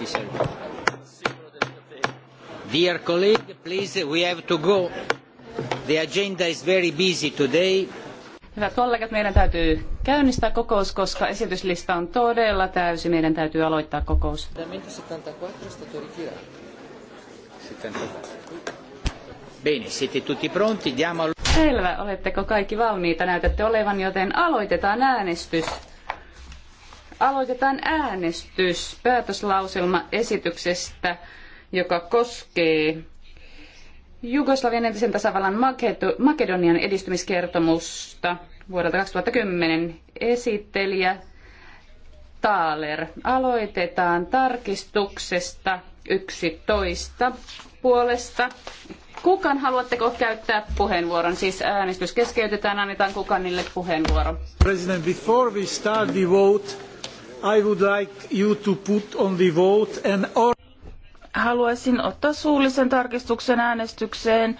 necessary. Dear colleague, please, we have to go. The agenda is very busy today. Hyvät kollegat, meidän täytyy käynnistää kokous, koska esityslista on todella täysi. Meidän täytyy aloittaa kokous. Bene, siete tutti pronti, diamo... Selvä, oletteko kaikki valmiita? Näytätte olevan, joten aloitetaan äänestys aloitetaan äänestys päätöslauselmaesityksestä, joka koskee Jugoslavian entisen tasavallan Makedonian edistymiskertomusta vuodelta 2010 esittelijä Taaler. Aloitetaan tarkistuksesta 11 puolesta. Kukan haluatteko käyttää puheenvuoron? Siis äänestys keskeytetään, annetaan Kukanille puheenvuoro. President, before we start the vote, Haluaisin ottaa suullisen tarkistuksen äänestykseen.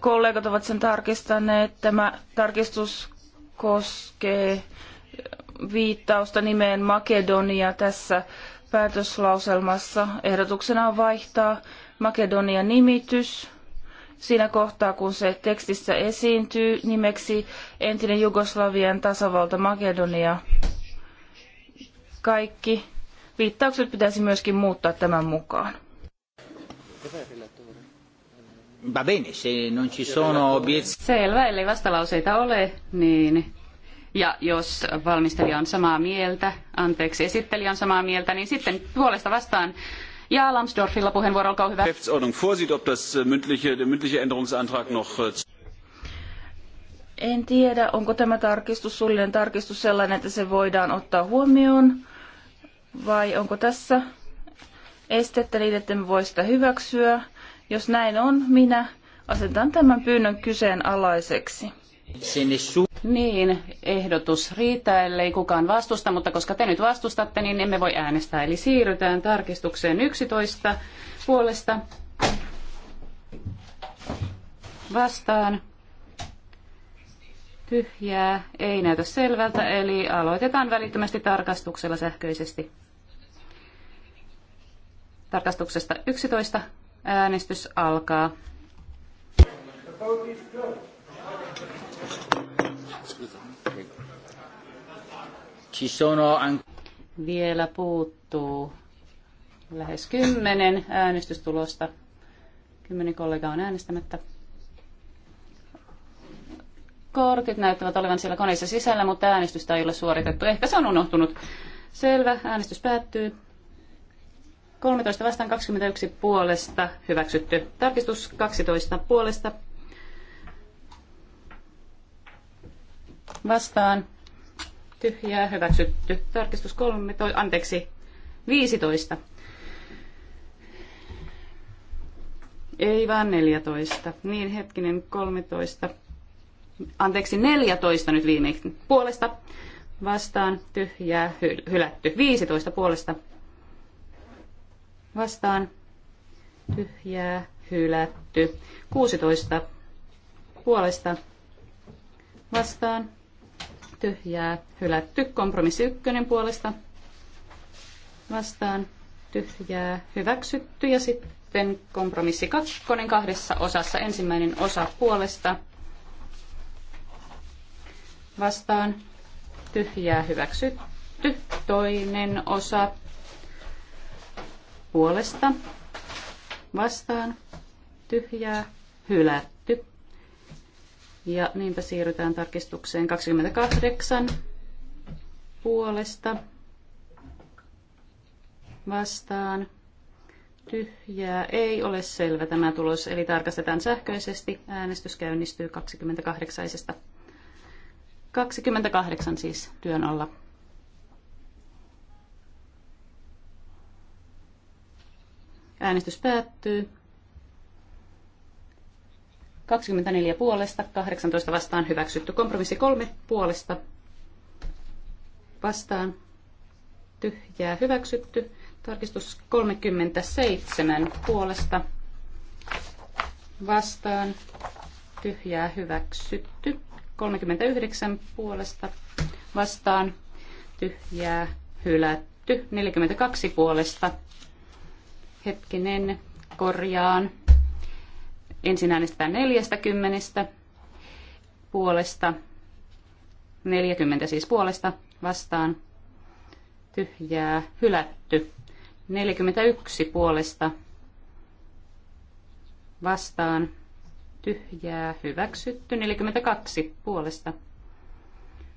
Kollegat ovat sen tarkistaneet. Tämä tarkistus koskee viittausta nimeen Makedonia tässä päätöslauselmassa. Ehdotuksena on vaihtaa Makedonian nimitys siinä kohtaa, kun se tekstissä esiintyy nimeksi entinen Jugoslavian tasavalta Makedonia kaikki viittaukset pitäisi myöskin muuttaa tämän mukaan. Va bene, se non ci sono Selvä, ellei vastalauseita ole, niin ja jos valmistelija on samaa mieltä, anteeksi, esittelijä on samaa mieltä, niin sitten puolesta vastaan. Ja Lambsdorffilla puheenvuoro, olkaa hyvä. vorsieht, ob das äh, mündliche, der mündliche Änderungsantrag noch... Äh, en tiedä, onko tämä tarkistus, suullinen tarkistus sellainen, että se voidaan ottaa huomioon vai onko tässä estettä niin, että me voi sitä hyväksyä? Jos näin on, minä asetan tämän pyynnön kyseenalaiseksi. Niin, ehdotus riitä, ellei kukaan vastusta, mutta koska te nyt vastustatte, niin emme voi äänestää. Eli siirrytään tarkistukseen 11 puolesta vastaan tyhjää ei näytä selvältä, eli aloitetaan välittömästi tarkastuksella sähköisesti. Tarkastuksesta 11 äänestys alkaa. Vielä puuttuu lähes kymmenen äänestystulosta. Kymmenen kollegaa on äänestämättä kortit näyttävät olevan siellä koneessa sisällä, mutta äänestystä ei ole suoritettu. Ehkä se on unohtunut. Selvä, äänestys päättyy. 13 vastaan 21 puolesta hyväksytty. Tarkistus 12 puolesta. Vastaan. Tyhjää hyväksytty. Tarkistus 13, anteeksi, 15. Ei vaan 14. Niin hetkinen, 13 anteeksi 14 nyt viimeksi puolesta vastaan tyhjää hyl- hylätty. 15 puolesta vastaan tyhjää hylätty. 16 puolesta vastaan tyhjää hylätty. Kompromissi ykkönen puolesta vastaan tyhjää hyväksytty ja sitten kompromissi kakkonen kahdessa osassa ensimmäinen osa puolesta vastaan tyhjää hyväksytty. Toinen osa puolesta vastaan tyhjää hylätty. Ja niinpä siirrytään tarkistukseen 28 puolesta vastaan tyhjää. Ei ole selvä tämä tulos, eli tarkastetaan sähköisesti. Äänestys käynnistyy 28. 28 siis työn alla. Äänestys päättyy. 24 puolesta, 18 vastaan hyväksytty. Kompromissi 3 puolesta vastaan tyhjää hyväksytty. Tarkistus 37 puolesta vastaan tyhjää hyväksytty. 39 puolesta vastaan tyhjää hylätty. 42 puolesta hetkinen korjaan. Ensin äänestetään 40 puolesta. 40 siis puolesta vastaan tyhjää hylätty. 41 puolesta vastaan tyhjää, hyväksytty. 42 puolesta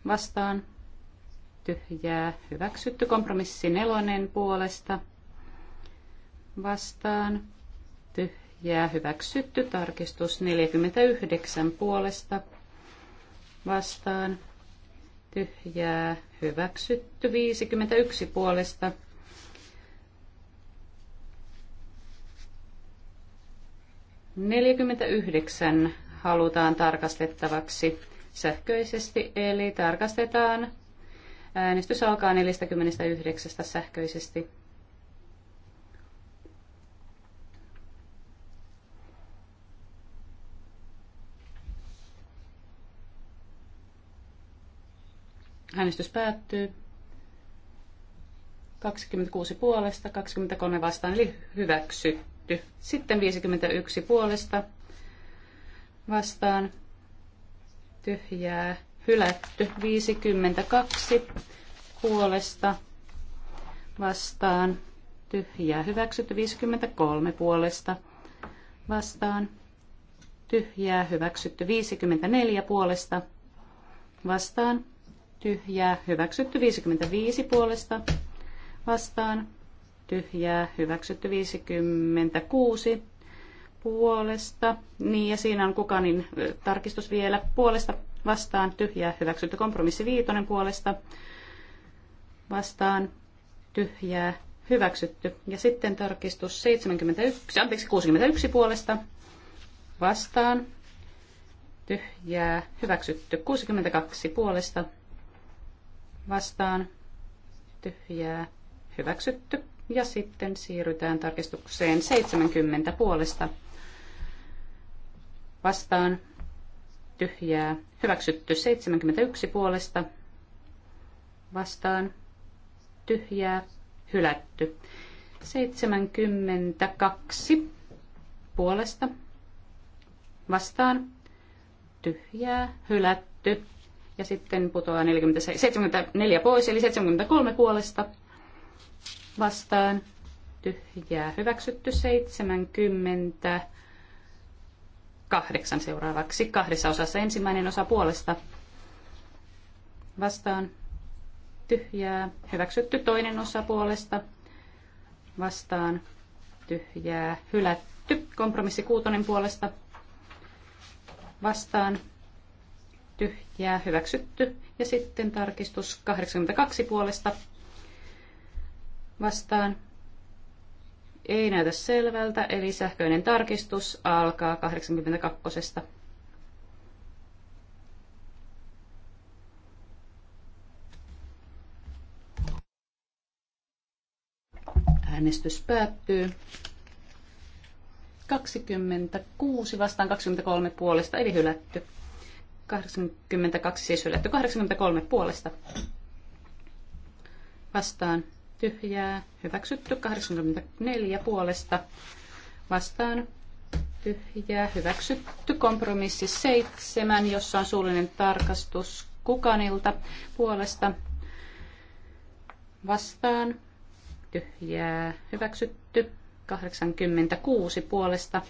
vastaan, tyhjää, hyväksytty. Kompromissi nelonen puolesta vastaan, tyhjää, hyväksytty. Tarkistus 49 puolesta vastaan, tyhjää, hyväksytty. 51 puolesta vastaan 49 halutaan tarkastettavaksi sähköisesti, eli tarkastetaan. Äänestys alkaa 49 sähköisesti. Äänestys päättyy. 26 puolesta, 23 vastaan, eli hyväksytty hylätty. Sitten 51 puolesta vastaan tyhjää hylätty. 52 puolesta vastaan tyhjää hyväksytty. 53 puolesta vastaan tyhjää hyväksytty. 54 puolesta vastaan tyhjää hyväksytty. 55 puolesta vastaan tyhjää, hyväksytty 56 puolesta. Niin, ja siinä on kukanin tarkistus vielä puolesta vastaan, tyhjää, hyväksytty kompromissi viitonen puolesta vastaan, tyhjää, hyväksytty. Ja sitten tarkistus 71, anteeksi 61 puolesta vastaan, tyhjää, hyväksytty 62 puolesta vastaan, tyhjää, hyväksytty ja sitten siirrytään tarkistukseen 70 puolesta vastaan tyhjää. Hyväksytty 71 puolesta vastaan tyhjää. Hylätty 72 puolesta vastaan tyhjää. Hylätty ja sitten putoaa 74 pois eli 73 puolesta vastaan tyhjää hyväksytty 70 kahdeksan seuraavaksi kahdessa osassa ensimmäinen osa puolesta vastaan tyhjää hyväksytty toinen osa puolesta vastaan tyhjää hylätty kompromissi kuutonen puolesta vastaan tyhjää hyväksytty ja sitten tarkistus 82 puolesta vastaan. Ei näytä selvältä, eli sähköinen tarkistus alkaa 82. Äänestys päättyy. 26 vastaan 23 puolesta, eli hylätty. 82 siis hylätty, 83 puolesta vastaan tyhjää, hyväksytty 84 puolesta vastaan tyhjää, hyväksytty kompromissi 7, jossa on suullinen tarkastus kukanilta puolesta vastaan tyhjää, hyväksytty 86 puolesta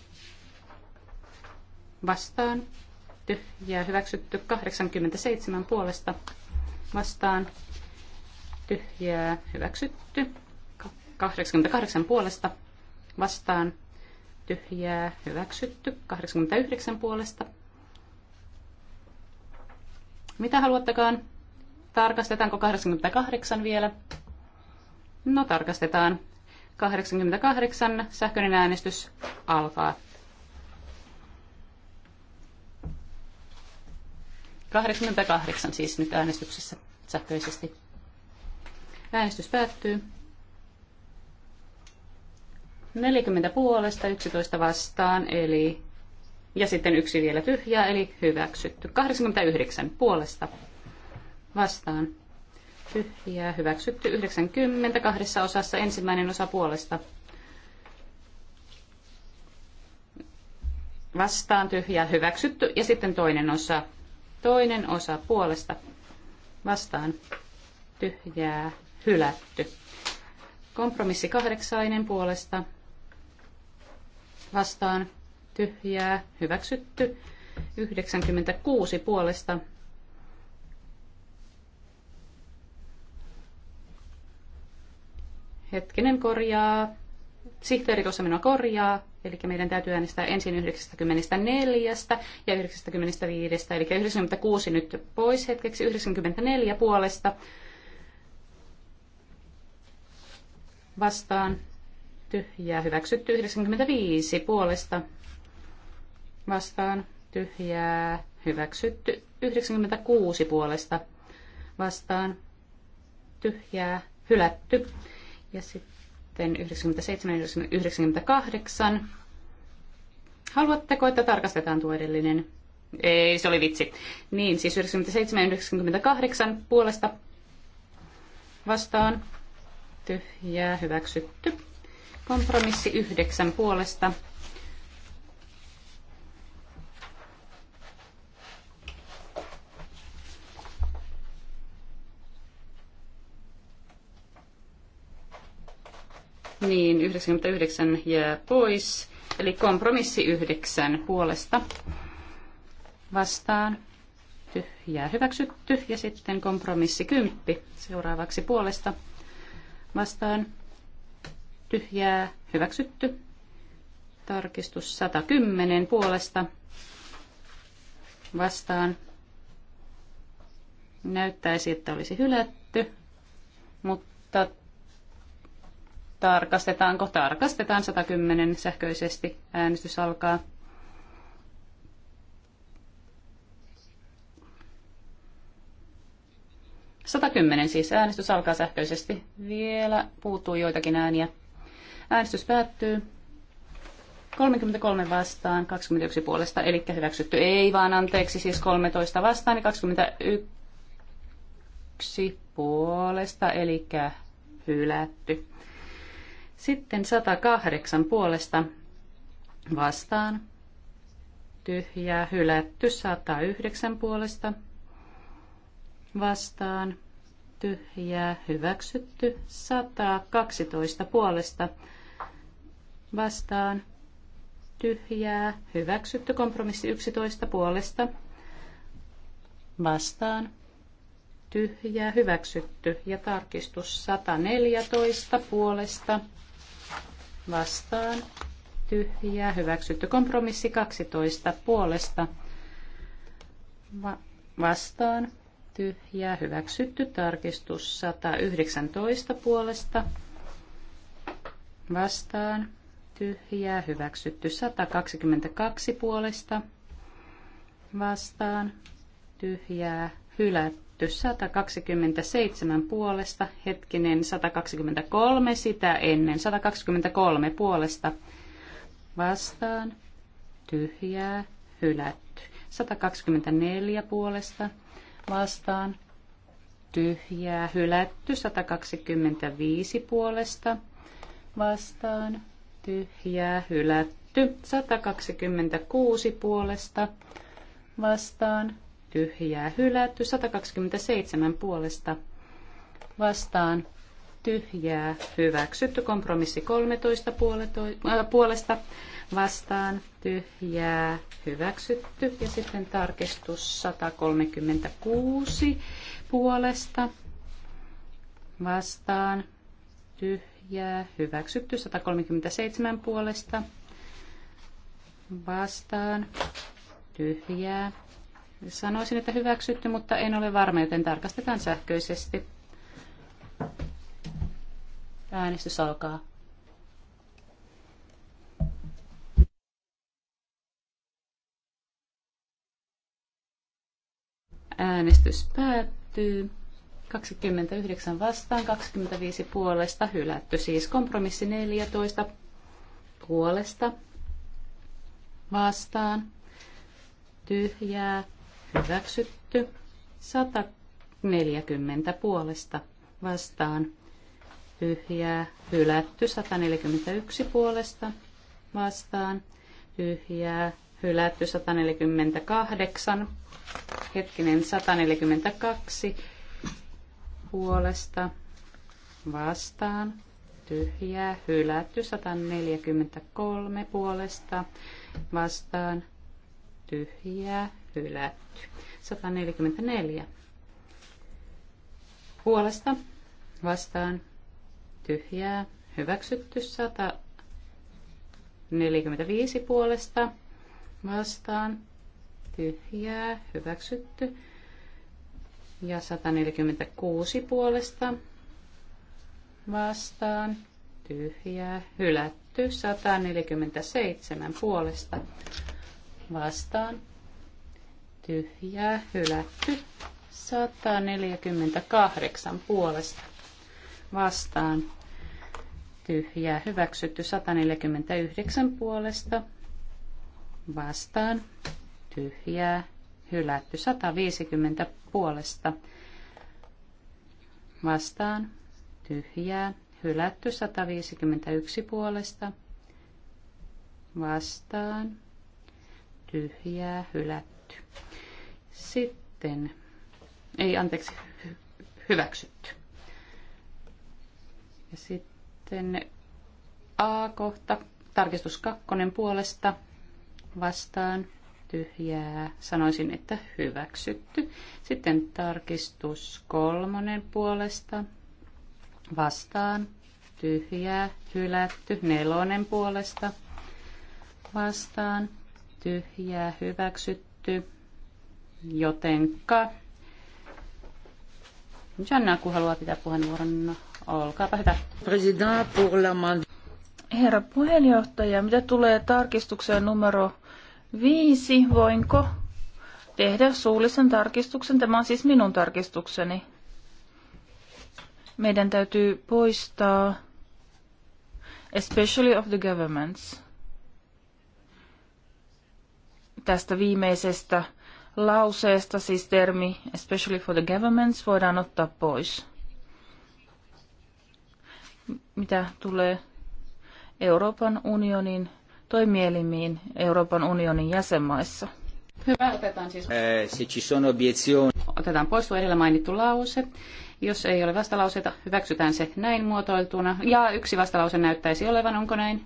vastaan tyhjää, hyväksytty 87 puolesta vastaan tyhjää hyväksytty. 88 puolesta vastaan tyhjää hyväksytty. 89 puolesta. Mitä haluattakaan? Tarkastetaanko 88 vielä? No tarkastetaan. 88 sähköinen äänestys alkaa. 88 siis nyt äänestyksessä sähköisesti. Äänestys päättyy. 40 puolesta, 11 vastaan, eli ja sitten yksi vielä tyhjää, eli hyväksytty. 89 puolesta vastaan, tyhjää, hyväksytty. 90 kahdessa osassa, ensimmäinen osa puolesta. Vastaan, tyhjää, hyväksytty. Ja sitten toinen osa, toinen osa puolesta vastaan, tyhjää, hylätty. Kompromissi kahdeksainen puolesta vastaan tyhjää hyväksytty. 96 puolesta hetkinen korjaa, sihteeri tuossa minua korjaa, eli meidän täytyy äänestää ensin 94 ja 95, eli 96 nyt pois hetkeksi, 94 puolesta vastaan tyhjää hyväksytty 95 puolesta vastaan tyhjää hyväksytty 96 puolesta vastaan tyhjää hylätty ja sitten 97 98 Haluatteko, että tarkastetaan tuo edellinen? Ei, se oli vitsi. Niin, siis 97 98 puolesta vastaan tyhjää hyväksytty. Kompromissi yhdeksän puolesta. Niin, 99 jää pois. Eli kompromissi yhdeksän puolesta vastaan. Tyhjää hyväksytty. Ja sitten kompromissi kymppi seuraavaksi puolesta vastaan tyhjää hyväksytty. Tarkistus 110 puolesta vastaan näyttäisi, että olisi hylätty, mutta tarkastetaanko? Tarkastetaan 110 sähköisesti. Äänestys alkaa. 110 siis äänestys alkaa sähköisesti. Vielä puuttuu joitakin ääniä. Äänestys päättyy. 33 vastaan, 21 puolesta, eli hyväksytty. Ei vaan anteeksi, siis 13 vastaan, niin 21 puolesta, eli hylätty. Sitten 108 puolesta vastaan, tyhjää, hylätty, 109 puolesta vastaan, tyhjää, hyväksytty. 112 puolesta vastaan, tyhjää, hyväksytty. Kompromissi 11 puolesta vastaan, tyhjää, hyväksytty. Ja tarkistus 114 puolesta vastaan, tyhjää, hyväksytty. Kompromissi 12 puolesta Va- vastaan, ja hyväksytty. Tarkistus 119 puolesta vastaan, tyhjää, hyväksytty. 122 puolesta vastaan, tyhjää, hylätty. 127 puolesta, hetkinen 123 sitä ennen, 123 puolesta vastaan, tyhjää, hylätty. 124 puolesta vastaan tyhjää hylätty 125 puolesta vastaan tyhjää hylätty 126 puolesta vastaan tyhjää hylätty 127 puolesta vastaan tyhjää hyväksytty kompromissi 13 äh, puolesta vastaan tyhjää hyväksytty. Ja sitten tarkistus 136 puolesta vastaan tyhjää hyväksytty. 137 puolesta vastaan tyhjää. Sanoisin, että hyväksytty, mutta en ole varma, joten tarkastetaan sähköisesti. Äänestys alkaa. Äänestys päättyy. 29 vastaan, 25 puolesta hylätty, siis kompromissi 14 puolesta vastaan, tyhjää, hyväksytty, 140 puolesta vastaan, tyhjää, hylätty, 141 puolesta vastaan, tyhjää, hylätty 148, hetkinen 142 puolesta vastaan, tyhjää, hylätty 143 puolesta vastaan, tyhjää, hylätty 144 puolesta vastaan, tyhjää, hyväksytty 145 puolesta vastaan, tyhjää, hyväksytty. Ja 146 puolesta vastaan, tyhjää, hylätty. 147 puolesta vastaan, tyhjää, hylätty. 148 puolesta vastaan, tyhjää, hyväksytty. 149 puolesta vastaan, tyhjää, hylätty. 150 puolesta vastaan, tyhjää, hylätty. 151 puolesta vastaan, tyhjää, hylätty. Sitten, ei anteeksi, hyväksytty. Ja sitten A-kohta, tarkistus kakkonen puolesta, vastaan tyhjää. Sanoisin, että hyväksytty. Sitten tarkistus kolmonen puolesta vastaan tyhjää, hylätty. Nelonen puolesta vastaan tyhjää, hyväksytty. Jotenka Janna, kun haluaa pitää puheenvuoron, olkaapa hyvä. President pour la Herra puheenjohtaja, mitä tulee tarkistukseen numero viisi. Voinko tehdä suullisen tarkistuksen? Tämä on siis minun tarkistukseni. Meidän täytyy poistaa especially of the governments tästä viimeisestä lauseesta, siis termi especially for the governments voidaan ottaa pois. Mitä tulee Euroopan unionin toimielimiin Euroopan unionin jäsenmaissa. Hyvä, otetaan siis. Eh, otetaan pois tuo edellä mainittu lause. Jos ei ole vastalauseita, hyväksytään se näin muotoiltuna. Ja yksi vastalause näyttäisi olevan, onko näin?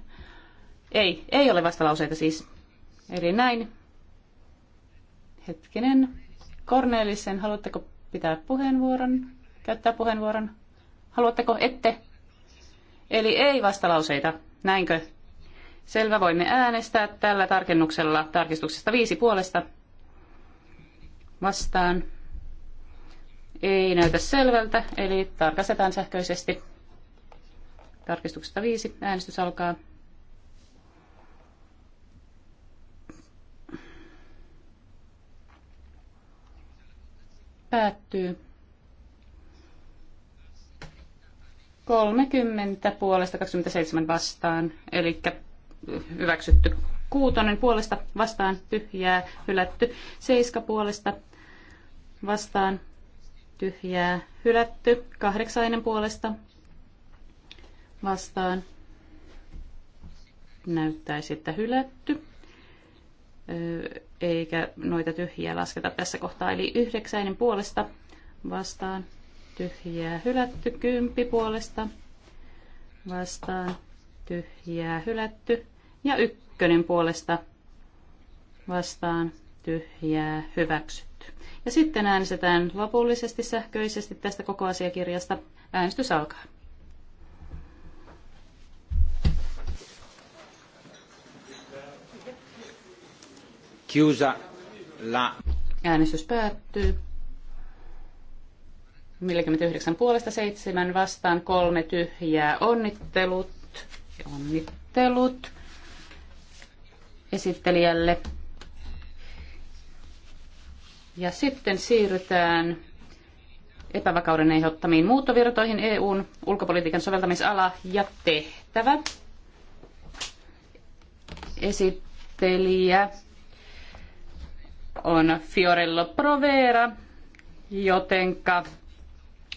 Ei, ei ole vastalauseita siis. Eli näin. Hetkinen. Kornelissen, haluatteko pitää puheenvuoron? Käyttää puheenvuoron? Haluatteko? Ette? Eli ei vastalauseita, näinkö? Selvä, voimme äänestää tällä tarkennuksella tarkistuksesta viisi puolesta vastaan. Ei näytä selvältä, eli tarkastetaan sähköisesti. Tarkistuksesta viisi äänestys alkaa. Päättyy. 30 puolesta 27 vastaan, eli hyväksytty. Kuutonen puolesta vastaan tyhjää hylätty. Seiska puolesta vastaan tyhjää hylätty. Kahdeksainen puolesta vastaan näyttäisi, että hylätty. Eikä noita tyhjiä lasketa tässä kohtaa. Eli yhdeksäinen puolesta vastaan tyhjää hylätty. Kymppi puolesta vastaan tyhjää hylätty ja ykkönen puolesta vastaan tyhjää hyväksytty. Ja sitten äänestetään lopullisesti sähköisesti tästä koko asiakirjasta. Äänestys alkaa. Kiusa la. Äänestys päättyy. 49 puolesta 7 vastaan, kolme tyhjää. Onnittelut. Onnittelut esittelijälle. Ja sitten siirrytään epävakauden ehdottamiin muuttovirtoihin EUn ulkopolitiikan soveltamisala ja tehtävä. Esittelijä on Fiorello Provera, jotenka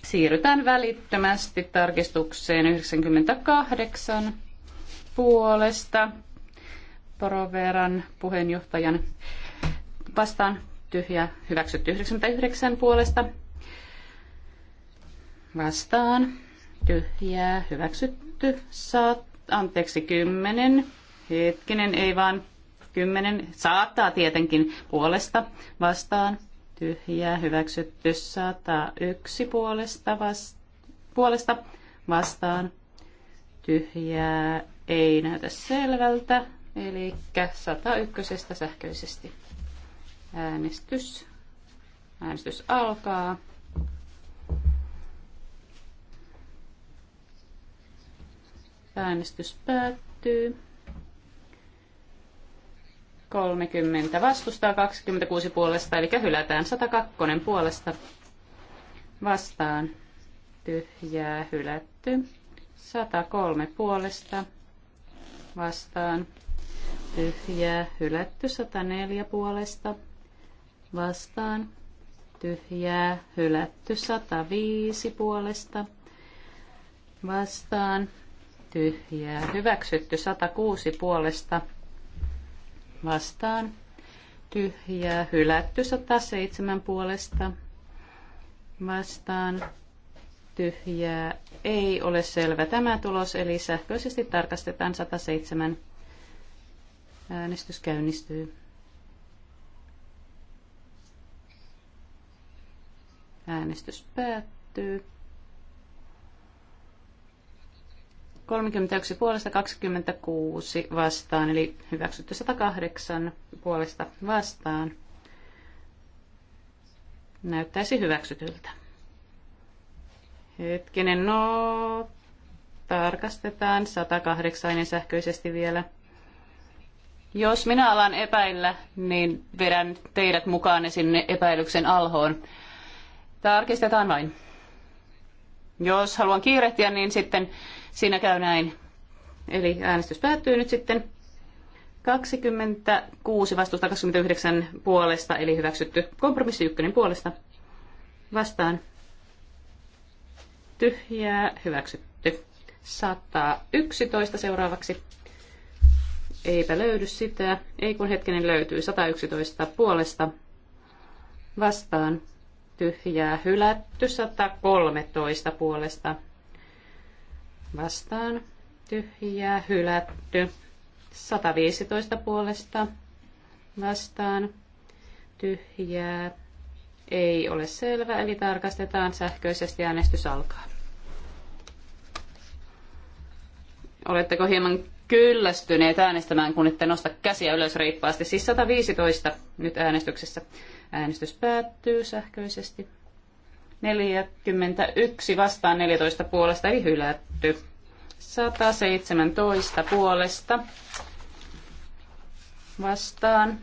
siirrytään välittömästi tarkistukseen 98 puolesta Poroveran puheenjohtajan vastaan tyhjä hyväksytty 99 puolesta. Vastaan tyhjää hyväksytty saat, anteeksi 10, hetkinen ei vaan 10, saattaa tietenkin puolesta vastaan tyhjää hyväksytty 101 puolesta, vast, puolesta vastaan tyhjää ei näytä selvältä Eli 101 sähköisesti. Äänestys. Äänestys alkaa. Äänestys päättyy. 30 vastustaa, 26 puolesta, eli hylätään 102 puolesta vastaan. Tyhjää hylätty. 103 puolesta vastaan tyhjää, hylätty 104 puolesta, vastaan, tyhjää, hylätty 105 puolesta, vastaan, tyhjää, hyväksytty 106 puolesta, vastaan, tyhjää, hylätty 107 puolesta, vastaan, tyhjää, ei ole selvä tämä tulos, eli sähköisesti tarkastetaan 107 Äänestys käynnistyy. Äänestys päättyy. 31 puolesta 26 vastaan, eli hyväksytty 108 puolesta vastaan. Näyttäisi hyväksytyltä. Hetkinen, no tarkastetaan 108 sähköisesti vielä. Jos minä alan epäillä, niin vedän teidät mukaan sinne epäilyksen alhoon. Tarkistetaan vain. Jos haluan kiirehtiä, niin sitten siinä käy näin. Eli äänestys päättyy nyt sitten 26 vastusta 29 puolesta, eli hyväksytty kompromissi ykkönen puolesta vastaan. Tyhjää hyväksytty. 111 seuraavaksi Eipä löydy sitä. Ei kun hetkinen löytyy. 111 puolesta vastaan. Tyhjää hylätty. 113 puolesta vastaan. Tyhjää hylätty. 115 puolesta vastaan. Tyhjää ei ole selvä, eli tarkastetaan sähköisesti äänestys alkaa. Oletteko hieman kyllästyneet äänestämään, kun ette nosta käsiä ylös reippaasti. Siis 115 nyt äänestyksessä. Äänestys päättyy sähköisesti. 41 vastaan 14 puolesta, eli hylätty. 117 puolesta vastaan.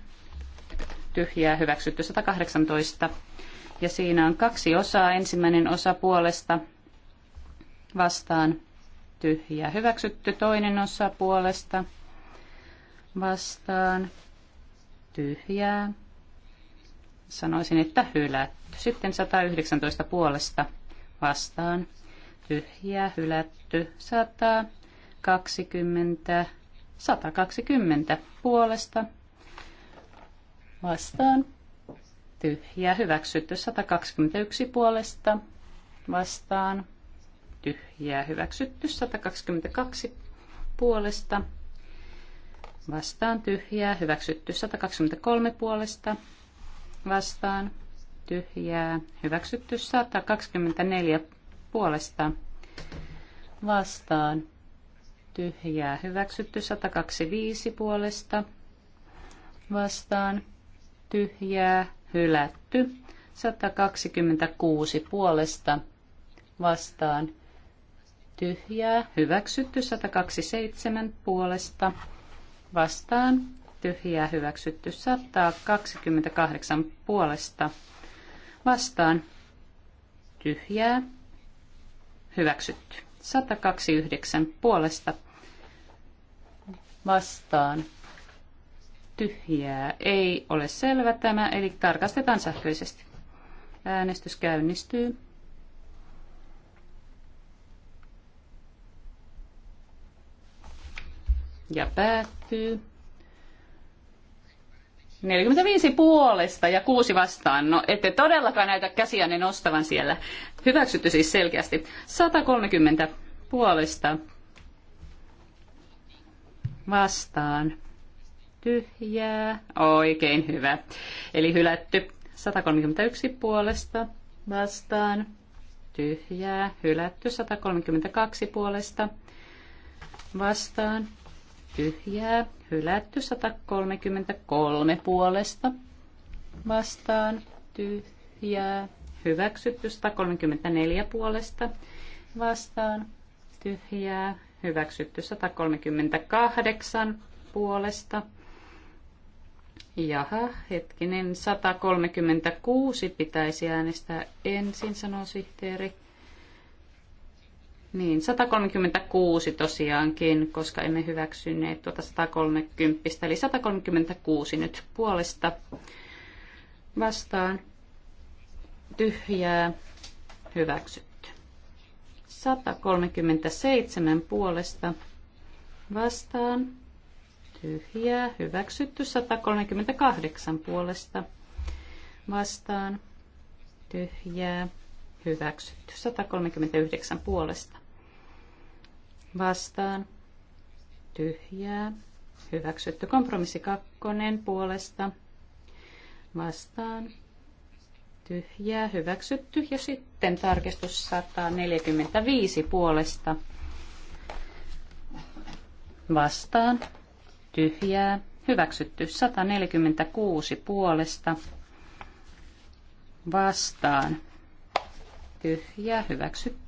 Tyhjää hyväksytty 118. Ja siinä on kaksi osaa. Ensimmäinen osa puolesta vastaan ja Hyväksytty toinen osa puolesta vastaan tyhjää. Sanoisin, että hylätty. Sitten 119 puolesta vastaan tyhjää, hylätty. 120, 120 puolesta vastaan tyhjää, hyväksytty. 121 puolesta vastaan tyhjää hyväksytty 122 puolesta. Vastaan tyhjää hyväksytty 123 puolesta. Vastaan tyhjää hyväksytty 124 puolesta. Vastaan tyhjää hyväksytty 125 puolesta. Vastaan tyhjää hylätty 126 puolesta vastaan tyhjää, hyväksytty 127 puolesta, vastaan tyhjää, hyväksytty 128 puolesta, vastaan tyhjää, hyväksytty 129 puolesta, vastaan tyhjää, ei ole selvä tämä, eli tarkastetaan sähköisesti. Äänestys käynnistyy. ja päättyy. 45 puolesta ja 6 vastaan. No ette todellakaan näytä käsiänne nostavan siellä. Hyväksytty siis selkeästi. 130 puolesta vastaan. Tyhjää. Oikein hyvä. Eli hylätty. 131 puolesta vastaan. Tyhjää. Hylätty. 132 puolesta vastaan tyhjää, hylätty 133 puolesta vastaan, tyhjää, hyväksytty 134 puolesta vastaan, tyhjää, hyväksytty 138 puolesta. Jaha, hetkinen, 136 pitäisi äänestää ensin, sanoo sihteeri. Niin, 136 tosiaankin, koska emme hyväksyneet tuota 130, eli 136 nyt puolesta vastaan tyhjää hyväksytty. 137 puolesta vastaan tyhjää hyväksytty. 138 puolesta vastaan tyhjää hyväksytty. 139 puolesta vastaan tyhjää. Hyväksytty kompromissi kakkonen puolesta vastaan tyhjää. Hyväksytty ja sitten tarkistus 145 puolesta vastaan tyhjää. Hyväksytty 146 puolesta vastaan tyhjää. Hyväksytty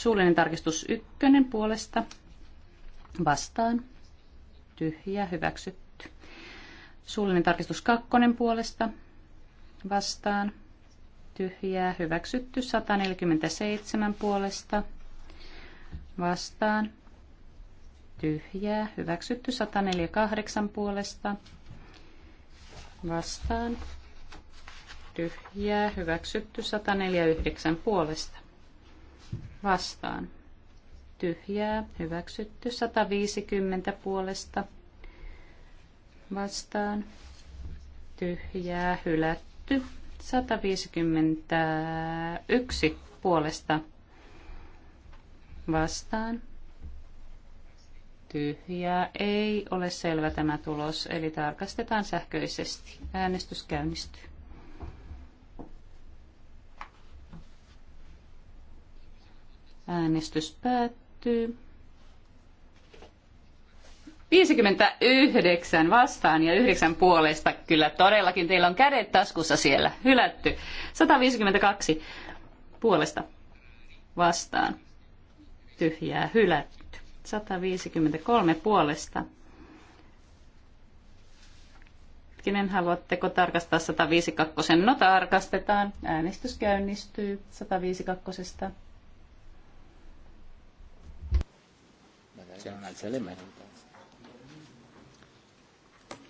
Suullinen tarkistus ykkönen puolesta vastaan. Tyhjä hyväksytty. Suullinen tarkistus kakkonen puolesta vastaan. Tyhjää hyväksytty. 147 puolesta vastaan. Tyhjää hyväksytty. 148 puolesta vastaan. Tyhjää hyväksytty. 149 puolesta vastaan. Tyhjää, hyväksytty. 150 puolesta vastaan. Tyhjää, hylätty. 151 puolesta vastaan. Tyhjää ei ole selvä tämä tulos, eli tarkastetaan sähköisesti. Äänestys käynnistyy. Äänestys päättyy. 59 vastaan ja 9 puolesta. Kyllä todellakin teillä on kädet taskussa siellä. Hylätty. 152 puolesta vastaan. Tyhjää hylätty. 153 puolesta. Hetkinen, haluatteko tarkastaa 152? No tarkastetaan. Äänestys käynnistyy 152. c'erano alzare le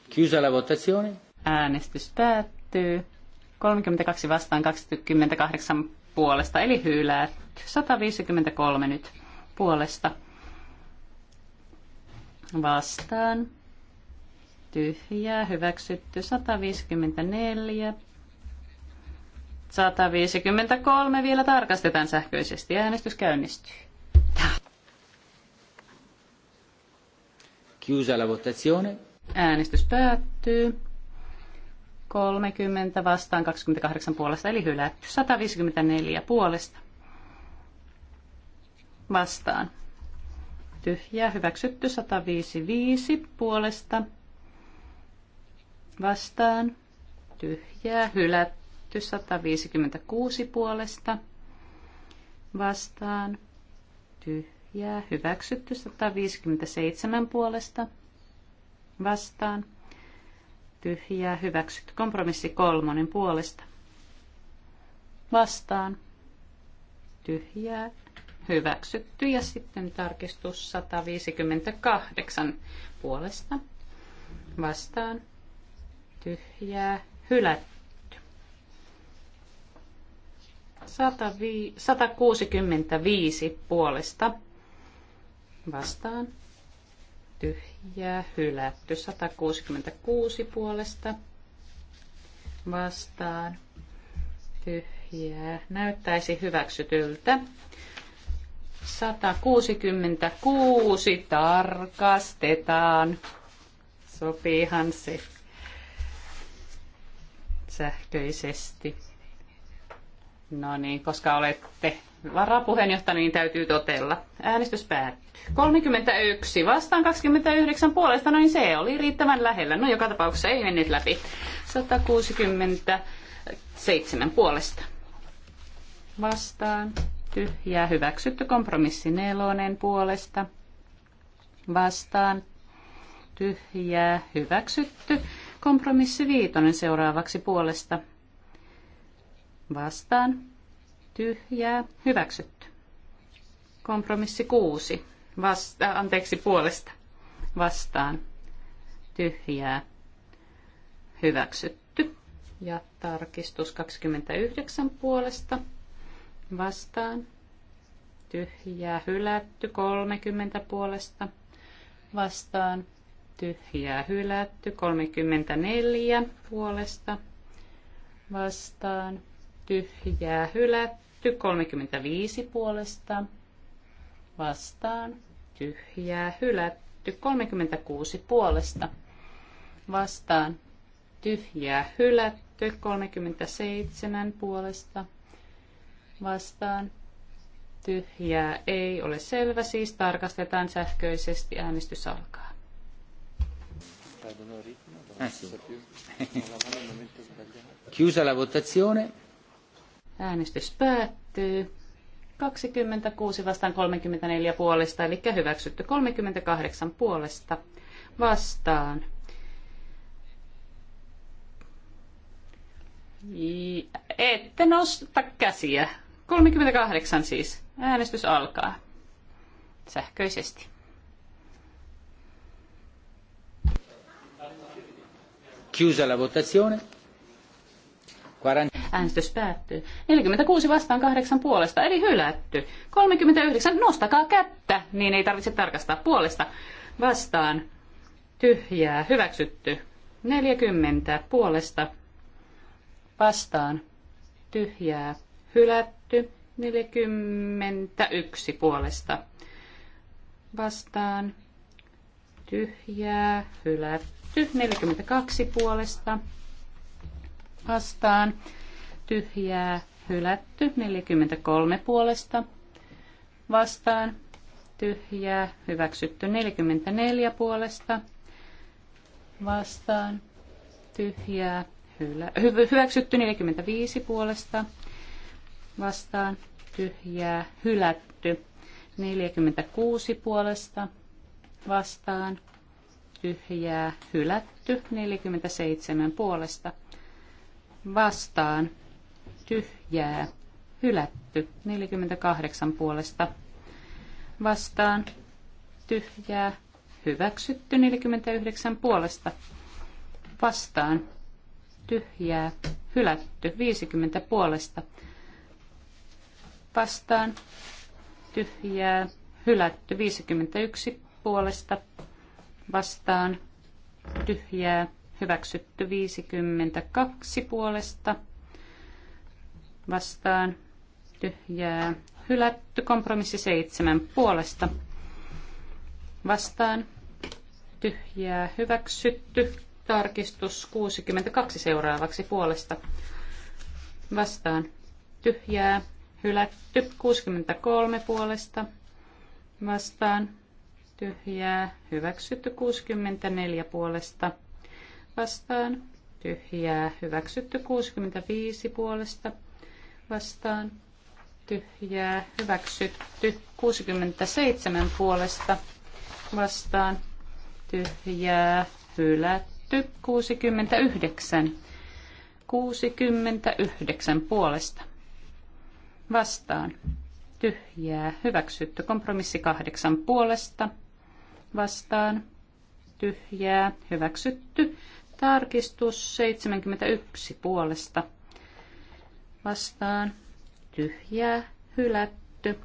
Chiusa la votazione. Äänestys päättyy. 32 vastaan 28 puolesta, eli hylätty. 153 nyt puolesta vastaan. Tyhjää, hyväksytty 154. 153 vielä tarkastetaan sähköisesti. Äänestys käynnistyy. Chiusa la votazione. Äänestys päättyy. 30 vastaan 28 puolesta, eli hylätty. 154 puolesta vastaan. Tyhjää hyväksytty 155 puolesta vastaan. Tyhjää hylätty 156 puolesta vastaan. tyhjä Jää hyväksytty 157 puolesta vastaan. Tyhjää hyväksytty kompromissi kolmonen puolesta vastaan. Tyhjää hyväksytty ja sitten tarkistus 158 puolesta vastaan. Tyhjää hylätty. 165 puolesta vastaan tyhjää hylätty. 166 puolesta vastaan tyhjää. Näyttäisi hyväksytyltä. 166 tarkastetaan. Sopiihan se sähköisesti. No niin, koska olette varapuheenjohtaja, niin täytyy totella. Äänestys päättyy. 31 vastaan 29 puolesta, noin niin, se oli riittävän lähellä. No joka tapauksessa ei mennyt läpi. 167 puolesta. Vastaan. Tyhjää hyväksytty kompromissi nelonen puolesta. Vastaan. Tyhjää hyväksytty. Kompromissi viitonen seuraavaksi puolesta vastaan, tyhjää, hyväksytty. Kompromissi kuusi vasta, äh, anteeksi puolesta, vastaan, tyhjää, hyväksytty. Ja tarkistus 29 puolesta, vastaan, tyhjää, hylätty, 30 puolesta, vastaan, tyhjää, hylätty, 34 puolesta, vastaan, tyhjää hylätty. 35 puolesta vastaan tyhjää hylätty. 36 puolesta vastaan tyhjää hylätty. 37 puolesta vastaan tyhjää ei ole selvä, siis tarkastetaan sähköisesti äänestys alkaa. Chiusa la votazione. Äänestys päättyy. 26 vastaan 34 puolesta, eli hyväksytty 38 puolesta vastaan. Ette nosta käsiä. 38 siis. Äänestys alkaa sähköisesti. Chiusa la votazione. Äänestys päättyy. 46 vastaan 8 puolesta, eli hylätty. 39, nostakaa kättä, niin ei tarvitse tarkastaa puolesta. Vastaan, tyhjää, hyväksytty. 40 puolesta, vastaan, tyhjää, hylätty. 41 puolesta, vastaan, tyhjää, hylätty. 42 puolesta, vastaan, tyhjää hylätty 43 puolesta vastaan, tyhjää hyväksytty 44 puolesta vastaan, tyhjää hylä, hy, hyväksytty 45 puolesta vastaan, tyhjää hylätty 46 puolesta vastaan, tyhjää hylätty 47 puolesta vastaan tyhjää hylätty. 48 puolesta vastaan tyhjää hyväksytty. 49 puolesta vastaan tyhjää hylätty. 50 puolesta vastaan tyhjää hylätty. 51 puolesta vastaan tyhjää Hyväksytty 52 puolesta vastaan tyhjää. Hylätty kompromissi 7 puolesta vastaan tyhjää. Hyväksytty tarkistus 62 seuraavaksi puolesta vastaan tyhjää. Hylätty 63 puolesta vastaan tyhjää. Hyväksytty 64 puolesta vastaan, tyhjää, hyväksytty 65 puolesta vastaan, tyhjää, hyväksytty 67 puolesta vastaan, tyhjää, hylätty 69, 69 puolesta vastaan, tyhjää, hyväksytty kompromissi 8 puolesta vastaan, tyhjää, hyväksytty Tarkistus 71 puolesta vastaan tyhjää hylätty.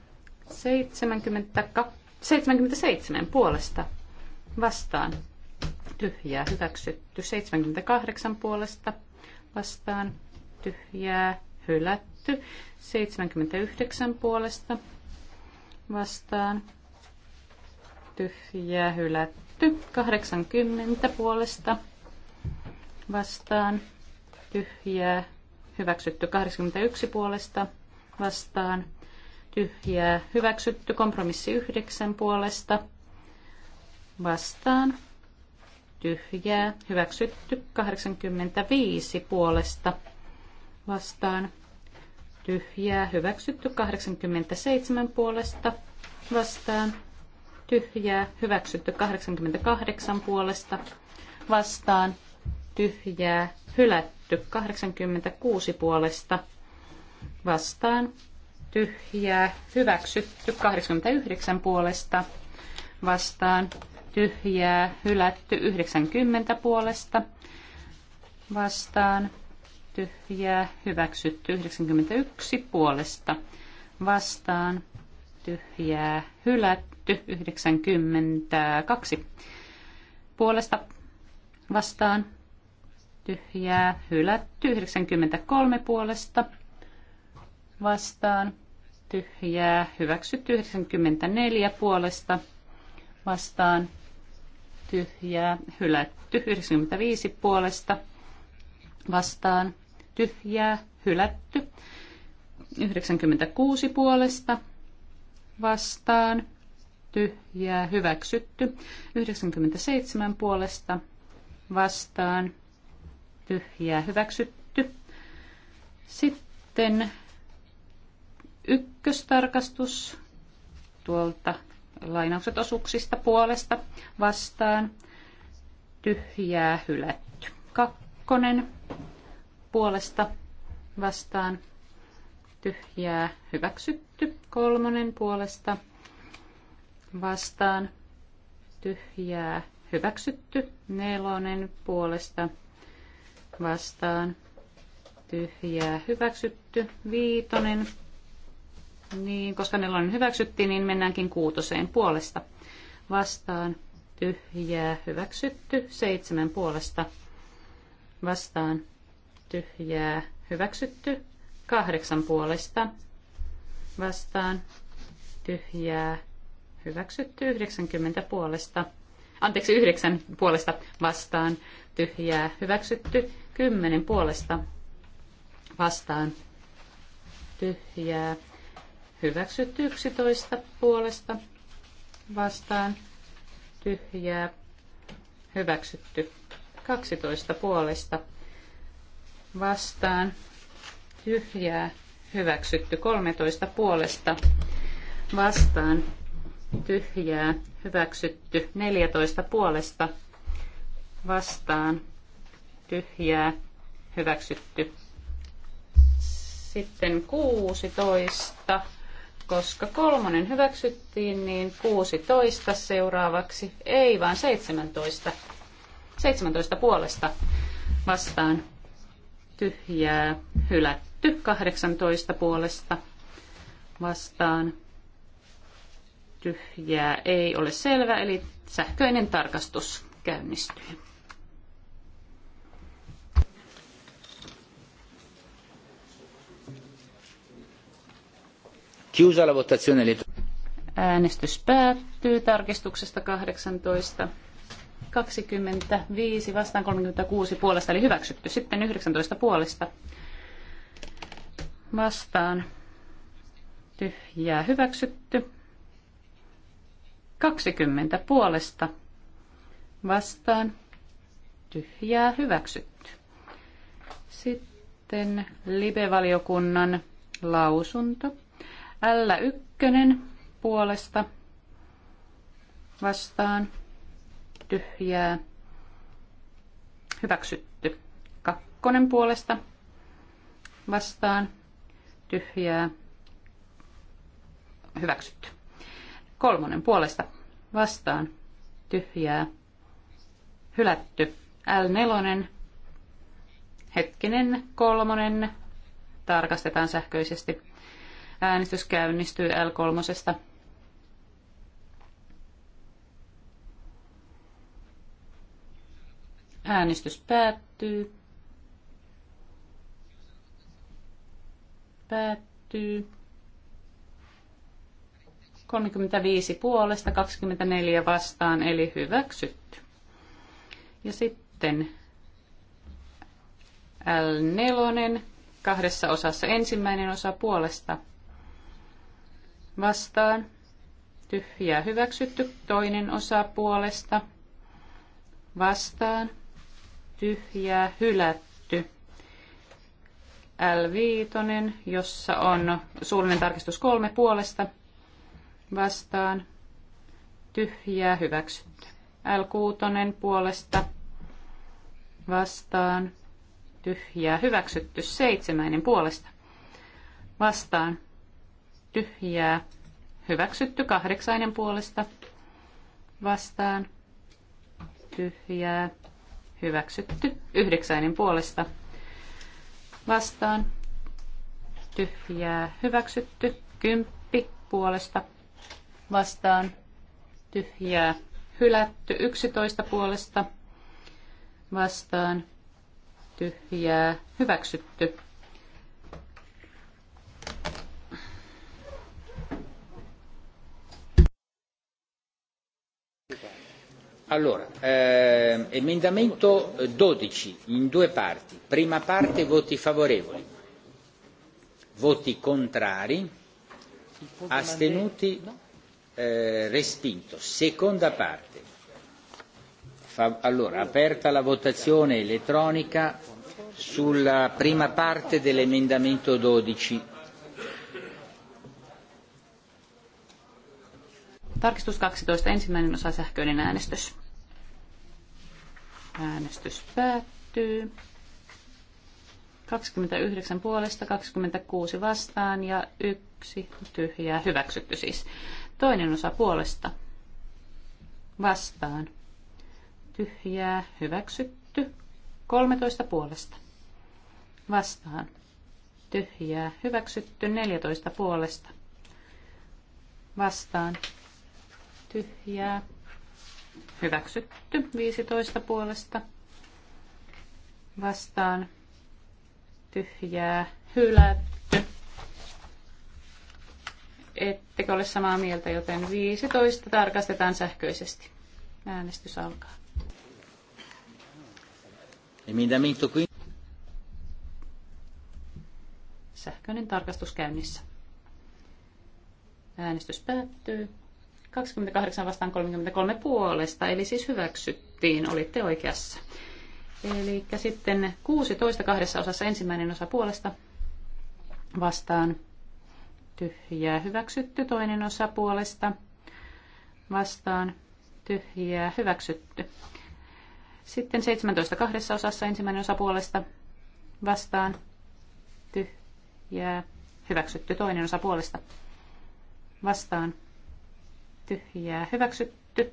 72, 77 puolesta vastaan tyhjää hyväksytty. 78 puolesta vastaan tyhjää hylätty. 79 puolesta vastaan tyhjää hylätty. 80 puolesta vastaan tyhjää hyväksytty 81 puolesta vastaan tyhjää hyväksytty kompromissi 9 puolesta vastaan tyhjää hyväksytty 85 puolesta vastaan tyhjää hyväksytty 87 puolesta vastaan tyhjää hyväksytty 88 puolesta vastaan tyhjää hylätty. 86 puolesta vastaan tyhjää hyväksytty. 89 puolesta vastaan tyhjää hylätty. 90 puolesta vastaan tyhjää hyväksytty. 91 puolesta vastaan tyhjää hylätty. 92 puolesta vastaan tyhjää, hylätty 93 puolesta vastaan, tyhjää, hyväksytty 94 puolesta vastaan, tyhjää, hylätty 95 puolesta vastaan, tyhjää, hylätty 96 puolesta vastaan, tyhjää, hyväksytty 97 puolesta vastaan, tyhjää hyväksytty. Sitten ykköstarkastus tuolta lainaukset osuuksista puolesta vastaan tyhjää hylätty. Kakkonen puolesta vastaan tyhjää hyväksytty. Kolmonen puolesta vastaan tyhjää hyväksytty. Nelonen puolesta vastaan tyhjää hyväksytty. Viitonen. Niin, koska nelonen hyväksyttiin, niin mennäänkin kuutoseen puolesta. Vastaan tyhjää hyväksytty. Seitsemän puolesta vastaan tyhjää hyväksytty. Kahdeksan puolesta vastaan tyhjää hyväksytty. 90 puolesta, anteeksi yhdeksän puolesta vastaan tyhjää hyväksytty. 10 puolesta vastaan tyhjää. Hyväksytty 11 puolesta vastaan tyhjää. Hyväksytty 12 puolesta vastaan tyhjää. Hyväksytty 13 puolesta vastaan tyhjää. Hyväksytty 14 puolesta vastaan tyhjää, hyväksytty. Sitten 16, koska kolmonen hyväksyttiin, niin 16 seuraavaksi, ei vaan 17. 17 puolesta vastaan tyhjää, hylätty 18 puolesta vastaan tyhjää ei ole selvä, eli sähköinen tarkastus käynnistyy. Chiusa la votazione Äänestys päättyy tarkistuksesta 18. 25 vastaan 36 puolesta, eli hyväksytty. Sitten 19 puolesta vastaan tyhjää hyväksytty. 20 puolesta vastaan tyhjää hyväksytty. Sitten live-valiokunnan lausunto L1 puolesta vastaan tyhjää hyväksytty. Kakkonen puolesta vastaan tyhjää hyväksytty. Kolmonen puolesta vastaan tyhjää hylätty. L4 hetkinen kolmonen tarkastetaan sähköisesti. Äänestys käynnistyy L3. Äänestys päättyy. Päättyy. 35 puolesta, 24 vastaan, eli hyväksytty. Ja sitten L4 kahdessa osassa ensimmäinen osa puolesta vastaan, tyhjää hyväksytty, toinen osa puolesta, vastaan, tyhjää hylätty. L5, jossa on suullinen tarkistus kolme puolesta, vastaan, tyhjää hyväksytty. L6 puolesta, vastaan, tyhjää hyväksytty, seitsemäinen puolesta, vastaan, tyhjää, hyväksytty kahdeksainen puolesta vastaan, tyhjää, hyväksytty yhdeksainen puolesta vastaan, tyhjää, hyväksytty kymppi puolesta vastaan, tyhjää, hylätty yksitoista puolesta vastaan, tyhjää, hyväksytty Allora, eh, emendamento 12 in due parti. Prima parte voti favorevoli, voti contrari, astenuti, no. eh, respinto. Seconda parte. Fa, allora, aperta la votazione elettronica sulla prima parte dell'emendamento 12. Tarkistus 12. Ensimmäinen osa sähköinen äänestys. Äänestys päättyy. 29 puolesta, 26 vastaan ja yksi tyhjää hyväksytty siis. Toinen osa puolesta vastaan. Tyhjää hyväksytty. 13 puolesta vastaan. Tyhjää hyväksytty. 14 puolesta vastaan tyhjää, hyväksytty 15 puolesta vastaan tyhjää, hylätty. Ettekö ole samaa mieltä, joten 15 tarkastetaan sähköisesti. Äänestys alkaa. Emendamento Sähköinen tarkastus käynnissä. Äänestys päättyy. 28 vastaan 33 puolesta, eli siis hyväksyttiin, olitte oikeassa. Eli sitten 16 kahdessa osassa ensimmäinen osa puolesta vastaan tyhjää hyväksytty, toinen osa puolesta vastaan tyhjää hyväksytty. Sitten 17 kahdessa osassa ensimmäinen osa puolesta vastaan tyhjää hyväksytty, toinen osa puolesta vastaan tyhjää hyväksytty.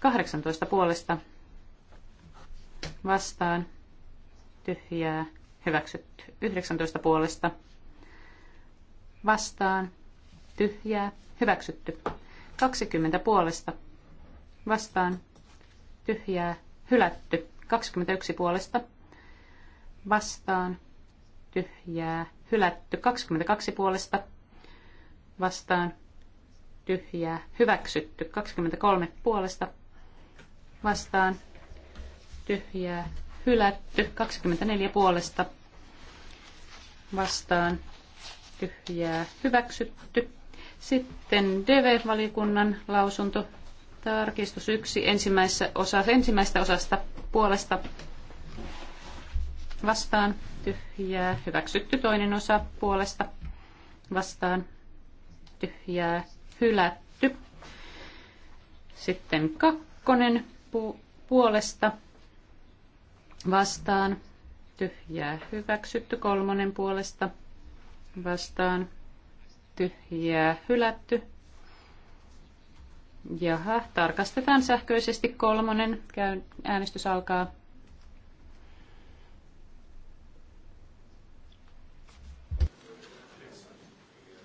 18 puolesta vastaan tyhjää hyväksytty. 19 puolesta vastaan tyhjää hyväksytty. 20 puolesta vastaan tyhjää hylätty. 21 puolesta vastaan tyhjää hylätty. 22 puolesta vastaan tyhjää, hyväksytty. 23 puolesta vastaan, tyhjää, hylätty. 24 puolesta vastaan, tyhjää, hyväksytty. Sitten DV-valikunnan lausunto, tarkistus yksi ensimmäisessä osassa, ensimmäisestä osasta puolesta vastaan, tyhjää, hyväksytty toinen osa puolesta vastaan, tyhjää, hylätty. Sitten kakkonen pu- puolesta vastaan tyhjää hyväksytty. Kolmonen puolesta vastaan tyhjää hylätty. Jaha, tarkastetaan sähköisesti kolmonen. Käy, äänestys alkaa.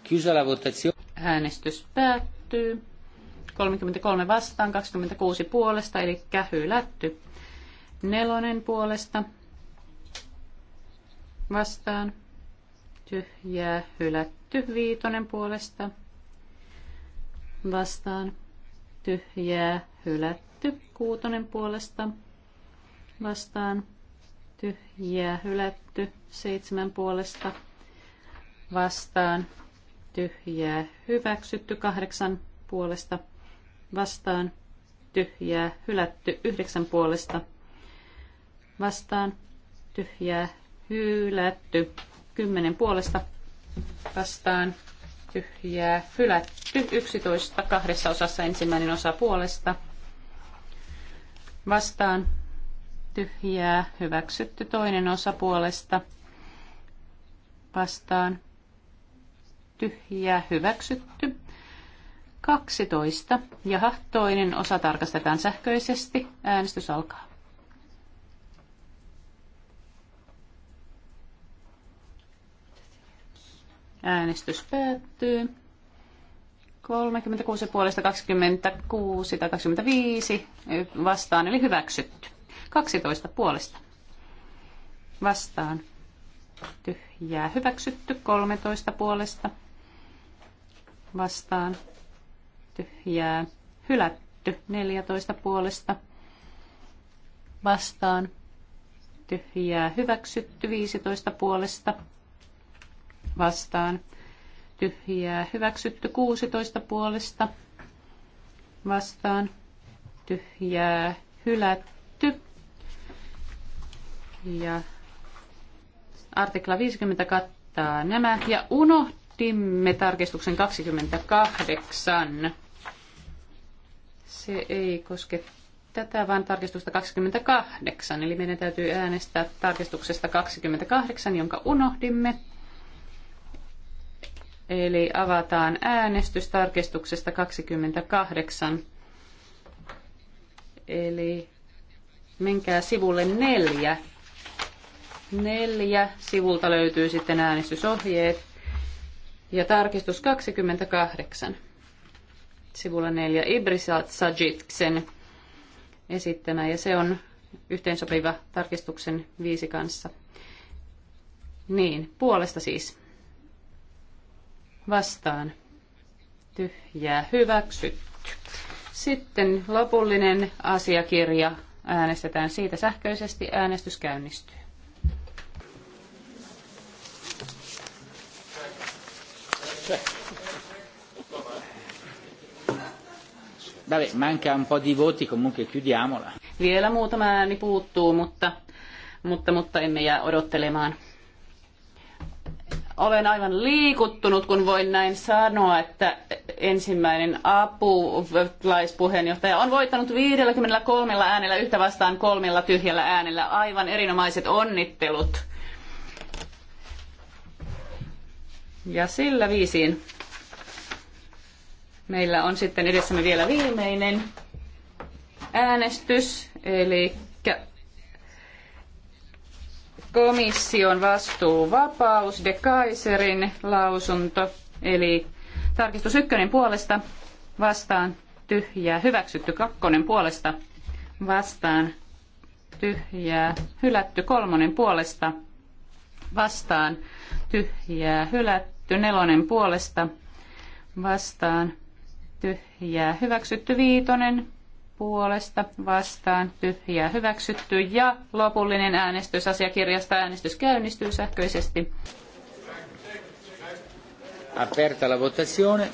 Chiusa la votazione. Äänestys päättyy. 33 vastaan, 26 puolesta, eli hylätty. Nelonen puolesta vastaan, tyhjää, hylätty. Viitonen puolesta vastaan, tyhjää, hylätty. Kuutonen puolesta vastaan, tyhjää, hylätty. Seitsemän puolesta vastaan, tyhjää hyväksytty, kahdeksan puolesta vastaan tyhjää hylätty, yhdeksän puolesta vastaan tyhjää hylätty, kymmenen puolesta vastaan tyhjää hylätty, yksitoista kahdessa osassa ensimmäinen osa puolesta vastaan tyhjää hyväksytty toinen osa puolesta vastaan hyväksytty ja hyväksytty. 12. Jaha, toinen osa tarkastetaan sähköisesti. Äänestys alkaa. Äänestys päättyy. 36 puolesta 26 tai 25 vastaan, eli hyväksytty. 12 puolesta vastaan. Tyhjää hyväksytty 13 puolesta vastaan tyhjää hylätty 14 puolesta vastaan tyhjää hyväksytty 15 puolesta vastaan tyhjää hyväksytty 16 puolesta vastaan tyhjää hylätty ja artikla 50 kattaa nämä ja unohtaa Dimme tarkistuksen 28. Se ei koske tätä, vaan tarkistusta 28. Eli meidän täytyy äänestää tarkistuksesta 28, jonka unohdimme. Eli avataan äänestys tarkistuksesta 28. Eli menkää sivulle neljä. Neljä sivulta löytyy sitten äänestysohjeet. Ja tarkistus 28. Sivulla 4. Ibrisat Sajitsen esittämä ja se on yhteensopiva tarkistuksen viisi kanssa. Niin, puolesta siis. Vastaan. Tyhjää hyväksytty. Sitten lopullinen asiakirja äänestetään siitä sähköisesti. Äänestys käynnistyy. Vabbè, manca un po' di voti, comunque chiudiamola. Vielä muutama ääni puuttuu, mutta, mutta, mutta emme jää odottelemaan. Olen aivan liikuttunut, kun voin näin sanoa, että ensimmäinen apulaispuheenjohtaja on voittanut 53 äänellä yhtä vastaan kolmella tyhjällä äänellä. Aivan erinomaiset onnittelut. Ja sillä viisiin meillä on sitten edessämme vielä viimeinen äänestys, eli komission vastuuvapaus, de Kaiserin lausunto, eli tarkistus ykkönen puolesta vastaan tyhjää, hyväksytty kakkonen puolesta vastaan tyhjää, hylätty kolmonen puolesta vastaan tyhjää, hylätty hyväksytty nelonen puolesta vastaan tyhjää hyväksytty viitonen puolesta vastaan tyhjää hyväksytty ja lopullinen äänestys asiakirjasta äänestys käynnistyy sähköisesti. Aperta la votazione.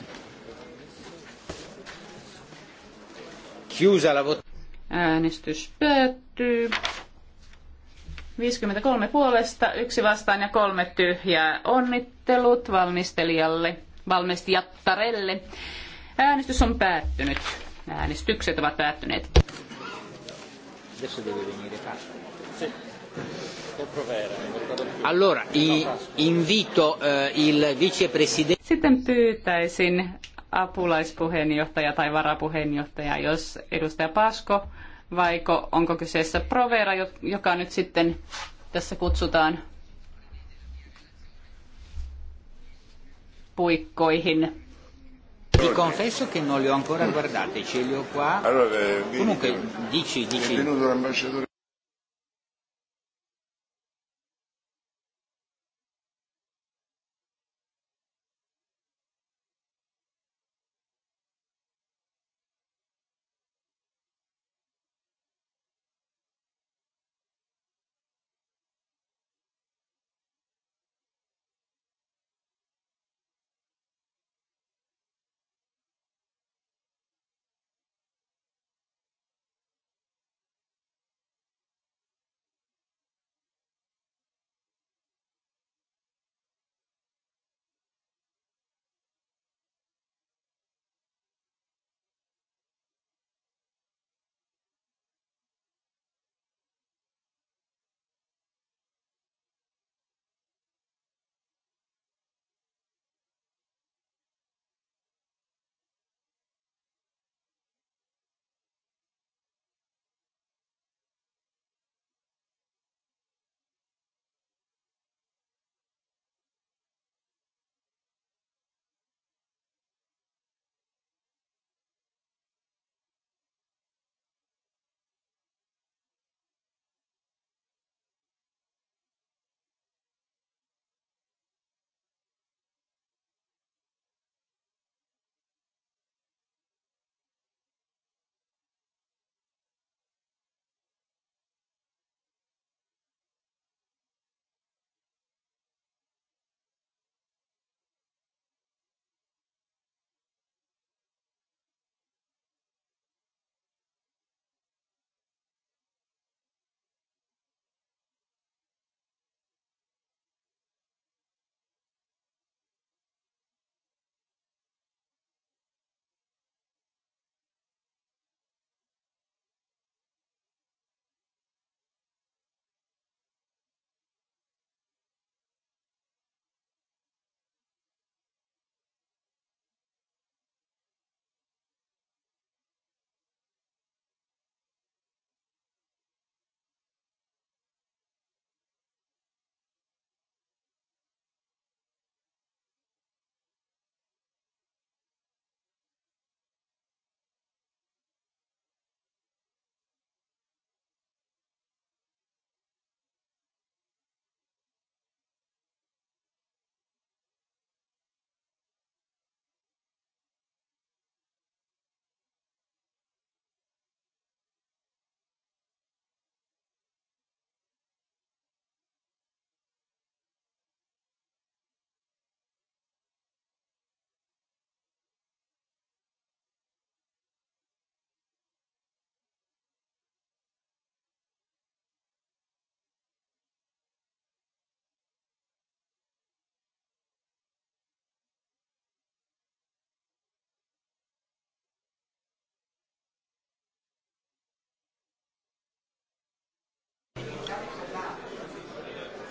Chiusa la votazione. Äänestys päättyy. 53 puolesta, yksi vastaan ja kolme tyhjää. Onnittelut valmistelijalle, valmistajattarelle. Äänestys on päättynyt. Äänestykset ovat päättyneet. Allora, invito eh, il vicepresident... Sitten pyytäisin apulaispuheenjohtaja tai varapuheenjohtaja, jos edustaja Pasko vaiko onko kyseessä Provera, joka nyt sitten tässä kutsutaan puikkoihin. Ti confesso che non li ho ancora guardati, ce li ho qua. Allora, eh, Comunque, dici, dici.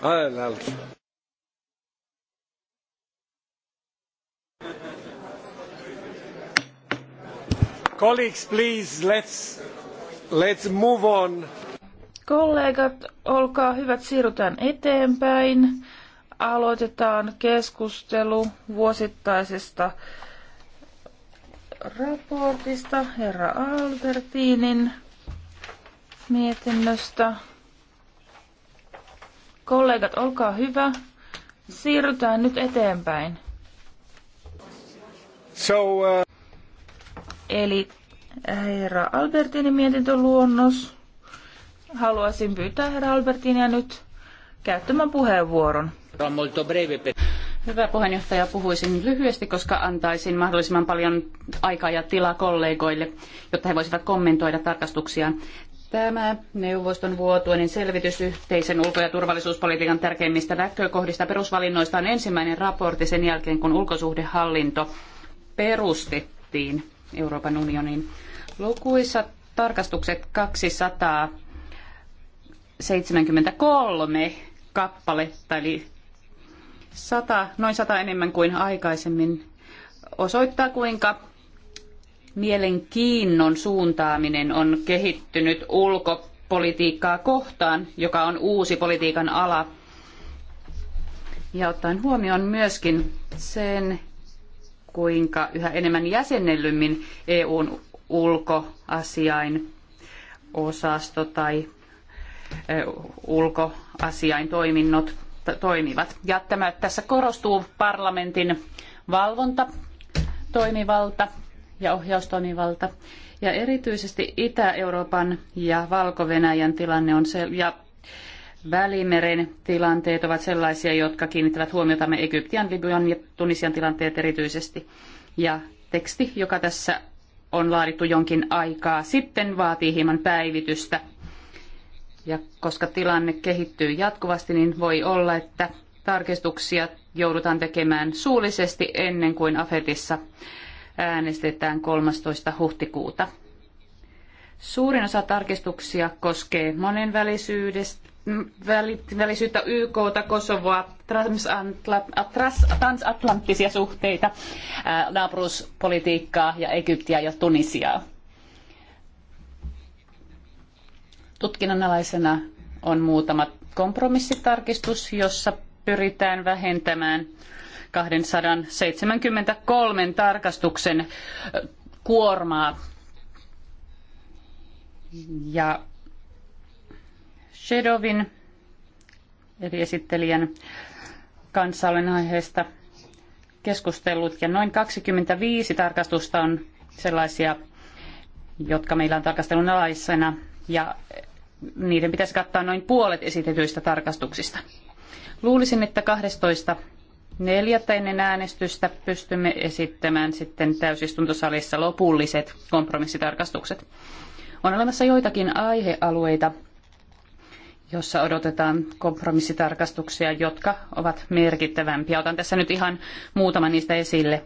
Ah, l'altro. Colleagues, please, let's, let's move on. Kollegat, olkaa hyvät, siirrytään eteenpäin. Aloitetaan keskustelu vuosittaisesta raportista herra Albertinin mietinnöstä. Kollegat, olkaa hyvä. Siirrytään nyt eteenpäin. So, uh... Eli eh, herra Albertinin mietintöluonnos. Haluaisin pyytää herra Albertinia nyt käyttämään puheenvuoron. Hyvä puheenjohtaja, puhuisin lyhyesti, koska antaisin mahdollisimman paljon aikaa ja tilaa kollegoille, jotta he voisivat kommentoida tarkastuksia. Tämä neuvoston vuotuinen selvitys yhteisen ulko- ja turvallisuuspolitiikan tärkeimmistä näkökohdista perusvalinnoista on ensimmäinen raportti sen jälkeen, kun ulkosuhdehallinto perustettiin Euroopan unionin lukuisat tarkastukset 273 kappaletta, eli 100, noin 100 enemmän kuin aikaisemmin, osoittaa kuinka mielenkiinnon suuntaaminen on kehittynyt ulkopolitiikkaa kohtaan, joka on uusi politiikan ala. Ja ottaen huomioon myöskin sen, kuinka yhä enemmän jäsennellymmin EUn ulkoasiain osasto tai ulkoasiain toiminnot toimivat. Ja tämä, tässä korostuu parlamentin valvontatoimivalta ja ohjaustoimivalta. Ja erityisesti Itä-Euroopan ja Valko-Venäjän tilanne on se, ja Välimeren tilanteet ovat sellaisia, jotka kiinnittävät huomiotamme Egyptian, Libyan ja Tunisian tilanteet erityisesti. Ja teksti, joka tässä on laadittu jonkin aikaa sitten, vaatii hieman päivitystä. Ja koska tilanne kehittyy jatkuvasti, niin voi olla, että tarkistuksia joudutaan tekemään suullisesti ennen kuin AFETissa äänestetään 13. huhtikuuta. Suurin osa tarkistuksia koskee monenvälisyyttä mm, YK, Kosovoa, transatlanttisia suhteita, naapuruspolitiikkaa ja Egyptiä ja Tunisiaa. Tutkinnanalaisena on muutama kompromissitarkistus, jossa pyritään vähentämään – 273 tarkastuksen kuormaa. Ja Shedovin, eli esittelijän kanssa olen aiheesta keskustellut, ja noin 25 tarkastusta on sellaisia, jotka meillä on tarkastelun alaisena, ja niiden pitäisi kattaa noin puolet esitetyistä tarkastuksista. Luulisin, että 12 neljättä ennen äänestystä pystymme esittämään sitten täysistuntosalissa lopulliset kompromissitarkastukset. On olemassa joitakin aihealueita, jossa odotetaan kompromissitarkastuksia, jotka ovat merkittävämpiä. Otan tässä nyt ihan muutaman niistä esille.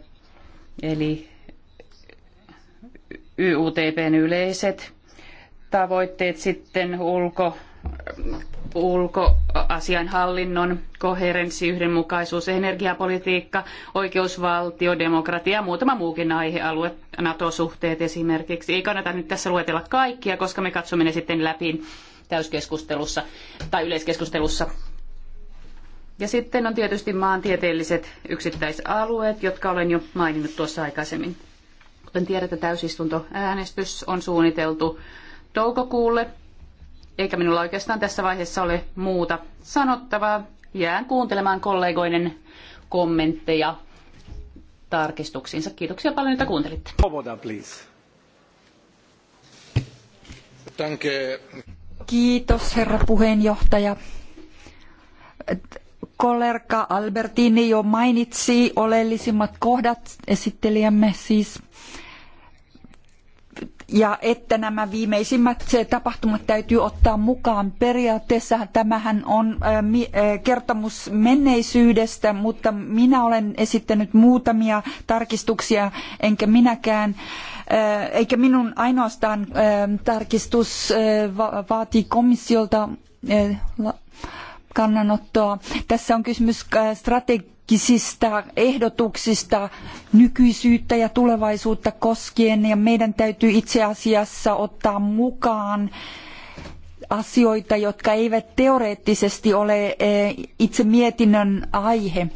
Eli YUTPn yleiset tavoitteet, sitten ulko- ulkoasianhallinnon koherenssi, yhdenmukaisuus, energiapolitiikka, oikeusvaltio, demokratia ja muutama muukin aihealue, NATO-suhteet esimerkiksi. Ei kannata nyt tässä luetella kaikkia, koska me katsomme ne sitten läpi täyskeskustelussa tai yleiskeskustelussa. Ja sitten on tietysti maantieteelliset yksittäisalueet, jotka olen jo maininnut tuossa aikaisemmin. Kuten tiedätte, täysistuntoäänestys on suunniteltu toukokuulle eikä minulla oikeastaan tässä vaiheessa ole muuta sanottavaa. Jään kuuntelemaan kollegoiden kommentteja tarkistuksiinsa. Kiitoksia paljon, että kuuntelitte. please. Kiitos, herra puheenjohtaja. Kollega Albertini jo mainitsi oleellisimmat kohdat esittelijämme siis ja että nämä viimeisimmät tapahtumat täytyy ottaa mukaan. Periaatteessa tämähän on kertomus menneisyydestä, mutta minä olen esittänyt muutamia tarkistuksia, enkä minäkään eikä minun ainoastaan tarkistus vaati komissiolta kannanottoa. Tässä on kysymys strategiasta tämänhetkisistä ehdotuksista nykyisyyttä ja tulevaisuutta koskien ja meidän täytyy itse asiassa ottaa mukaan asioita, jotka eivät teoreettisesti ole eh, itse mietinnön aihe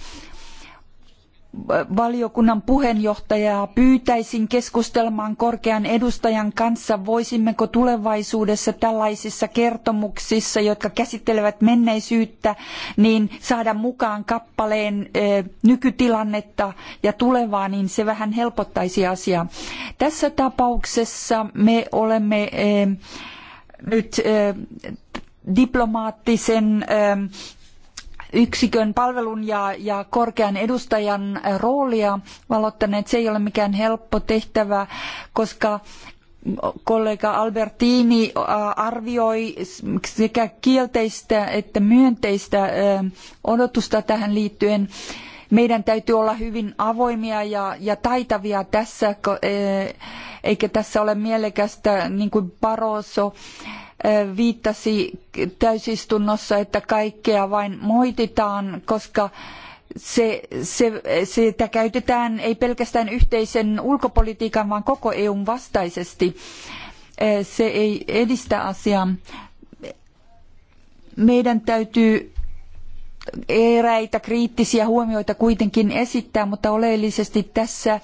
valiokunnan puheenjohtajaa pyytäisin keskustelemaan korkean edustajan kanssa, voisimmeko tulevaisuudessa tällaisissa kertomuksissa, jotka käsittelevät menneisyyttä, niin saada mukaan kappaleen nykytilannetta ja tulevaa, niin se vähän helpottaisi asiaa. Tässä tapauksessa me olemme nyt diplomaattisen yksikön palvelun ja, ja korkean edustajan roolia valottaneet. Se ei ole mikään helppo tehtävä, koska kollega Albertini arvioi sekä kielteistä että myönteistä odotusta tähän liittyen. Meidän täytyy olla hyvin avoimia ja, ja taitavia tässä, eikä tässä ole mielekästä, niin kuin Barroso viittasi täysistunnossa, että kaikkea vain moititaan, koska se, se, sitä käytetään ei pelkästään yhteisen ulkopolitiikan, vaan koko EUn vastaisesti. Se ei edistä asiaa. Meidän täytyy eräitä kriittisiä huomioita kuitenkin esittää, mutta oleellisesti tässä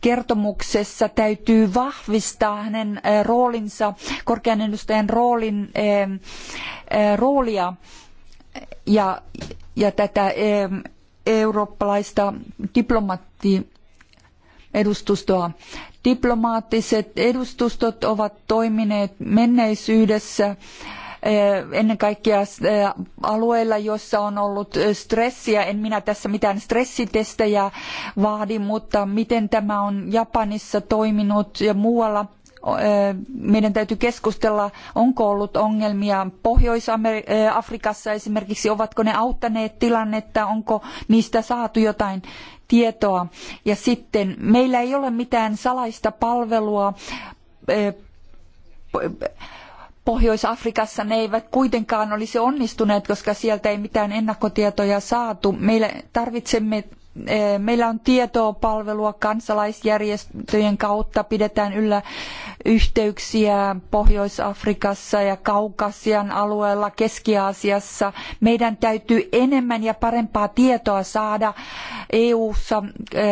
kertomuksessa täytyy vahvistaa hänen äh, roolinsa, korkean edustajan roolin, ähm, äh, roolia ja, ja tätä ähm, eurooppalaista diplomaatti edustustoa. Diplomaattiset edustustot ovat toimineet menneisyydessä Eh, ennen kaikkea eh, alueilla, joissa on ollut eh, stressiä. En minä tässä mitään stressitestejä vaadi, mutta miten tämä on Japanissa toiminut ja muualla meidän täytyy keskustella, onko ollut ongelmia Pohjois-Afrikassa esimerkiksi, ovatko ne auttaneet tilannetta, onko niistä saatu jotain tietoa. Ja sitten meillä ei ole mitään salaista palvelua Pohjois-Afrikassa ne eivät kuitenkaan olisi onnistuneet, koska sieltä ei mitään ennakkotietoja saatu. Meillä tarvitsemme eh, Meillä on tietopalvelua kansalaisjärjestöjen kautta, pidetään yllä yhteyksiä Pohjois-Afrikassa ja Kaukasian alueella, Keski-Aasiassa. Meidän täytyy enemmän ja parempaa tietoa saada EU-ssa eh,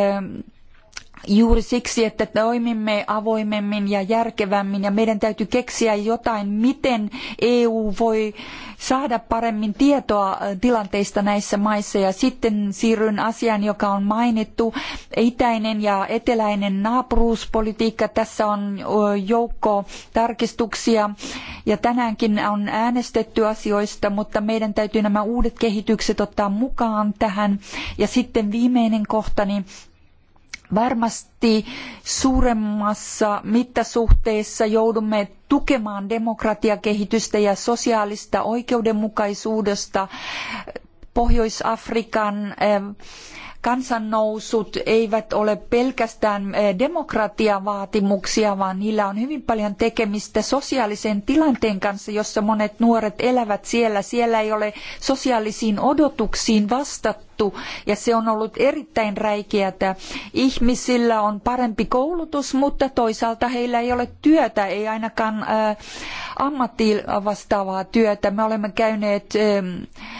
juuri siksi, että toimimme avoimemmin ja järkevämmin ja meidän täytyy keksiä jotain, miten EU voi saada paremmin tietoa äh, tilanteista näissä maissa. Ja sitten siirryn asiaan, joka on mainittu, itäinen ja eteläinen naapuruuspolitiikka. Tässä on joukko tarkistuksia ja tänäänkin on äänestetty asioista, mutta meidän täytyy nämä uudet kehitykset ottaa mukaan tähän. Ja sitten viimeinen kohtani. Niin Varmasti suuremmassa mittasuhteessa joudumme tukemaan demokratiakehitystä ja sosiaalista oikeudenmukaisuudesta Pohjois-Afrikan äh, kansannousut eivät ole pelkästään eh, demokratiavaatimuksia, vaan niillä on hyvin paljon tekemistä sosiaalisen tilanteen kanssa, jossa monet nuoret elävät siellä. Siellä ei ole sosiaalisiin odotuksiin vastattu ja se on ollut erittäin räikeätä. Ihmisillä on parempi koulutus, mutta toisaalta heillä ei ole työtä, ei ainakaan äh, eh, ammattiin vastaavaa työtä. Me olemme käyneet äh,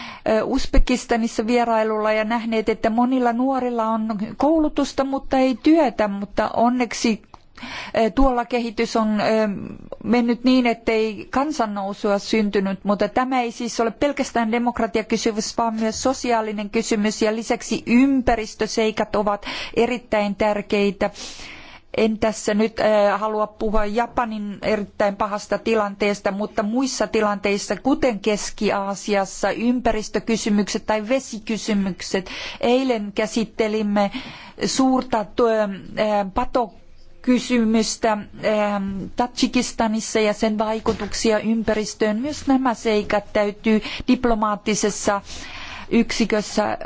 Uzbekistanissa vierailulla ja nähneet, että monilla nuorilla on koulutusta, mutta ei työtä, mutta onneksi tuolla kehitys on mennyt niin, ettei kansannousua syntynyt, mutta tämä ei siis ole pelkästään demokratiakysymys, vaan myös sosiaalinen kysymys ja lisäksi ympäristöseikat ovat erittäin tärkeitä. En tässä nyt äh, halua puhua Japanin erittäin pahasta tilanteesta, mutta muissa tilanteissa, kuten Keski-Aasiassa, ympäristökysymykset tai vesikysymykset. Eilen käsittelimme suurta äh, patokysymystä ähm, Tajikistanissa ja sen vaikutuksia ympäristöön. Myös nämä seikat täytyy diplomaattisessa yksikössä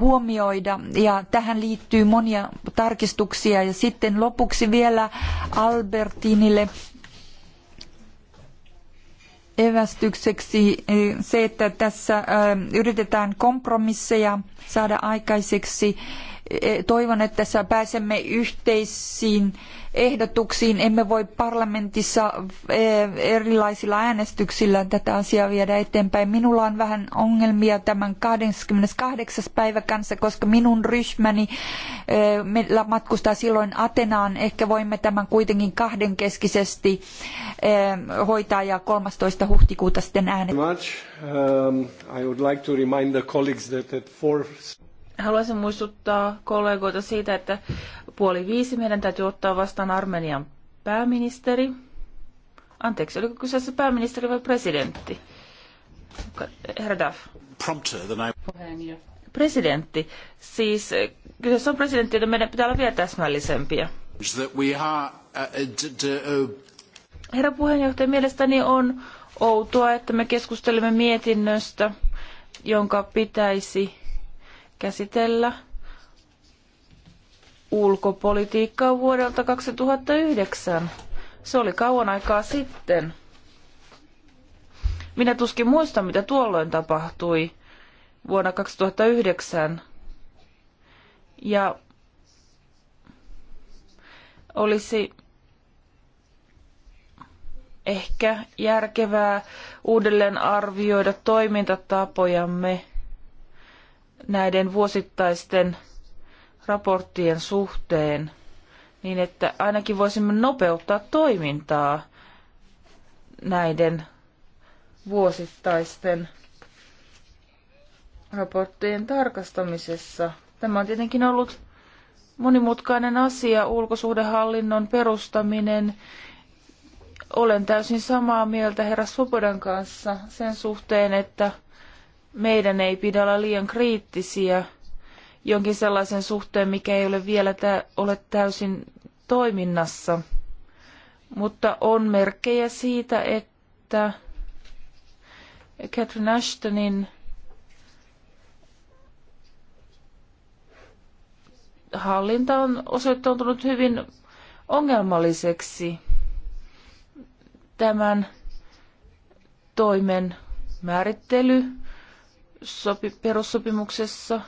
huomioida ja tähän liittyy monia tarkistuksia ja sitten lopuksi vielä Albertinille evästykseksi se, että tässä yritetään kompromisseja saada aikaiseksi. E, toivon, että tässä pääsemme yhteisiin ehdotuksiin. Emme voi parlamentissa eh, erilaisilla äänestyksillä tätä asiaa viedä eteenpäin. Minulla on vähän ongelmia tämän 28. päivä kanssa, koska minun ryhmäni eh, matkustaa silloin Atenaan. Ehkä voimme tämän kuitenkin kahdenkeskisesti eh, hoitaa ja 13. huhtikuuta sitten äänestää. Haluaisin muistuttaa kollegoita siitä, että puoli viisi meidän täytyy ottaa vastaan Armenian pääministeri. Anteeksi, oliko kyseessä pääministeri vai presidentti? Herra Prompter Presidentti. Siis eh, kyseessä on presidentti, joten meidän pitää olla vielä täsmällisempiä. Uh, Herra puheenjohtaja, mielestäni on outoa, että me keskustelemme mietinnöstä, jonka pitäisi käsitellä ulkopolitiikkaa vuodelta 2009. Se oli kauan aikaa sitten. Minä tuskin muistan, mitä tuolloin tapahtui vuonna 2009. Ja olisi ehkä järkevää uudelleen arvioida toimintatapojamme – näiden vuosittaisten raporttien suhteen, niin että ainakin voisimme nopeuttaa toimintaa näiden vuosittaisten raporttien tarkastamisessa. Tämä on tietenkin ollut monimutkainen asia, ulkosuhdehallinnon perustaminen. Olen täysin samaa mieltä herra Sopodan kanssa sen suhteen, että meidän ei pidä olla liian kriittisiä jonkin sellaisen suhteen, mikä ei ole vielä tä- ole täysin toiminnassa. Mutta on merkkejä siitä, että Catherine Ashtonin hallinta on osoittautunut hyvin ongelmalliseksi tämän toimen määrittely sopi, perussopimuksessa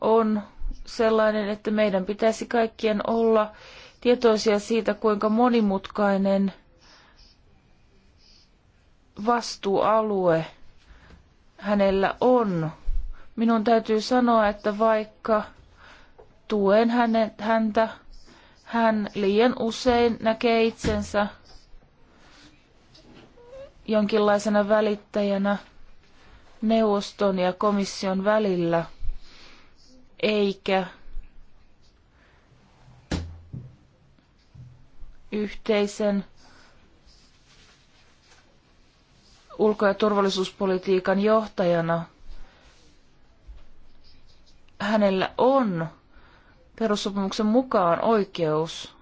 on sellainen, että meidän pitäisi kaikkien olla tietoisia siitä, kuinka monimutkainen vastuualue hänellä on. Minun täytyy sanoa, että vaikka tuen hänet, häntä, hän liian usein näkee itsensä jonkinlaisena välittäjänä – neuvoston ja komission välillä, eikä yhteisen ulko- ja turvallisuuspolitiikan johtajana hänellä on perussopimuksen mukaan oikeus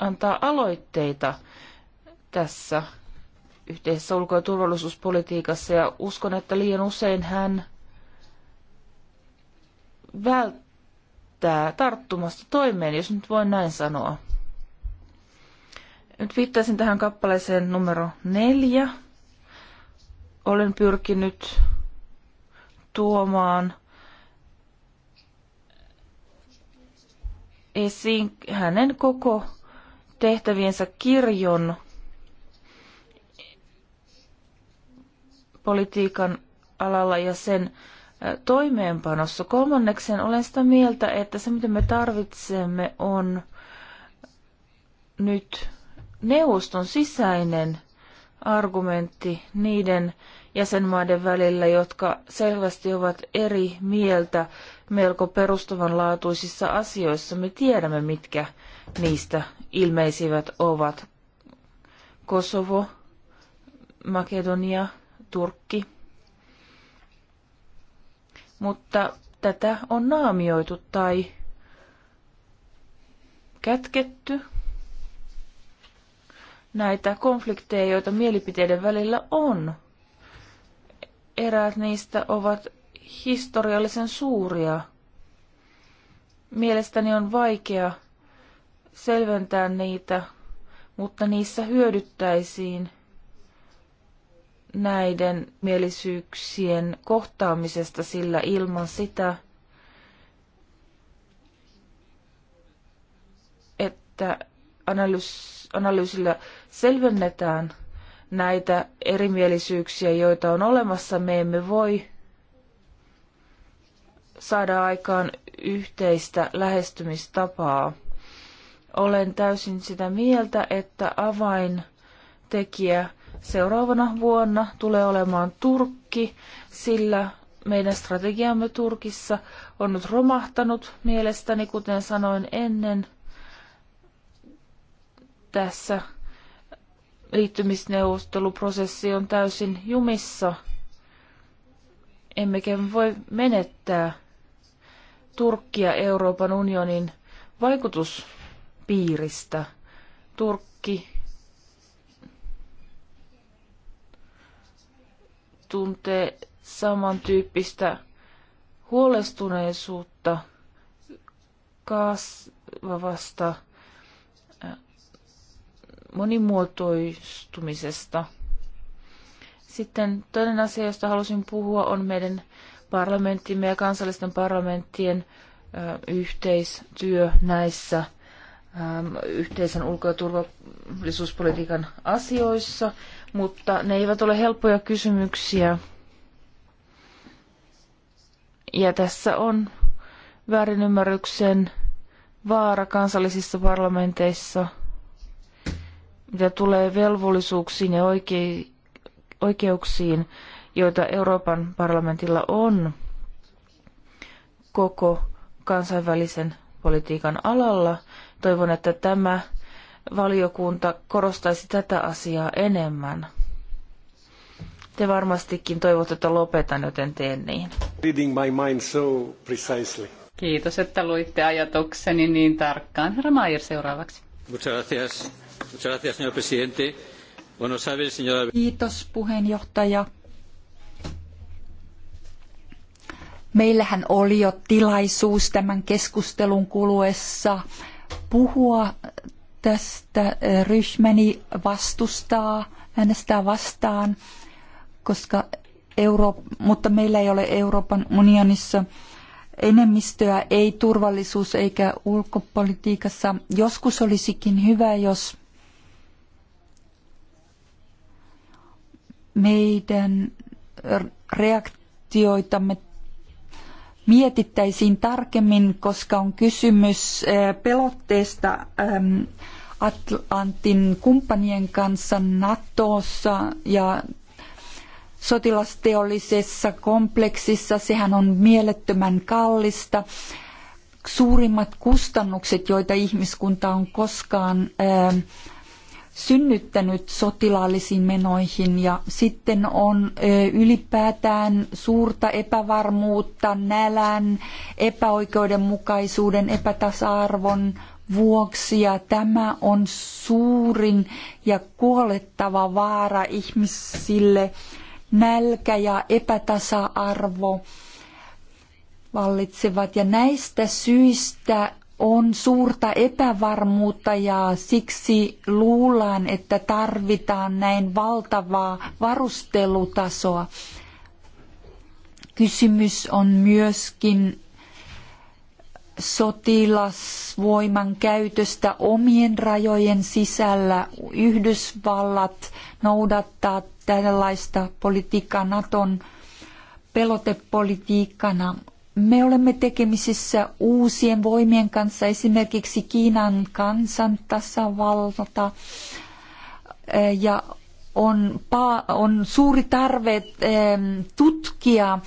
antaa aloitteita tässä yhteisessä ulko- ja turvallisuuspolitiikassa ja uskon, että liian usein hän välttää tarttumasta toimeen, jos nyt voin näin sanoa. Nyt viittaisin tähän kappaleeseen numero neljä. Olen pyrkinyt tuomaan esiin hänen koko tehtäviensä kirjon – politiikan alalla ja sen toimeenpanossa. Kolmanneksen olen sitä mieltä, että se mitä me tarvitsemme on nyt neuvoston sisäinen argumentti niiden jäsenmaiden välillä, jotka selvästi ovat eri mieltä melko perustavanlaatuisissa asioissa. Me tiedämme, mitkä niistä ilmeisivät ovat. Kosovo, Makedonia, Turkki. Mutta tätä on naamioitu tai kätketty. Näitä konflikteja, joita mielipiteiden välillä on. Eräät niistä ovat historiallisen suuria. Mielestäni on vaikea selventää niitä, mutta niissä hyödyttäisiin näiden mielisyyksien kohtaamisesta, sillä ilman sitä, että analyys, analyysillä selvennetään näitä erimielisyyksiä, joita on olemassa, me emme voi saada aikaan yhteistä lähestymistapaa. Olen täysin sitä mieltä, että avaintekijä seuraavana vuonna tulee olemaan Turkki, sillä meidän strategiamme Turkissa on nyt romahtanut mielestäni, kuten sanoin ennen tässä liittymisneuvotteluprosessi on täysin jumissa. Emmekä voi menettää Turkkia Euroopan unionin vaikutuspiiristä. Turkki tuntee samantyyppistä huolestuneisuutta kasvavasta äh, monimuotoistumisesta. Sitten toinen asia, josta halusin puhua, on meidän parlamenttimme ja kansallisten parlamenttien äh, yhteistyö näissä ähm, yhteisen ulko- ja turvallisuuspolitiikan asioissa mutta ne eivät ole helppoja kysymyksiä. Ja tässä on väärinymmärryksen vaara kansallisissa parlamenteissa, mitä tulee velvollisuuksiin ja oikeuksiin, joita Euroopan parlamentilla on koko kansainvälisen politiikan alalla. Toivon, että tämä valiokunta korostaisi tätä asiaa enemmän. Te varmastikin toivotte, että lopetan, joten teen niin. Reading my mind so precisely. Kiitos, että luitte ajatukseni niin tarkkaan. Herra Maier seuraavaksi. Muchas gracias. Muchas gracias, señor presidente. señora... Kiitos, puheenjohtaja. Meillähän oli jo tilaisuus tämän keskustelun kuluessa puhua Tästä eh, ryhmäni vastustaa, äänestää vastaan, koska Euro- mutta meillä ei ole Euroopan unionissa enemmistöä, ei turvallisuus eikä ulkopolitiikassa. Joskus olisikin hyvä, jos meidän reaktioitamme mietittäisiin tarkemmin, koska on kysymys eh, pelotteesta ehm, Atlantin kumppanien kanssa NATOssa ja sotilasteollisessa kompleksissa. Sehän on mielettömän kallista. Suurimmat kustannukset, joita ihmiskunta on koskaan äh, synnyttänyt sotilaallisiin menoihin ja sitten on ylipäätään suurta epävarmuutta, nälän, epäoikeudenmukaisuuden, epätasa-arvon vuoksi ja tämä on suurin ja kuolettava vaara ihmisille, nälkä ja epätasa-arvo vallitsevat ja näistä syistä on suurta epävarmuutta ja siksi luullaan, että tarvitaan näin valtavaa varustelutasoa. Kysymys on myöskin sotilasvoiman käytöstä omien rajojen sisällä. Yhdysvallat noudattaa tällaista politiikkaa Naton pelotepolitiikkana me olemme tekemisissä uusien voimien kanssa, esimerkiksi Kiinan kansan tasavalta, ja on, on suuri tarve tutkia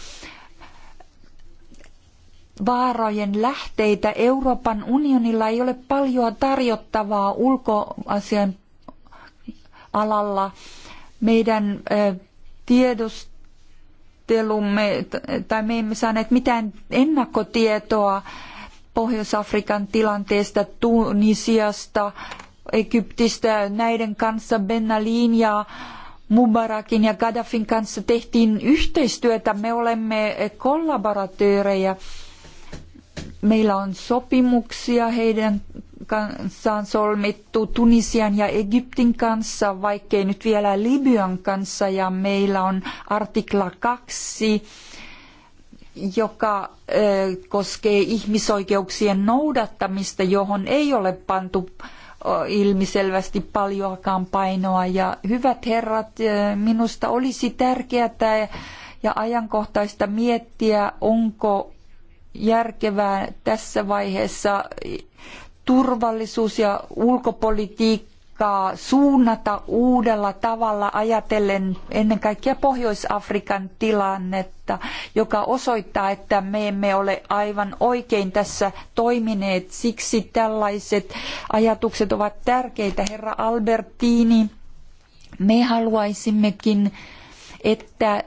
vaarojen lähteitä. Euroopan unionilla ei ole paljon tarjottavaa ulkoasian alalla. Meidän tiedost tiedustelumme, tai me emme saaneet mitään ennakkotietoa Pohjois-Afrikan tilanteesta, Tunisiasta, Egyptistä, näiden kanssa Benalin ja Mubarakin ja Gaddafin kanssa tehtiin yhteistyötä. Me olemme kollaboratöörejä. Meillä on sopimuksia heidän kanssa on solmittu Tunisian ja Egyptin kanssa, vaikkei nyt vielä Libyan kanssa, ja meillä on artikla 2, joka koskee ihmisoikeuksien noudattamista, johon ei ole pantu ilmiselvästi paljoakaan painoa. Ja hyvät herrat, minusta olisi tärkeää ja ajankohtaista miettiä, onko järkevää tässä vaiheessa turvallisuus- ja ulkopolitiikkaa suunnata uudella tavalla ajatellen ennen kaikkea Pohjois-Afrikan tilannetta, joka osoittaa, että me emme ole aivan oikein tässä toimineet. Siksi tällaiset ajatukset ovat tärkeitä. Herra Albertini, me haluaisimmekin, että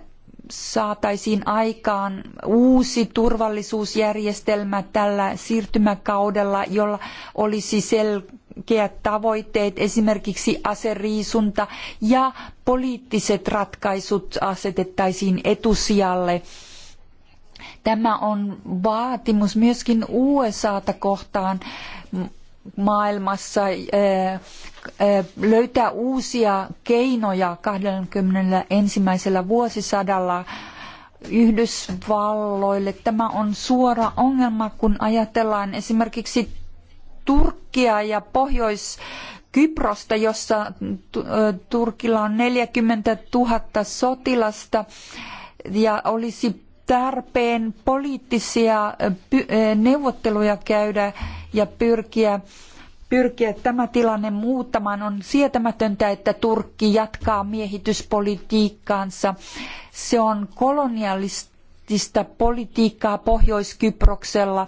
saataisiin aikaan uusi turvallisuusjärjestelmä tällä siirtymäkaudella, jolla olisi selkeät tavoitteet, esimerkiksi aseriisunta ja poliittiset ratkaisut asetettaisiin etusijalle. Tämä on vaatimus myöskin USAta kohtaan maailmassa. Eh, Eh, löytää uusia keinoja 21. vuosisadalla Yhdysvalloille. Tämä on suora ongelma, kun ajatellaan esimerkiksi Turkkia ja Pohjois- Kyprosta, jossa Turkilla on 40 000 sotilasta ja olisi tarpeen poliittisia eh, eh, neuvotteluja käydä ja pyrkiä pyrkiä tämä tilanne muuttamaan. On sietämätöntä, että Turkki jatkaa miehityspolitiikkaansa. Se on kolonialistista politiikkaa Pohjois-Kyproksella.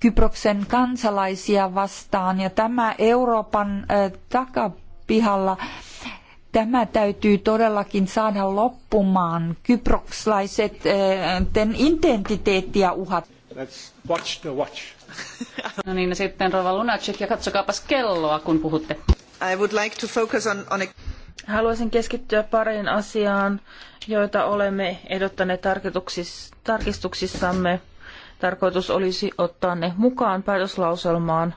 Kyproksen kansalaisia vastaan ja tämä Euroopan takapihalla Tämä täytyy todellakin saada loppumaan. Kyprokslaiset äh, ten identiteettiä uhat. Let's watch the watch. No niin, no sitten Rova Lunacek ja katsokaapas kelloa, kun puhutte. I would like to focus on, on a... Haluaisin keskittyä pariin asiaan, joita olemme ehdottaneet tarkistuksissamme. Tarkoitus olisi ottaa ne mukaan päätöslauselmaan.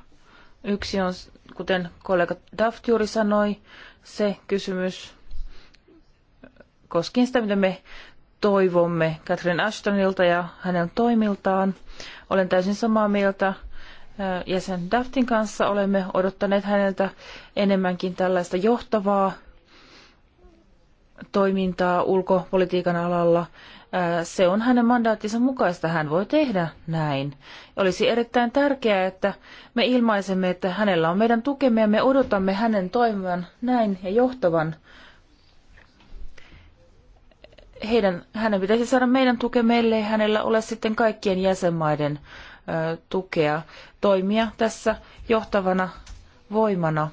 Yksi on, kuten kollega Daft juuri sanoi, se kysymys koskien sitä, mitä me toivomme Catherine Ashtonilta ja hänen toimiltaan – olen täysin samaa mieltä jäsen Daftin kanssa. Olemme odottaneet häneltä enemmänkin tällaista johtavaa toimintaa ulkopolitiikan alalla. Se on hänen mandaattinsa mukaista, hän voi tehdä näin. Olisi erittäin tärkeää, että me ilmaisemme, että hänellä on meidän tukemme ja me odotamme hänen toimivan näin ja johtavan heidän, hänen pitäisi saada meidän tukemme, ellei hänellä ole sitten kaikkien jäsenmaiden ö, tukea toimia tässä johtavana voimana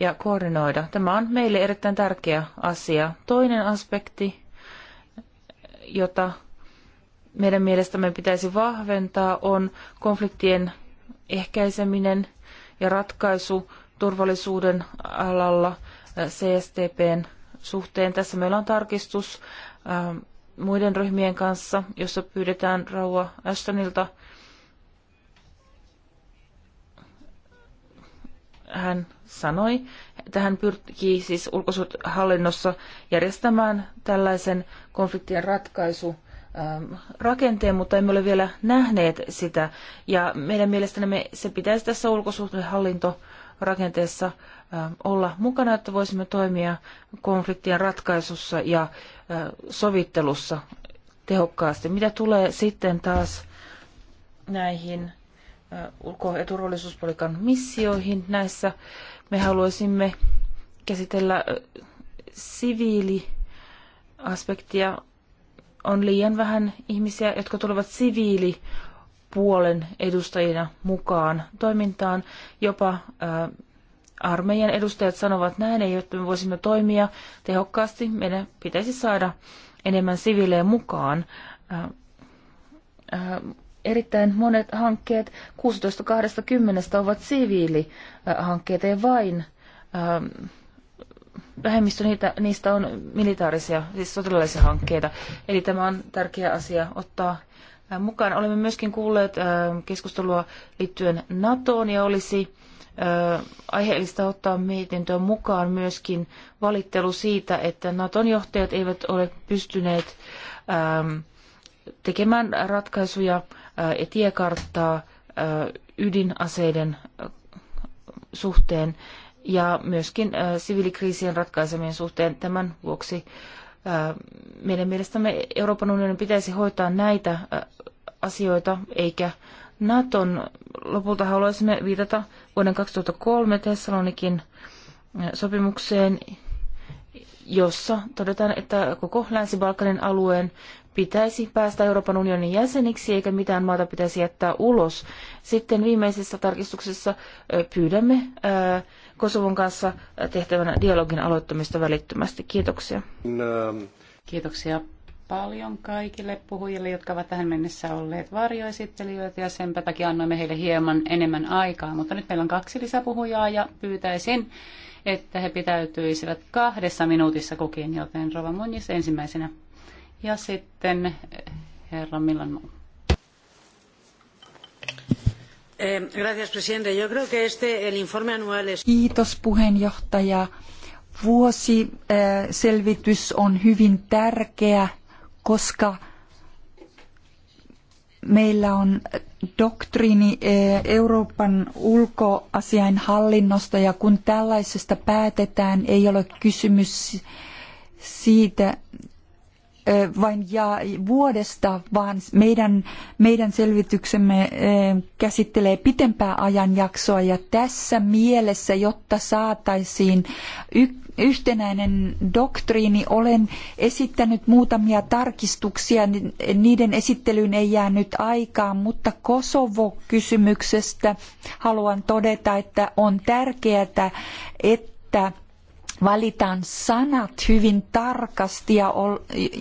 ja koordinoida. Tämä on meille erittäin tärkeä asia. Toinen aspekti, jota meidän mielestämme pitäisi vahventaa, on konfliktien ehkäiseminen ja ratkaisu turvallisuuden alalla CSTPn suhteen. Tässä meillä on tarkistus Ähm, muiden ryhmien kanssa, jossa pyydetään Rauha Ashtonilta. Hän sanoi, että hän pyrkii siis ulkosuhallinnossa järjestämään tällaisen konfliktien ratkaisu ähm, rakenteen, mutta emme ole vielä nähneet sitä. Ja meidän mielestämme se pitäisi tässä ulkosuhdehallintorakenteessa rakenteessa olla mukana, että voisimme toimia konfliktien ratkaisussa ja sovittelussa tehokkaasti. Mitä tulee sitten taas näihin ulko- ja turvallisuuspolitiikan missioihin näissä, me haluaisimme käsitellä siviiliaspektia. On liian vähän ihmisiä, jotka tulevat siviili puolen edustajina mukaan toimintaan. Jopa armeijan edustajat sanovat näin, ei, että me voisimme toimia tehokkaasti. Meidän pitäisi saada enemmän siviilejä mukaan. Äh, äh, erittäin monet hankkeet, 16-20 ovat siviilihankkeita ja vain äh, vähemmistö niitä, niistä on militaarisia, siis sotilaallisia hankkeita. Eli tämä on tärkeä asia ottaa mukaan. Olemme myöskin kuulleet keskustelua liittyen NATOon ja olisi aiheellista ottaa mietintöön mukaan myöskin valittelu siitä, että Naton johtajat eivät ole pystyneet ähm, tekemään ratkaisuja ja äh, tiekarttaa äh, ydinaseiden äh, suhteen ja myöskin siviilikriisien ratkaisemien suhteen. Tämän vuoksi meidän mielestämme Euroopan unionin pitäisi hoitaa näitä asioita eikä Naton. Lopulta haluaisimme viitata vuoden 2003 Thessalonikin eh, sopimukseen, jossa todetaan, että koko Länsi-Balkanin alueen pitäisi päästä Euroopan unionin jäseniksi eikä mitään maata pitäisi jättää ulos. Sitten viimeisessä tarkistuksessa eh, pyydämme eh, Kosovon kanssa tehtävänä dialogin aloittamista välittömästi. Kiitoksia. Ähm. Kiitoksia paljon kaikille puhujille, jotka ovat tähän mennessä olleet varjoesittelijöitä ja sen takia annoimme heille hieman enemmän aikaa. Mutta nyt meillä on kaksi lisäpuhujaa ja pyytäisin, että he pitäytyisivät kahdessa minuutissa kukin, joten Rova Munjis ensimmäisenä ja sitten eh, herra Milan muu. Eh, Kiitos puheenjohtaja. Vuosiselvitys on hyvin tärkeä koska meillä on doktriini eh, Euroopan ulkoasiainhallinnosta ja kun tällaisesta päätetään, ei ole kysymys siitä, vain ja vuodesta, vaan meidän, meidän selvityksemme käsittelee pitempää ajanjaksoa ja tässä mielessä, jotta saataisiin yhtenäinen doktriini, olen esittänyt muutamia tarkistuksia, niiden esittelyyn ei jäänyt aikaa, mutta Kosovo-kysymyksestä haluan todeta, että on tärkeää, että valitaan sanat hyvin tarkasti ja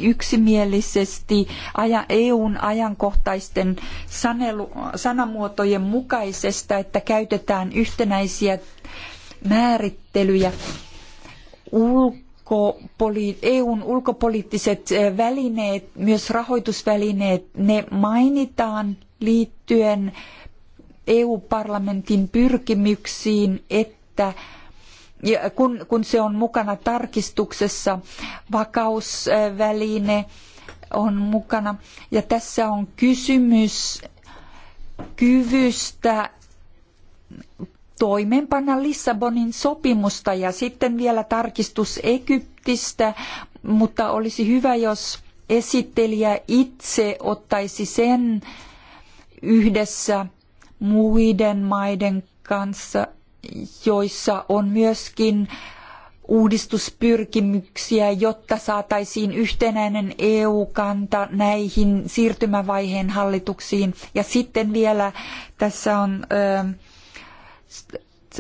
yksimielisesti aja, EUn ajankohtaisten sanelu, sanamuotojen mukaisesta, että käytetään yhtenäisiä määrittelyjä ulkopoli- EUn ulkopoliittiset eh, välineet, myös rahoitusvälineet, ne mainitaan liittyen EU-parlamentin pyrkimyksiin, että kun, kun se on mukana tarkistuksessa, vakausväline on mukana. Ja tässä on kysymys kyvystä toimeenpanna Lissabonin sopimusta ja sitten vielä tarkistus Egyptistä, mutta olisi hyvä, jos esittelijä itse ottaisi sen yhdessä muiden maiden kanssa joissa on myöskin uudistuspyrkimyksiä, jotta saataisiin yhtenäinen EU-kanta näihin siirtymävaiheen hallituksiin. Ja sitten vielä tässä on ähm,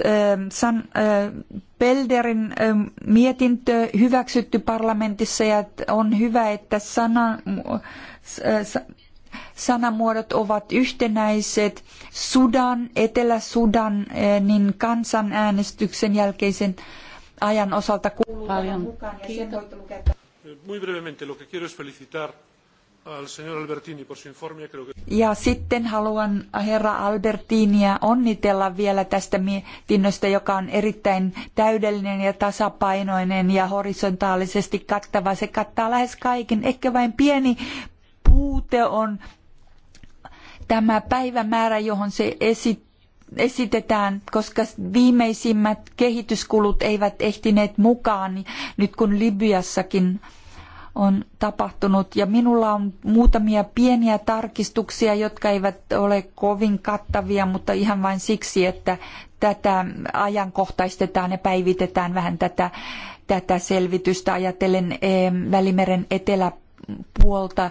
ähm, San äh, Pelderin ähm, mietintö hyväksytty parlamentissa ja on hyvä, että sana, äh, äh, sanamuodot ovat yhtenäiset Sudan, Etelä-Sudanin eh, niin kansanäänestyksen jälkeisen ajan osalta kuuluu Paljon. ja eh, ja sitten haluan herra Albertinia onnitella vielä tästä mietinnöstä, joka on erittäin täydellinen ja tasapainoinen ja horisontaalisesti kattava. Se kattaa lähes kaiken. Ehkä vain pieni puute on tämä päivämäärä, johon se esitetään, koska viimeisimmät kehityskulut eivät ehtineet mukaan, niin nyt kun Libyassakin on tapahtunut. Ja minulla on muutamia pieniä tarkistuksia, jotka eivät ole kovin kattavia, mutta ihan vain siksi, että tätä ajankohtaistetaan ja päivitetään vähän tätä, tätä selvitystä ajatellen eh, Välimeren eteläpuolta puolta,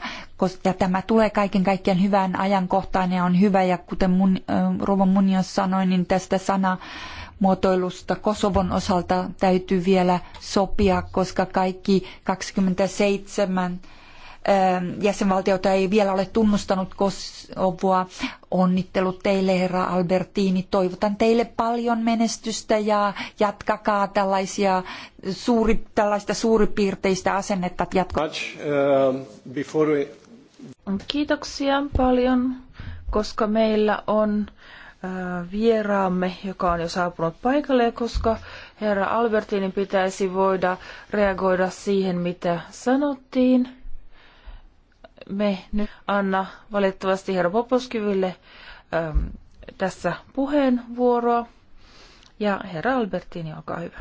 ja tämä tulee kaiken kaikkiaan hyvään ajankohtaan ja on hyvä, ja kuten mun, Rova Munios sanoi, niin tästä sana muotoilusta Kosovon osalta täytyy vielä sopia, koska kaikki 27 Ähm, jäsenvaltiota ei vielä ole tunnustanut Kosovoa. Onnittelut teille, herra Albertini. Toivotan teille paljon menestystä ja jatkakaa tällaisia suuri, tällaista suuripiirteistä asennetta jatkossa. Um, Kiitoksia paljon, koska meillä on äh, vieraamme, joka on jo saapunut paikalle, ja koska herra Albertinin pitäisi voida reagoida siihen, mitä sanottiin me nyt anna valitettavasti herra Poposkivylle äm, tässä puheenvuoroa. Ja herra Albertini, olkaa hyvä.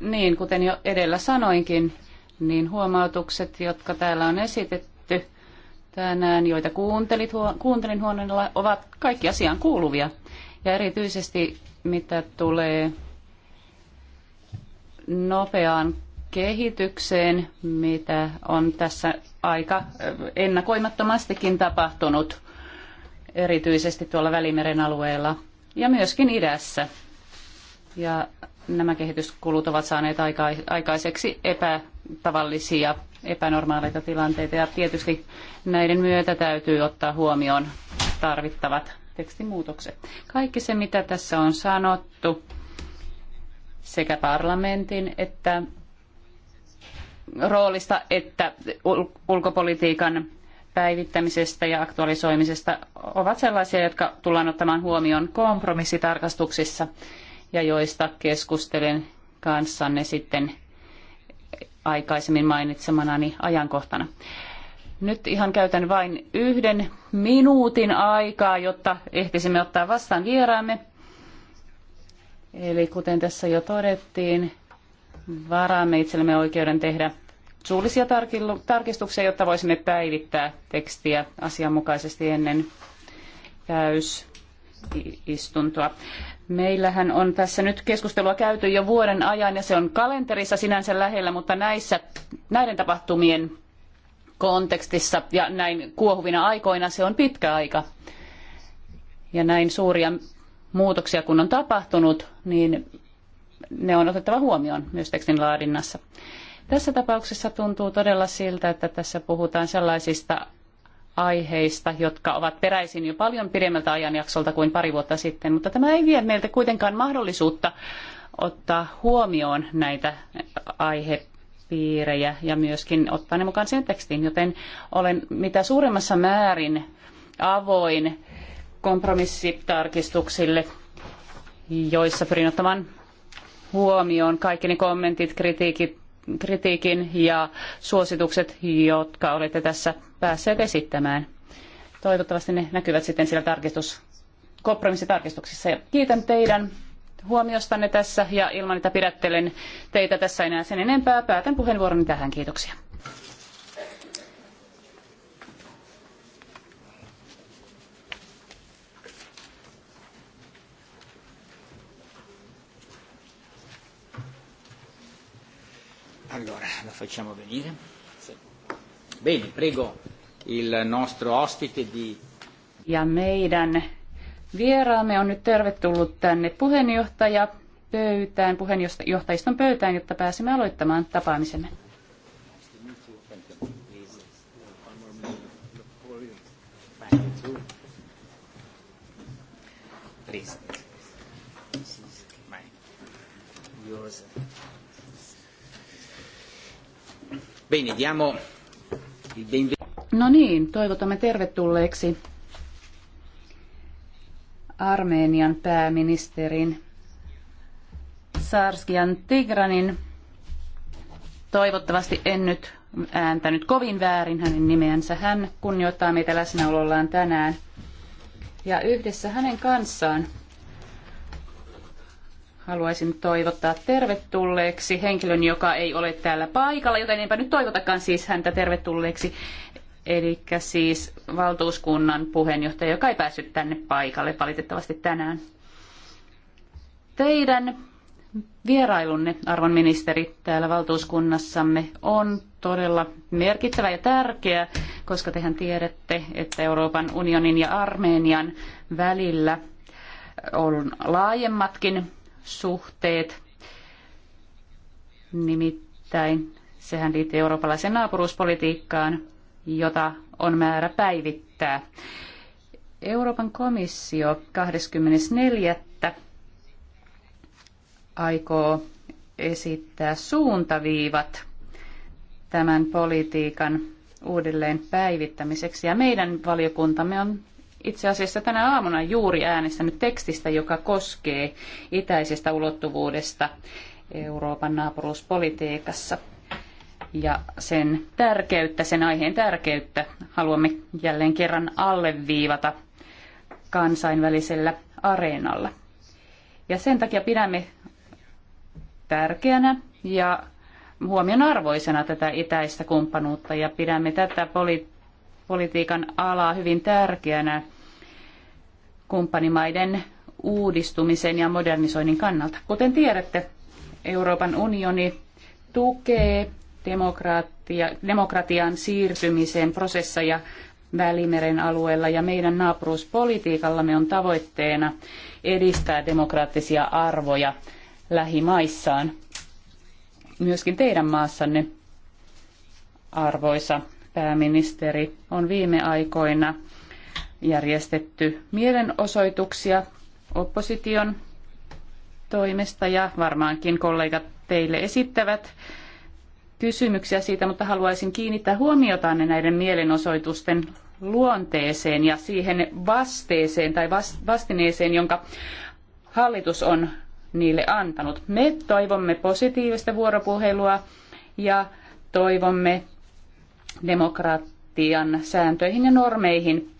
Niin, kuten jo edellä sanoinkin, niin huomautukset, jotka täällä on esitetty tänään, joita kuuntelit, huo, kuuntelin huoneella, ovat kaikki asiaan kuuluvia. Ja erityisesti mitä tulee nopeaan kehitykseen, mitä on tässä aika ennakoimattomastikin tapahtunut, erityisesti tuolla Välimeren alueella ja myöskin idässä. Ja nämä kehityskulut ovat saaneet aikaiseksi epätavallisia, epänormaaleita tilanteita ja tietysti näiden myötä täytyy ottaa huomioon tarvittavat tekstimuutokset. Kaikki se, mitä tässä on sanottu, sekä parlamentin että roolista että ulkopolitiikan päivittämisestä ja aktualisoimisesta ovat sellaisia, jotka tullaan ottamaan huomioon kompromissitarkastuksissa ja joista keskustelen kanssanne sitten aikaisemmin mainitsemanani ajankohtana. Nyt ihan käytän vain yhden minuutin aikaa, jotta ehtisimme ottaa vastaan vieraamme. Eli kuten tässä jo todettiin, varaamme itsellemme oikeuden tehdä suullisia tarkistuksia, jotta voisimme päivittää tekstiä asianmukaisesti ennen täysistuntoa. Meillähän on tässä nyt keskustelua käyty jo vuoden ajan ja se on kalenterissa sinänsä lähellä, mutta näissä, näiden tapahtumien kontekstissa ja näin kuohuvina aikoina se on pitkä aika. Ja näin suuria muutoksia kun on tapahtunut, niin ne on otettava huomioon myös tekstin laadinnassa. Tässä tapauksessa tuntuu todella siltä, että tässä puhutaan sellaisista aiheista, jotka ovat peräisin jo paljon pidemmältä ajanjaksolta kuin pari vuotta sitten, mutta tämä ei vie meiltä kuitenkaan mahdollisuutta ottaa huomioon näitä aihepiirejä ja myöskin ottaa ne mukaan sen tekstiin, joten olen mitä suuremmassa määrin avoin kompromissitarkistuksille, joissa pyrin ottamaan huomioon kaikki ne kommentit, kritiikit, kritiikin ja suositukset, jotka olette tässä päässeet esittämään. Toivottavasti ne näkyvät sitten siellä tarkistus, kompromissitarkistuksissa. Ja kiitän teidän huomiostanne tässä ja ilman, että pidättelen teitä tässä enää sen enempää, päätän puheenvuoroni tähän. Kiitoksia. Allora, la facciamo venire. Sì. Bene, prego il nostro ospite di... Ja meidän vieraamme on nyt tervetullut tänne puheenjohtaja pöytään, puheenjohtajiston pöytään, jotta pääsemme aloittamaan tapaamisemme. Please. Bene, diamo No niin, toivotamme tervetulleeksi Armenian pääministerin Sarskian Tigranin. Toivottavasti en nyt ääntänyt kovin väärin hänen nimeänsä. Hän kunnioittaa meitä läsnäolollaan tänään. Ja yhdessä hänen kanssaan haluaisin toivottaa tervetulleeksi henkilön, joka ei ole täällä paikalla, joten enpä nyt toivotakaan siis häntä tervetulleeksi. Eli siis valtuuskunnan puheenjohtaja, joka ei päässyt tänne paikalle valitettavasti tänään. Teidän vierailunne, arvon ministeri, täällä valtuuskunnassamme on todella merkittävä ja tärkeä, koska tehän tiedätte, että Euroopan unionin ja Armenian välillä on laajemmatkin suhteet. Nimittäin sehän liittyy eurooppalaiseen naapuruuspolitiikkaan, jota on määrä päivittää. Euroopan komissio 24. aikoo esittää suuntaviivat tämän politiikan uudelleen päivittämiseksi. Ja meidän valiokuntamme on itse asiassa tänä aamuna juuri äänestänyt tekstistä, joka koskee itäisestä ulottuvuudesta Euroopan naapuruuspolitiikassa ja sen tärkeyttä, sen aiheen tärkeyttä haluamme jälleen kerran alleviivata kansainvälisellä areenalla. Ja sen takia pidämme tärkeänä ja huomionarvoisena tätä itäistä kumppanuutta ja pidämme tätä poli- politiikan alaa hyvin tärkeänä kumppanimaiden uudistumisen ja modernisoinnin kannalta. Kuten tiedätte, Euroopan unioni tukee demokratia, demokratian siirtymiseen prosesseja Välimeren alueella ja meidän naapuruuspolitiikallamme on tavoitteena edistää demokraattisia arvoja lähimaissaan. Myöskin teidän maassanne, arvoisa pääministeri, on viime aikoina järjestetty mielenosoituksia opposition toimesta ja varmaankin kollegat teille esittävät kysymyksiä siitä, mutta haluaisin kiinnittää huomiotanne näiden mielenosoitusten luonteeseen ja siihen vasteeseen tai vastineeseen, jonka hallitus on niille antanut. Me toivomme positiivista vuoropuhelua ja toivomme demokratian sääntöihin ja normeihin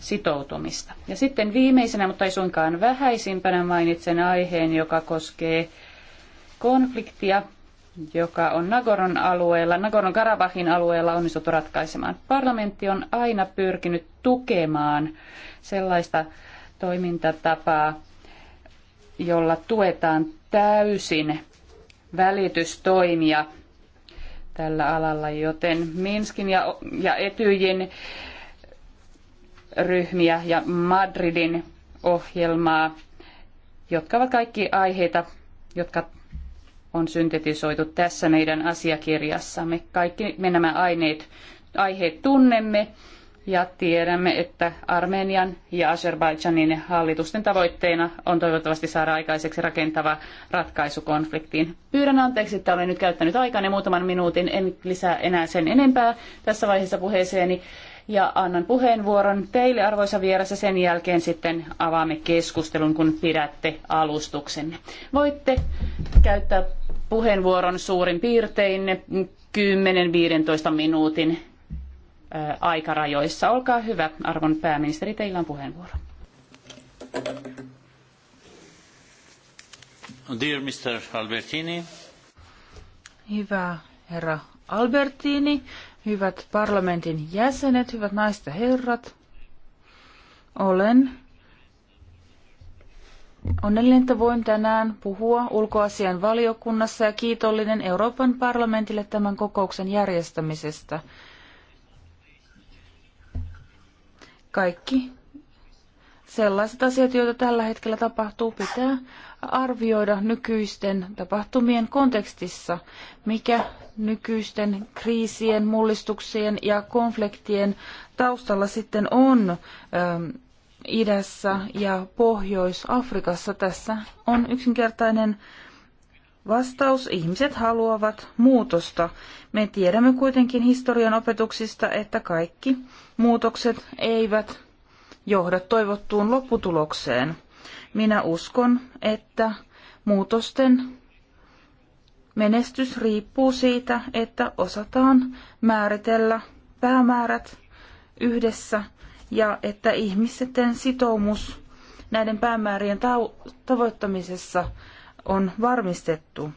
sitoutumista. Ja sitten viimeisenä, mutta ei suinkaan vähäisimpänä, mainitsen aiheen, joka koskee konfliktia, joka on Nagoron alueella, Nagoron Karabahin alueella onnistuttu ratkaisemaan. Parlamentti on aina pyrkinyt tukemaan sellaista toimintatapaa, jolla tuetaan täysin välitystoimia tällä alalla, joten Minskin ja, ja Etyjin ryhmiä ja Madridin ohjelmaa, jotka ovat kaikki aiheita, jotka on syntetisoitu tässä meidän asiakirjassamme. Kaikki me nämä aineet, aiheet tunnemme ja tiedämme, että Armenian ja Azerbaidžanin hallitusten tavoitteena on toivottavasti saada aikaiseksi rakentava ratkaisu konfliktiin. Pyydän anteeksi, että olen nyt käyttänyt aikani muutaman minuutin, en lisää enää sen enempää tässä vaiheessa puheeseeni. Ja annan puheenvuoron teille, arvoisa vieras, ja sen jälkeen sitten avaamme keskustelun, kun pidätte alustuksenne. Voitte käyttää puheenvuoron suurin piirtein 10-15 minuutin aikarajoissa. Olkaa hyvä, arvon pääministeri, teillä on puheenvuoro. Dear Mr. Albertini. Hyvä herra Albertini, hyvät parlamentin jäsenet, hyvät naiset ja herrat. Olen onnellinen, että voin tänään puhua ulkoasian valiokunnassa ja kiitollinen Euroopan parlamentille tämän kokouksen järjestämisestä – kaikki sellaiset asiat, joita tällä hetkellä tapahtuu, pitää arvioida nykyisten tapahtumien kontekstissa, mikä nykyisten kriisien, mullistuksien ja konfliktien taustalla sitten on ähm, idässä ja Pohjois-Afrikassa. Tässä on yksinkertainen äh, Vastaus, ihmiset haluavat muutosta. Me tiedämme kuitenkin historian opetuksista, että kaikki muutokset eivät johda toivottuun lopputulokseen. Minä uskon, että muutosten menestys riippuu siitä, että osataan määritellä päämäärät yhdessä ja että ihmisten sitoumus näiden päämäärien tavoittamisessa – on varmistettu.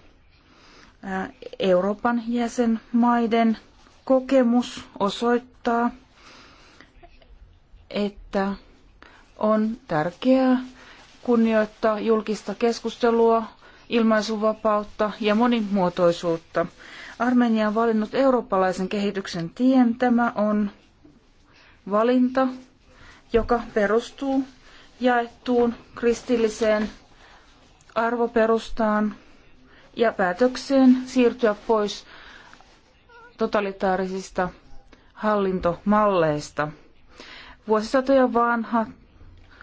Euroopan jäsenmaiden kokemus osoittaa, että on tärkeää kunnioittaa julkista keskustelua, ilmaisuvapautta ja monimuotoisuutta. Armenia on valinnut eurooppalaisen kehityksen tien. Tämä on valinta, joka perustuu jaettuun kristilliseen arvoperustaan ja päätökseen siirtyä pois totalitaarisista hallintomalleista. Vuosisatoja vanha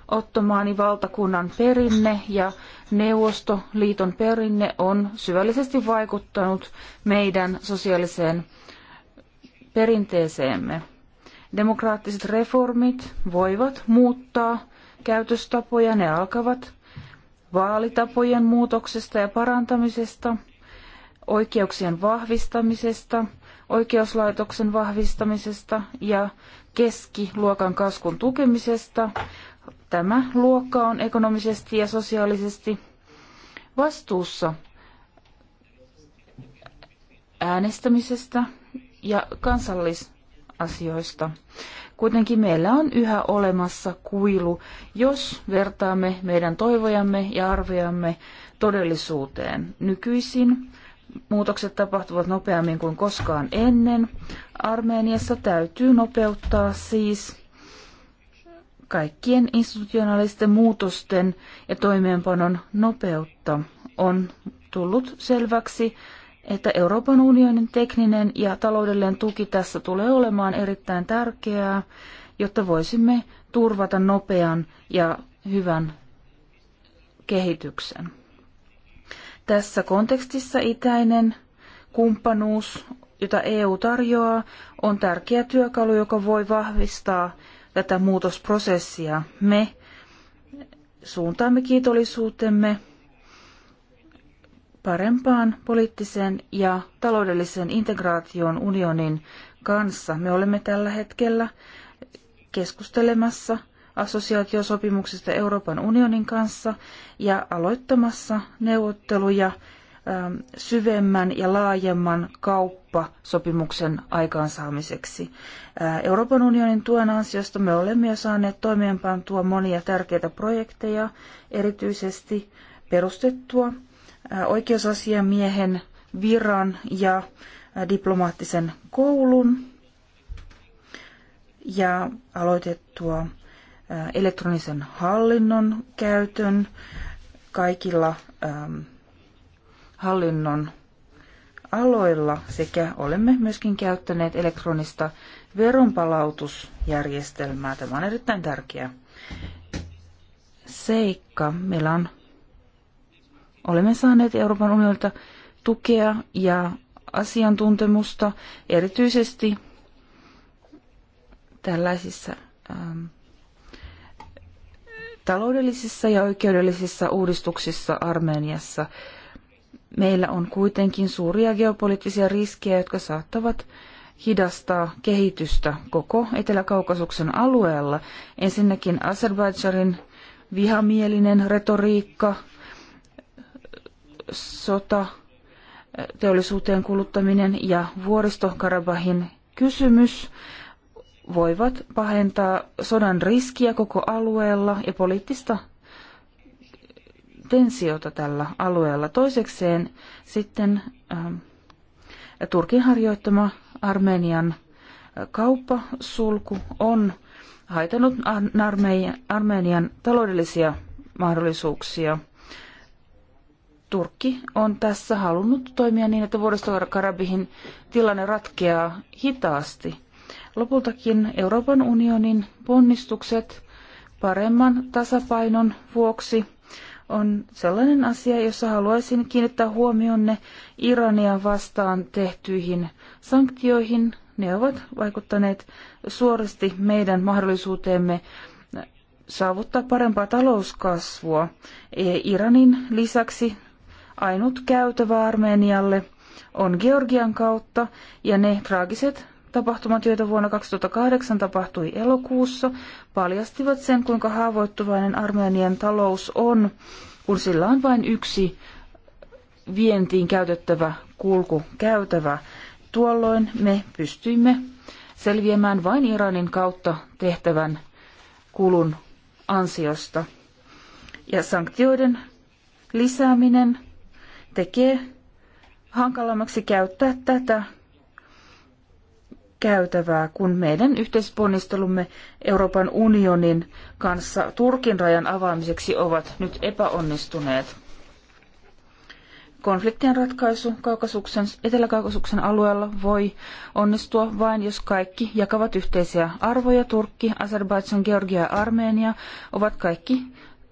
Ottomaani valtakunnan perinne ja Neuvostoliiton perinne on syvällisesti vaikuttanut meidän sosiaaliseen perinteeseemme. Demokraattiset reformit voivat muuttaa käytöstapoja, ne alkavat vaalitapojen muutoksesta ja parantamisesta, oikeuksien vahvistamisesta, oikeuslaitoksen vahvistamisesta ja keskiluokan kasvun tukemisesta. Tämä luokka on ekonomisesti ja sosiaalisesti vastuussa äänestämisestä ja kansallisasioista. Kuitenkin meillä on yhä olemassa kuilu, jos vertaamme meidän toivojamme ja arvojamme todellisuuteen. Nykyisin muutokset tapahtuvat nopeammin kuin koskaan ennen. Armeniassa täytyy nopeuttaa siis kaikkien institutionaalisten muutosten ja toimeenpanon nopeutta on tullut selväksi että Euroopan unionin tekninen ja taloudellinen tuki tässä tulee olemaan erittäin tärkeää, jotta voisimme turvata nopean ja hyvän kehityksen. Tässä kontekstissa itäinen kumppanuus, jota EU tarjoaa, on tärkeä työkalu, joka voi vahvistaa tätä muutosprosessia. Me suuntaamme kiitollisuutemme parempaan poliittiseen ja taloudelliseen integraatioon unionin kanssa. Me olemme tällä hetkellä keskustelemassa assosiaatiosopimuksesta Euroopan unionin kanssa ja aloittamassa neuvotteluja ähm, syvemmän ja laajemman kauppasopimuksen aikaansaamiseksi. Äh, Euroopan unionin tuen ansiosta me olemme jo saaneet toimeenpantua monia tärkeitä projekteja, erityisesti perustettua oikeusasiamiehen viran ja diplomaattisen koulun ja aloitettua elektronisen hallinnon käytön kaikilla hallinnon aloilla sekä olemme myöskin käyttäneet elektronista veronpalautusjärjestelmää. Tämä on erittäin tärkeä seikka. Meillä on Olemme saaneet Euroopan unionilta tukea ja asiantuntemusta erityisesti tällaisissa ähm, taloudellisissa ja oikeudellisissa uudistuksissa Armeniassa. Meillä on kuitenkin suuria geopoliittisia riskejä, jotka saattavat hidastaa kehitystä koko Etelä-Kaukasuksen alueella. Ensinnäkin Azerbaidžanin vihamielinen retoriikka, sota, teollisuuteen kuluttaminen ja vuoristokarabahin kysymys voivat pahentaa sodan riskiä koko alueella ja poliittista tensiota tällä alueella. Toisekseen sitten ähm, Turkin harjoittama Armenian äh, kauppasulku on haitanut Armeijan, Armenian taloudellisia mahdollisuuksia – Turkki on tässä halunnut toimia niin, että vuoristokarabihin tilanne ratkeaa hitaasti. Lopultakin Euroopan unionin ponnistukset paremman tasapainon vuoksi on sellainen asia, jossa haluaisin kiinnittää huomionne Irania vastaan tehtyihin sanktioihin. Ne ovat vaikuttaneet suorasti meidän mahdollisuuteemme saavuttaa parempaa talouskasvua. E- Iranin lisäksi ainut käytävä Armenialle on Georgian kautta ja ne traagiset tapahtumat, joita vuonna 2008 tapahtui elokuussa, paljastivat sen, kuinka haavoittuvainen Armenian talous on, kun sillä on vain yksi vientiin käytettävä kulkukäytävä. Tuolloin me pystyimme selviämään vain Iranin kautta tehtävän kulun ansiosta. Ja sanktioiden lisääminen tekee hankalammaksi käyttää tätä käytävää, kun meidän yhteisponnistelumme Euroopan unionin kanssa Turkin rajan avaamiseksi ovat nyt epäonnistuneet. Konfliktien ratkaisu Kaukasuksen, Etelä-Kaukasuksen alueella voi onnistua vain, jos kaikki jakavat yhteisiä arvoja. Turkki, Azerbaidžan, Georgia ja Armenia ovat kaikki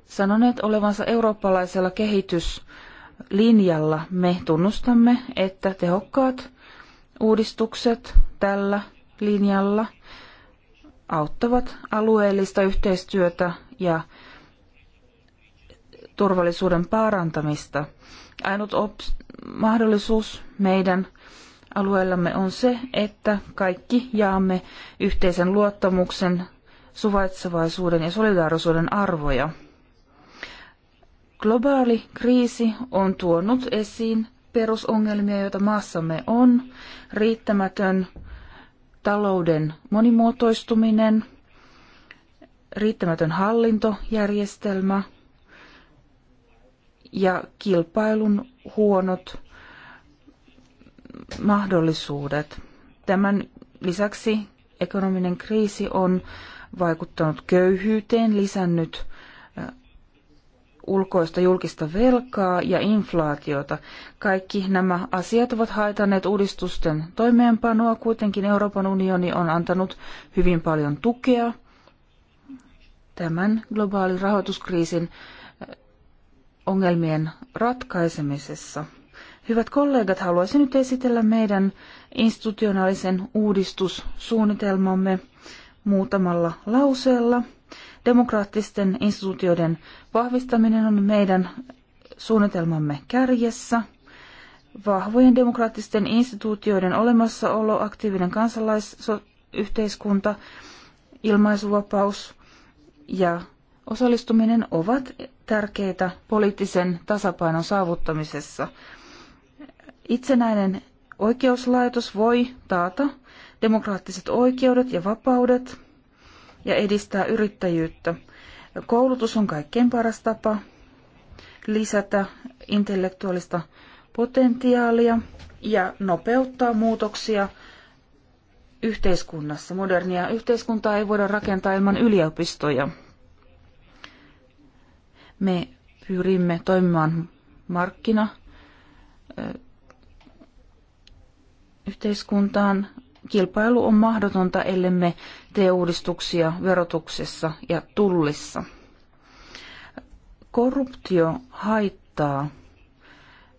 sanoneet olevansa eurooppalaisella kehitys- linjalla. Me tunnustamme, että tehokkaat uudistukset tällä linjalla auttavat alueellista yhteistyötä ja turvallisuuden parantamista. Ainut mahdollisuus meidän alueellamme on se, että kaikki jaamme yhteisen luottamuksen, suvaitsevaisuuden ja solidaarisuuden arvoja. Globaali kriisi on tuonut esiin perusongelmia, joita maassamme on, riittämätön talouden monimuotoistuminen, riittämätön hallintojärjestelmä ja kilpailun huonot mahdollisuudet. Tämän lisäksi ekonominen kriisi on vaikuttanut köyhyyteen, lisännyt ulkoista julkista velkaa ja inflaatiota. Kaikki nämä asiat ovat haitanneet uudistusten toimeenpanoa, kuitenkin Euroopan unioni on antanut hyvin paljon tukea tämän globaalin rahoituskriisin eh, ongelmien ratkaisemisessa. Hyvät kollegat, haluaisin nyt esitellä meidän institutionaalisen uudistussuunnitelmamme muutamalla lauseella – Demokraattisten instituutioiden vahvistaminen on meidän suunnitelmamme kärjessä. Vahvojen demokraattisten instituutioiden olemassaolo, aktiivinen kansalaisyhteiskunta, ilmaisuvapaus ja osallistuminen ovat tärkeitä poliittisen tasapainon saavuttamisessa. Itsenäinen oikeuslaitos voi taata demokraattiset oikeudet ja vapaudet ja edistää yrittäjyyttä. Koulutus on kaikkein paras tapa lisätä intellektuaalista potentiaalia ja nopeuttaa muutoksia yhteiskunnassa. Modernia yhteiskuntaa ei voida rakentaa ilman yliopistoja. Me pyrimme toimimaan markkina yhteiskuntaan. Kilpailu on mahdotonta, me tee uudistuksia verotuksessa ja tullissa. Korruptio haittaa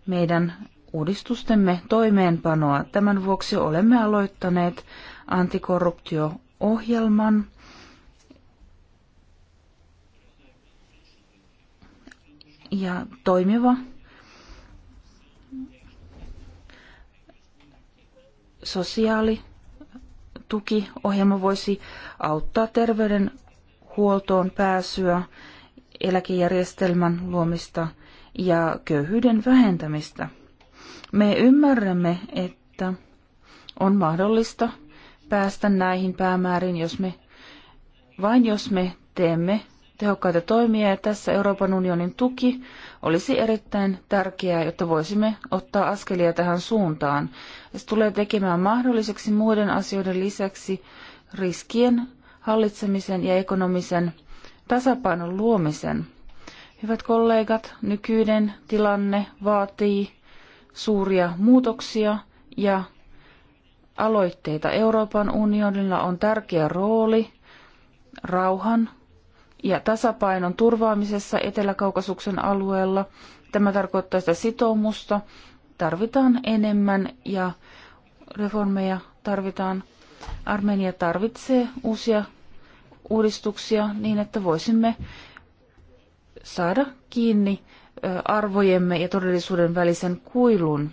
meidän uudistustemme toimeenpanoa. Tämän vuoksi olemme aloittaneet antikorruptio-ohjelman. Ja toimiva sosiaali- tukiohjelma voisi auttaa terveydenhuoltoon pääsyä, eläkejärjestelmän luomista ja köyhyyden vähentämistä. Me ymmärrämme, että on mahdollista päästä näihin päämääriin, jos me, vain jos me teemme tehokkaita toimia ja tässä Euroopan unionin tuki olisi erittäin tärkeää, jotta voisimme ottaa askelia tähän suuntaan. Se tulee tekemään mahdolliseksi muiden asioiden lisäksi riskien hallitsemisen ja ekonomisen tasapainon luomisen. Hyvät kollegat, nykyinen tilanne vaatii suuria muutoksia ja aloitteita. Euroopan unionilla on tärkeä rooli rauhan ja tasapainon turvaamisessa Etelä-Kaukasuksen alueella. Tämä tarkoittaa sitä sitoumusta. Tarvitaan enemmän ja reformeja tarvitaan. Armenia tarvitsee uusia uudistuksia niin, että voisimme saada kiinni arvojemme ja todellisuuden välisen kuilun.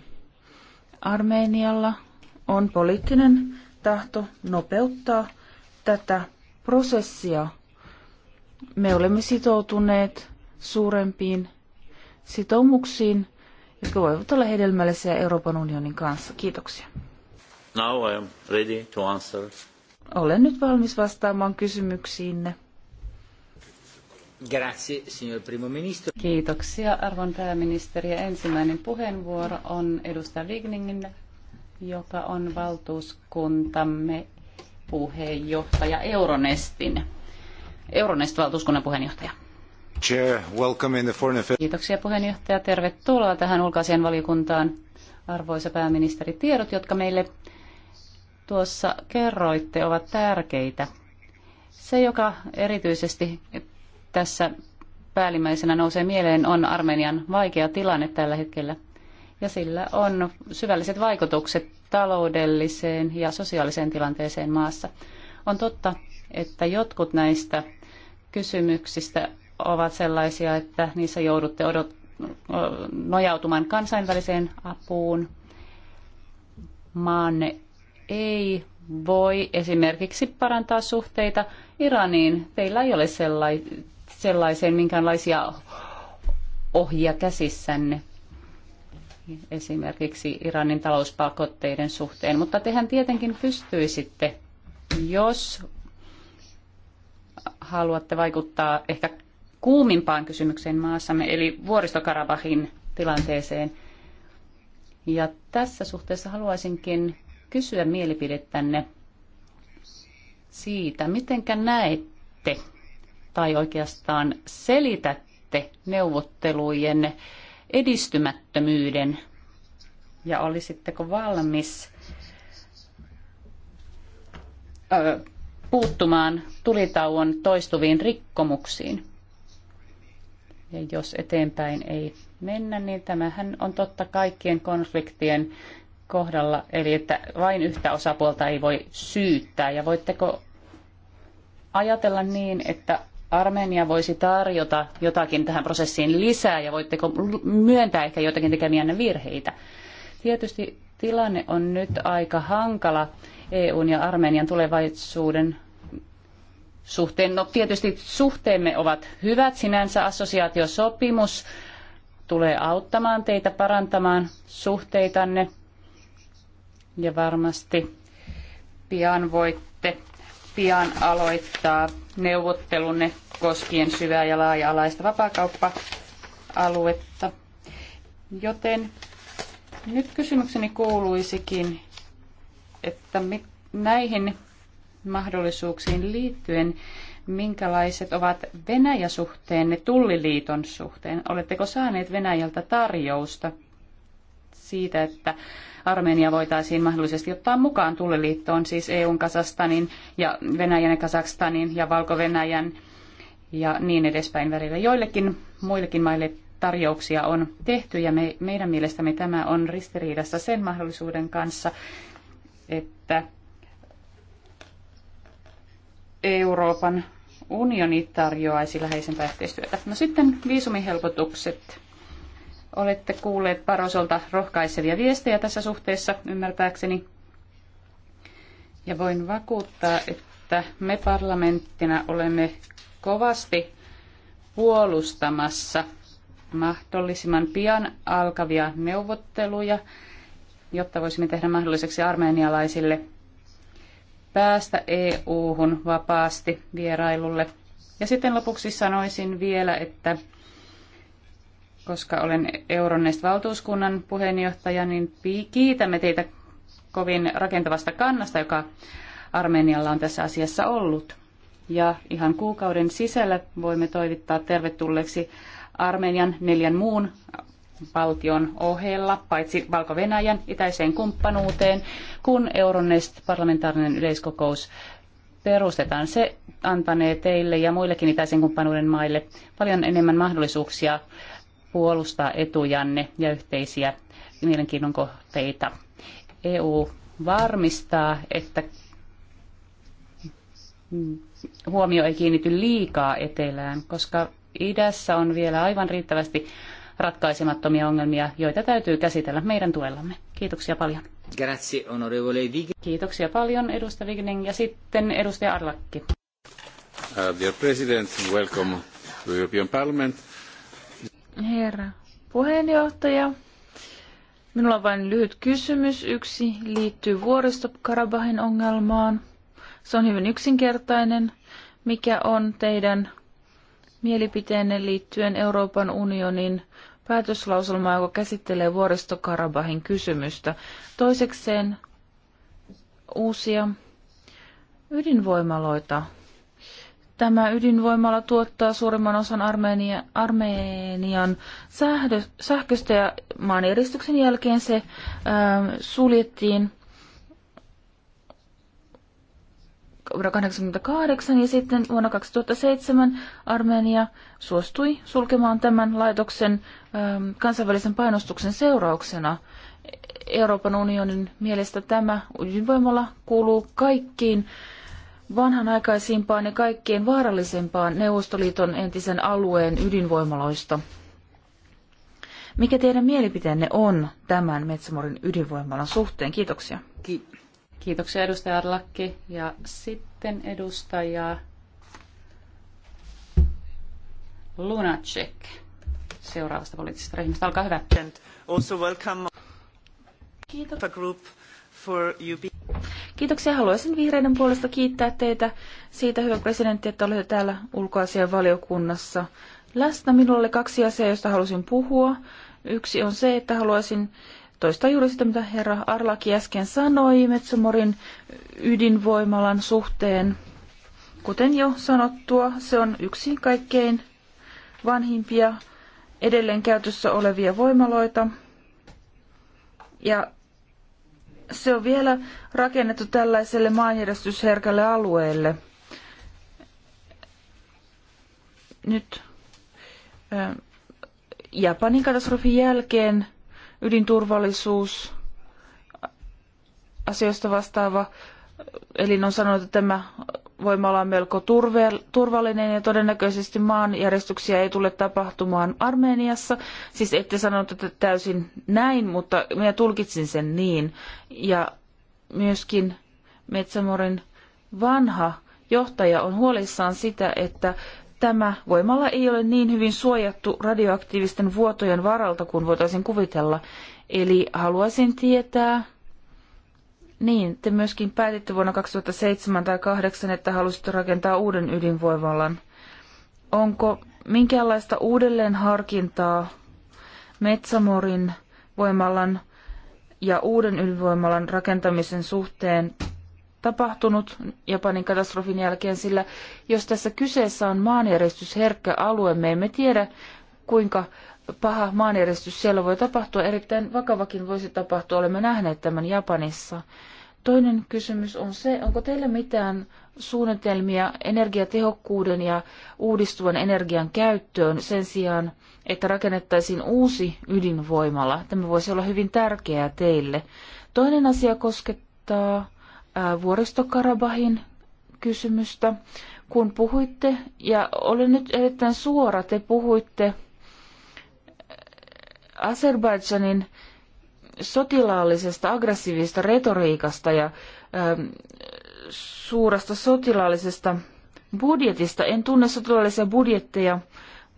Armenialla on poliittinen tahto nopeuttaa tätä prosessia me olemme sitoutuneet suurempiin sitoumuksiin, jotka voivat olla hedelmällisiä Euroopan unionin kanssa. Kiitoksia. Now I am ready to answer. Olen nyt valmis vastaamaan kysymyksiinne. Grazie, signor primo ministro. Kiitoksia, arvon pääministeri. Ja ensimmäinen puheenvuoro on edustaja Wigningille, joka on valtuuskuntamme puheenjohtaja Euronestin Euronest-valtuuskunnan puheenjohtaja. Chair, welcome in the foreign affairs. Kiitoksia puheenjohtaja. Tervetuloa tähän ulkoasian valiokuntaan. Arvoisa pääministeri, tiedot, jotka meille tuossa kerroitte, ovat tärkeitä. Se, joka erityisesti tässä päällimmäisenä nousee mieleen, on Armenian vaikea tilanne tällä hetkellä. Ja sillä on syvälliset vaikutukset taloudelliseen ja sosiaaliseen tilanteeseen maassa. On totta, että jotkut näistä kysymyksistä ovat sellaisia, että niissä joudutte odot- nojautumaan kansainväliseen apuun. Maanne ei voi esimerkiksi parantaa suhteita Iraniin. Teillä ei ole sellai- sellaiseen minkäänlaisia ohjia käsissänne esimerkiksi Iranin talouspakotteiden suhteen, mutta tehän tietenkin pystyisitte, jos haluatte vaikuttaa ehkä kuumimpaan kysymykseen maassamme, eli vuoristokarabahin tilanteeseen. Ja tässä suhteessa haluaisinkin kysyä mielipidettänne siitä, mitenkä näette tai oikeastaan selitätte neuvottelujen edistymättömyyden ja olisitteko valmis puuttumaan tulitauon toistuviin rikkomuksiin. Ja jos eteenpäin ei mennä, niin tämähän on totta kaikkien konfliktien kohdalla, eli että vain yhtä osapuolta ei voi syyttää. Ja voitteko ajatella niin, että Armenia voisi tarjota jotakin tähän prosessiin lisää ja voitteko myöntää ehkä jotakin tekemiä virheitä? Tietysti tilanne on nyt aika hankala EUn ja Armenian tulevaisuuden suhteen. No tietysti suhteemme ovat hyvät sinänsä. Assosiaatiosopimus tulee auttamaan teitä parantamaan suhteitanne ja varmasti pian voitte pian aloittaa neuvottelunne koskien syvää ja laaja-alaista vapaakauppa-aluetta. Joten nyt kysymykseni kuuluisikin, että mit, näihin mahdollisuuksiin liittyen, minkälaiset ovat Venäjä-suhteenne Tulliliiton suhteen? Oletteko saaneet Venäjältä tarjousta siitä, että Armenia voitaisiin mahdollisesti ottaa mukaan Tulliliittoon, siis EUn Kasastanin ja Venäjän ja Kasakstanin ja Valko-Venäjän ja niin edespäin välillä. Joillekin muillekin maille tarjouksia on tehty ja me, meidän mielestämme tämä on ristiriidassa sen mahdollisuuden kanssa, että Euroopan unioni tarjoaisi läheisempää yhteistyötä. No sitten viisumihelpotukset. Olette kuulleet Parosolta rohkaisevia viestejä tässä suhteessa, ymmärtääkseni. Ja voin vakuuttaa, että me parlamenttina olemme kovasti puolustamassa mahdollisimman pian alkavia neuvotteluja, jotta voisimme tehdä mahdolliseksi armeenialaisille päästä EU-hun vapaasti vierailulle. Ja sitten lopuksi sanoisin vielä, että koska olen Euronest-valtuuskunnan puheenjohtaja, niin kiitämme teitä kovin rakentavasta kannasta, joka Armenialla on tässä asiassa ollut. Ja ihan kuukauden sisällä voimme toivottaa tervetulleeksi Armenian neljän muun valtion ohella, paitsi Valko-Venäjän itäiseen kumppanuuteen, kun Euronest parlamentaarinen yleiskokous perustetaan. Se antanee teille ja muillekin itäisen kumppanuuden maille paljon enemmän mahdollisuuksia puolustaa etujanne ja yhteisiä mielenkiinnon kohteita. EU varmistaa, että huomio ei kiinnity liikaa etelään, koska idässä on vielä aivan riittävästi ratkaisemattomia ongelmia, joita täytyy käsitellä meidän tuellamme. Kiitoksia paljon. Grazie, onorevole Kiitoksia paljon, edustaja Wigning. Ja sitten edustaja Arlakki. Uh, dear President, welcome to European Parliament. Herra puheenjohtaja, minulla on vain lyhyt kysymys. Yksi liittyy Vuoristokarabahin ongelmaan. Se on hyvin yksinkertainen. Mikä on teidän mielipiteenne liittyen Euroopan unionin päätöslauselmaa, joka käsittelee vuoristokarabahin kysymystä. Toisekseen uusia ydinvoimaloita. Tämä ydinvoimala tuottaa suurimman osan Armeenia, Armenian sähdö, sähköstä ja maanjäristyksen jälkeen se ää, ähm, suljettiin – vuonna 1988 ja sitten vuonna 2007 Armenia suostui sulkemaan tämän laitoksen ähm, kansainvälisen painostuksen seurauksena. Euroopan unionin mielestä tämä ydinvoimalla kuuluu kaikkiin vanhanaikaisimpaan ja kaikkien vaarallisempaan Neuvostoliiton entisen alueen ydinvoimaloista. Mikä teidän mielipiteenne on tämän Metsämorin ydinvoimalan suhteen? Kiitoksia. Kiitos. Kiitoksia edustaja Arlakki. Ja sitten edustaja Lunacek seuraavasta poliittisesta ryhmästä. Olkaa hyvä. Also welcome. Group for UB. Kiitoksia. Haluaisin vihreiden puolesta kiittää teitä siitä, hyvä presidentti, että olette täällä ulkoasian valiokunnassa läsnä. Minulla oli kaksi asiaa, joista halusin puhua. Yksi on se, että haluaisin toistaa juuri sitä, mitä herra Arlaki äsken sanoi Metsämorin ydinvoimalan suhteen. Kuten jo sanottua, se on yksi kaikkein vanhimpia edelleen käytössä olevia voimaloita. Ja se on vielä rakennettu tällaiselle maanjärjestysherkälle alueelle. Nyt Japanin katastrofin jälkeen ydinturvallisuus asioista vastaava elin on sanonut, että tämä voimala on melko turvallinen ja todennäköisesti maanjärjestyksiä ei tule tapahtumaan Armeniassa. Siis ette sanonut että täysin näin, mutta minä tulkitsin sen niin. Ja myöskin Metsämorin vanha johtaja on huolissaan sitä, että Tämä voimalla ei ole niin hyvin suojattu radioaktiivisten vuotojen varalta kuin voitaisiin kuvitella. Eli haluaisin tietää, niin, te myöskin päätitte vuonna 2007 tai 2008, että halusitte rakentaa uuden ydinvoimalan. Onko minkäänlaista uudelleenharkintaa Metsämorin voimalan ja uuden ydinvoimalan rakentamisen suhteen tapahtunut Japanin katastrofin jälkeen, sillä jos tässä kyseessä on maanjäristysherkkä alue, me emme tiedä, kuinka paha maanjäristys siellä voi tapahtua. Erittäin vakavakin voisi tapahtua, olemme nähneet tämän Japanissa. Toinen kysymys on se, onko teillä mitään suunnitelmia energiatehokkuuden ja uudistuvan energian käyttöön sen sijaan, että rakennettaisiin uusi ydinvoimala. Tämä voisi olla hyvin tärkeää teille. Toinen asia koskettaa Äh, vuoristokarabahin kysymystä. Kun puhuitte, ja olen nyt erittäin suora, te puhuitte äh, Azerbaidžanin sotilaallisesta aggressiivisesta retoriikasta ja ähm, suuresta sotilaallisesta budjetista. En tunne sotilaallisia budjetteja,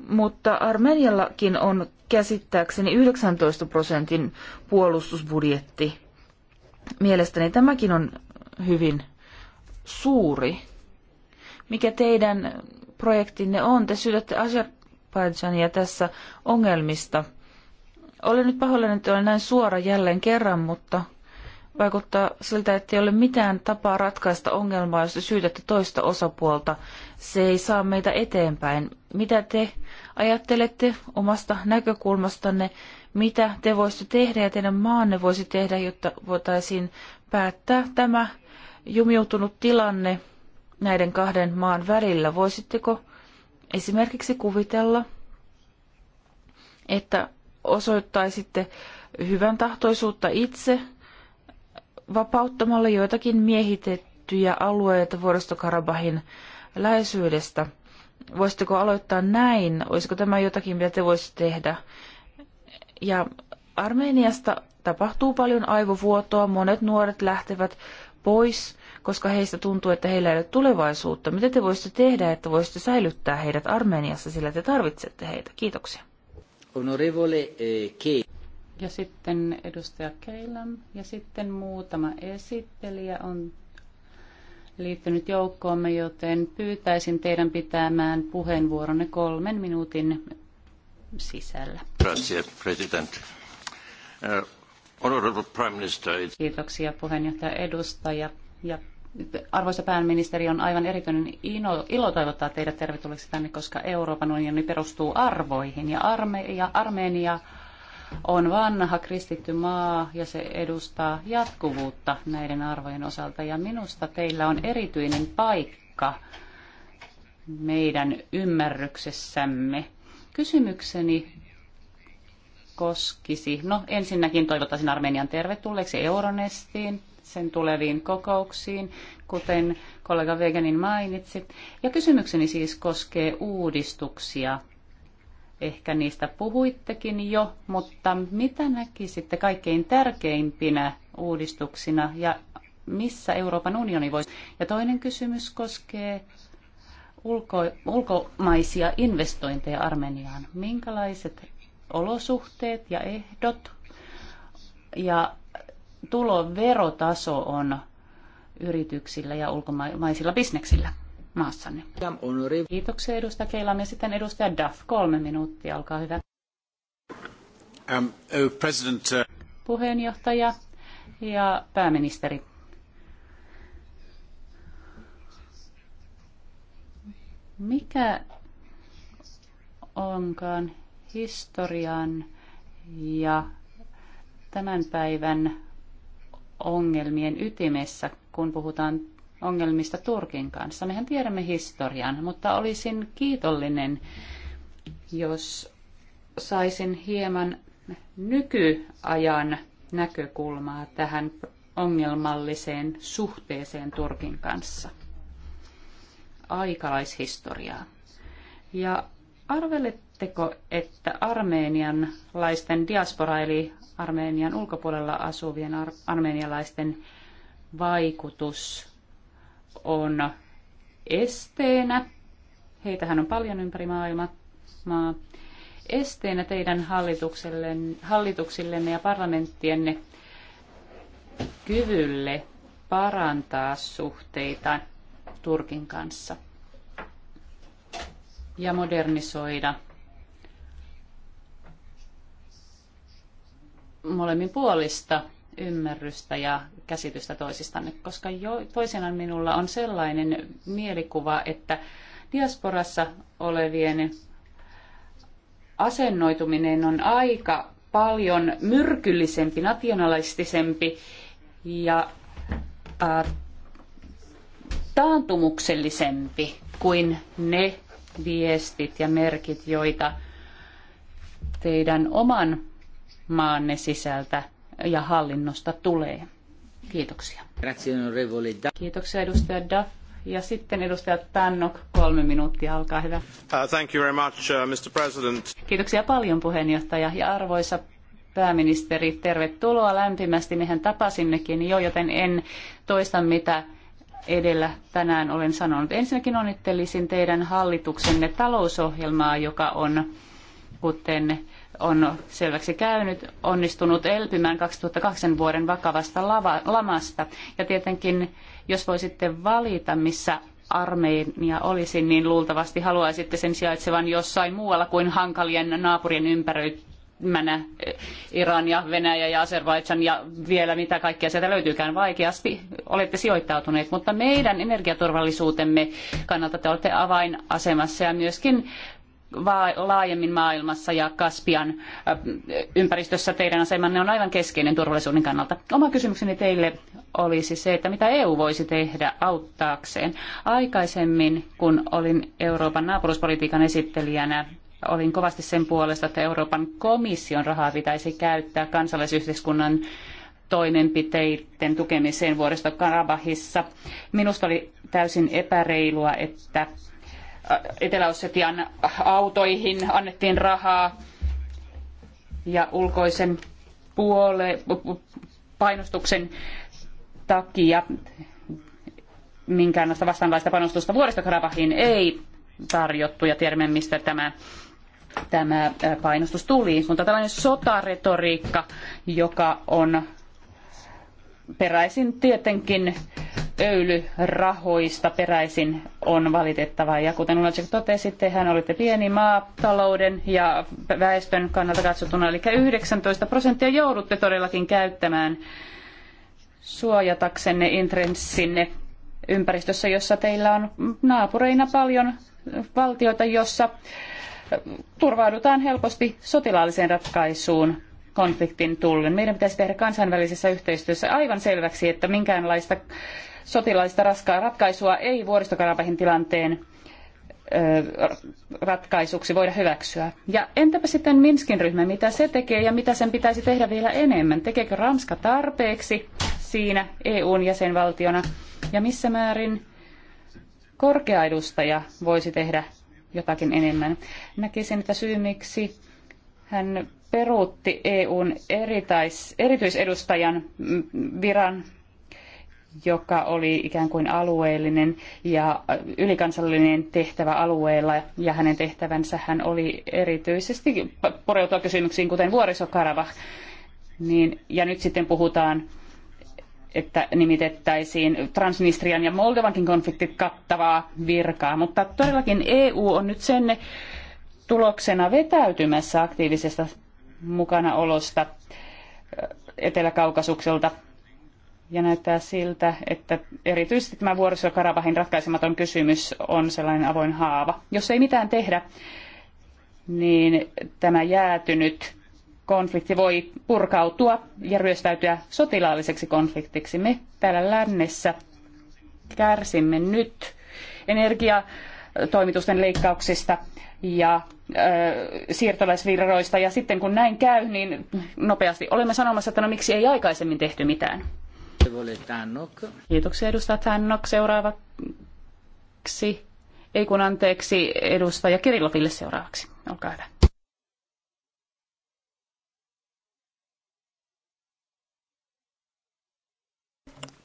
mutta Armeniallakin on käsittääkseni 19 prosentin puolustusbudjetti. Mielestäni tämäkin on hyvin suuri. Mikä teidän projektinne on? Te syytätte Azerbaijania tässä ongelmista. Olen nyt pahoillani, että olen näin suora jälleen kerran, mutta vaikuttaa siltä, että ei ole mitään tapaa ratkaista ongelmaa, jos te syytätte toista osapuolta. Se ei saa meitä eteenpäin. Mitä te ajattelette omasta näkökulmastanne? Mitä te voisitte tehdä ja teidän maanne voisi tehdä, jotta voitaisiin päättää tämä jumiutunut tilanne näiden kahden maan välillä. Voisitteko esimerkiksi kuvitella, että osoittaisitte hyvän tahtoisuutta itse vapauttamalla joitakin miehitettyjä alueita vuoristokarabahin läheisyydestä. Voisitteko aloittaa näin? Olisiko tämä jotakin, mitä te voisitte tehdä? Ja Armeniasta tapahtuu paljon aivovuotoa. Monet nuoret lähtevät pois, koska heistä tuntuu, että heillä ei ole tulevaisuutta. Mitä te voisitte tehdä, että voisitte säilyttää heidät Armeniassa, sillä te tarvitsette heitä? Kiitoksia. Honorevole eh, Kei. Ja sitten edustaja Keilam ja sitten muutama esittelijä on liittynyt joukkoomme, joten pyytäisin teidän pitämään puheenvuoronne kolmen minuutin sisällä. Grazie, president. Eh, Kiitoksia puheenjohtaja edustaja. Ja arvoisa pääministeri, on aivan erityinen ilo, ilo toivottaa teidät tervetulleeksi tänne, koska Euroopan unioni perustuu arvoihin ja, arme, ja Armenia on vanha kristitty maa ja se edustaa jatkuvuutta näiden arvojen osalta. Ja minusta teillä on erityinen paikka meidän ymmärryksessämme. Kysymykseni koskisi. No ensinnäkin toivottaisin Armenian tervetulleeksi Euronestiin, sen tuleviin kokouksiin, kuten kollega Veganin mainitsi. Ja kysymykseni siis koskee uudistuksia. Ehkä niistä puhuittekin jo, mutta mitä näkisitte kaikkein tärkeimpinä uudistuksina ja missä Euroopan unioni voisi? Ja toinen kysymys koskee ulko, ulkomaisia investointeja Armeniaan. Minkälaiset olosuhteet ja ehdot ja tuloverotaso on yrityksillä ja ulkomaisilla bisneksillä maassanne. Kiitoksia edustaja Keilam ja sitten edustaja Duff. Kolme minuuttia, olkaa hyvä. Um, oh, uh, Puheenjohtaja ja pääministeri. Mikä onkaan historian ja tämän päivän ongelmien ytimessä, kun puhutaan ongelmista Turkin kanssa. Mehän tiedämme historian, mutta olisin kiitollinen, jos saisin hieman nykyajan näkökulmaa tähän ongelmalliseen suhteeseen Turkin kanssa. Aikalaishistoriaa. Ja Arveletteko, että armeenian laisten diaspora eli Armeenian ulkopuolella asuvien ar- armeenialaisten vaikutus on esteenä? Heitähän on paljon ympäri maailmaa. Esteenä teidän hallituksillenne ja parlamenttienne kyvylle parantaa suhteita Turkin kanssa ja modernisoida molemmin puolista ymmärrystä ja käsitystä toisistanne, koska jo, toisinaan minulla on sellainen mielikuva, että diasporassa olevien asennoituminen on aika paljon myrkyllisempi, nationalistisempi ja äh, taantumuksellisempi kuin ne viestit ja merkit, joita teidän oman maanne sisältä ja hallinnosta tulee. Kiitoksia. Kiitoksia edustaja Duff. Ja sitten edustaja Tannok, kolme minuuttia, alkaa hyvä. Uh, thank you very much, uh, Mr. President. Kiitoksia paljon puheenjohtaja ja arvoisa pääministeri, tervetuloa lämpimästi. Mehän tapasimmekin jo, joten en toista mitä edellä tänään olen sanonut. Ensinnäkin onnittelisin teidän hallituksenne talousohjelmaa, joka on, kuten on selväksi käynyt, onnistunut elpymään 2008 vuoden vakavasta lava, lamasta. Ja tietenkin, jos voisitte valita, missä armeija olisi, niin luultavasti haluaisitte sen sijaitsevan jossain muualla kuin hankalien naapurien ympäröi, liittymänä Iran ja Venäjä ja Azerbaidžan ja vielä mitä kaikkea sieltä löytyykään vaikeasti. Olette sijoittautuneet, mutta meidän energiaturvallisuutemme kannalta te olette avainasemassa ja myöskin laajemmin maailmassa ja Kaspian äh, ympäristössä teidän asemanne on aivan keskeinen turvallisuuden kannalta. Oma kysymykseni teille olisi se, että mitä EU voisi tehdä auttaakseen. Aikaisemmin, kun olin Euroopan naapuruspolitiikan esittelijänä olin kovasti sen puolesta, että Euroopan komission rahaa pitäisi käyttää kansalaisyhteiskunnan toimenpiteiden tukemiseen vuodesta Karabahissa. Minusta oli täysin epäreilua, että äh, Etelä-Ossetian autoihin annettiin rahaa ja ulkoisen puole- painostuksen takia minkäänlaista vastaanlaista panostusta vuodesta Karabahiin ei tarjottu ja tiedämme, mistä tämä tämä äh, painostus tuli, mutta tällainen sotaretoriikka, joka on peräisin tietenkin öljyrahoista peräisin on valitettavaa. Ja kuten Lunacek totesi, tehän olitte pieni maa talouden ja väestön kannalta katsottuna, eli 19 prosenttia joudutte todellakin käyttämään suojataksenne intressinne ympäristössä, jossa teillä on naapureina paljon valtioita, jossa turvaudutaan helposti sotilaalliseen ratkaisuun konfliktin tullen. Meidän pitäisi tehdä kansainvälisessä yhteistyössä aivan selväksi, että minkäänlaista sotilaallista raskaa ratkaisua ei vuoristokarabahin tilanteen ratkaisuksi voida hyväksyä. Ja entäpä sitten Minskin ryhmä, mitä se tekee ja mitä sen pitäisi tehdä vielä enemmän? Tekeekö Ranska tarpeeksi siinä EUn jäsenvaltiona ja missä määrin korkea edustaja voisi tehdä jotakin enemmän. Näkisin, että syy miksi hän peruutti EUn eritais, erityisedustajan viran, joka oli ikään kuin alueellinen ja ylikansallinen tehtävä alueella. Ja hänen tehtävänsä hän oli erityisesti pureutua kysymyksiin, kuten vuorisokarava. Niin, ja nyt sitten puhutaan että nimitettäisiin Transnistrian ja Moldovankin konfliktit kattavaa virkaa, mutta todellakin EU on nyt sen tuloksena vetäytymässä aktiivisesta mukanaolosta Etelä-Kaukasukselta. Ja näyttää siltä, että erityisesti tämä vuoristo-Karabahin ratkaisematon kysymys on sellainen avoin haava. Jos ei mitään tehdä, niin tämä jäätynyt konflikti voi purkautua ja ryöstäytyä sotilaalliseksi konfliktiksi. Me täällä lännessä kärsimme nyt energiatoimitusten leikkauksista ja siirtolaisvirroista. Ja sitten kun näin käy, niin nopeasti olemme sanomassa, että no miksi ei aikaisemmin tehty mitään. Kiitoksia edustaja Tannok. Seuraavaksi, ei kun anteeksi, edustaja kirilloville seuraavaksi. Olkaa hyvä.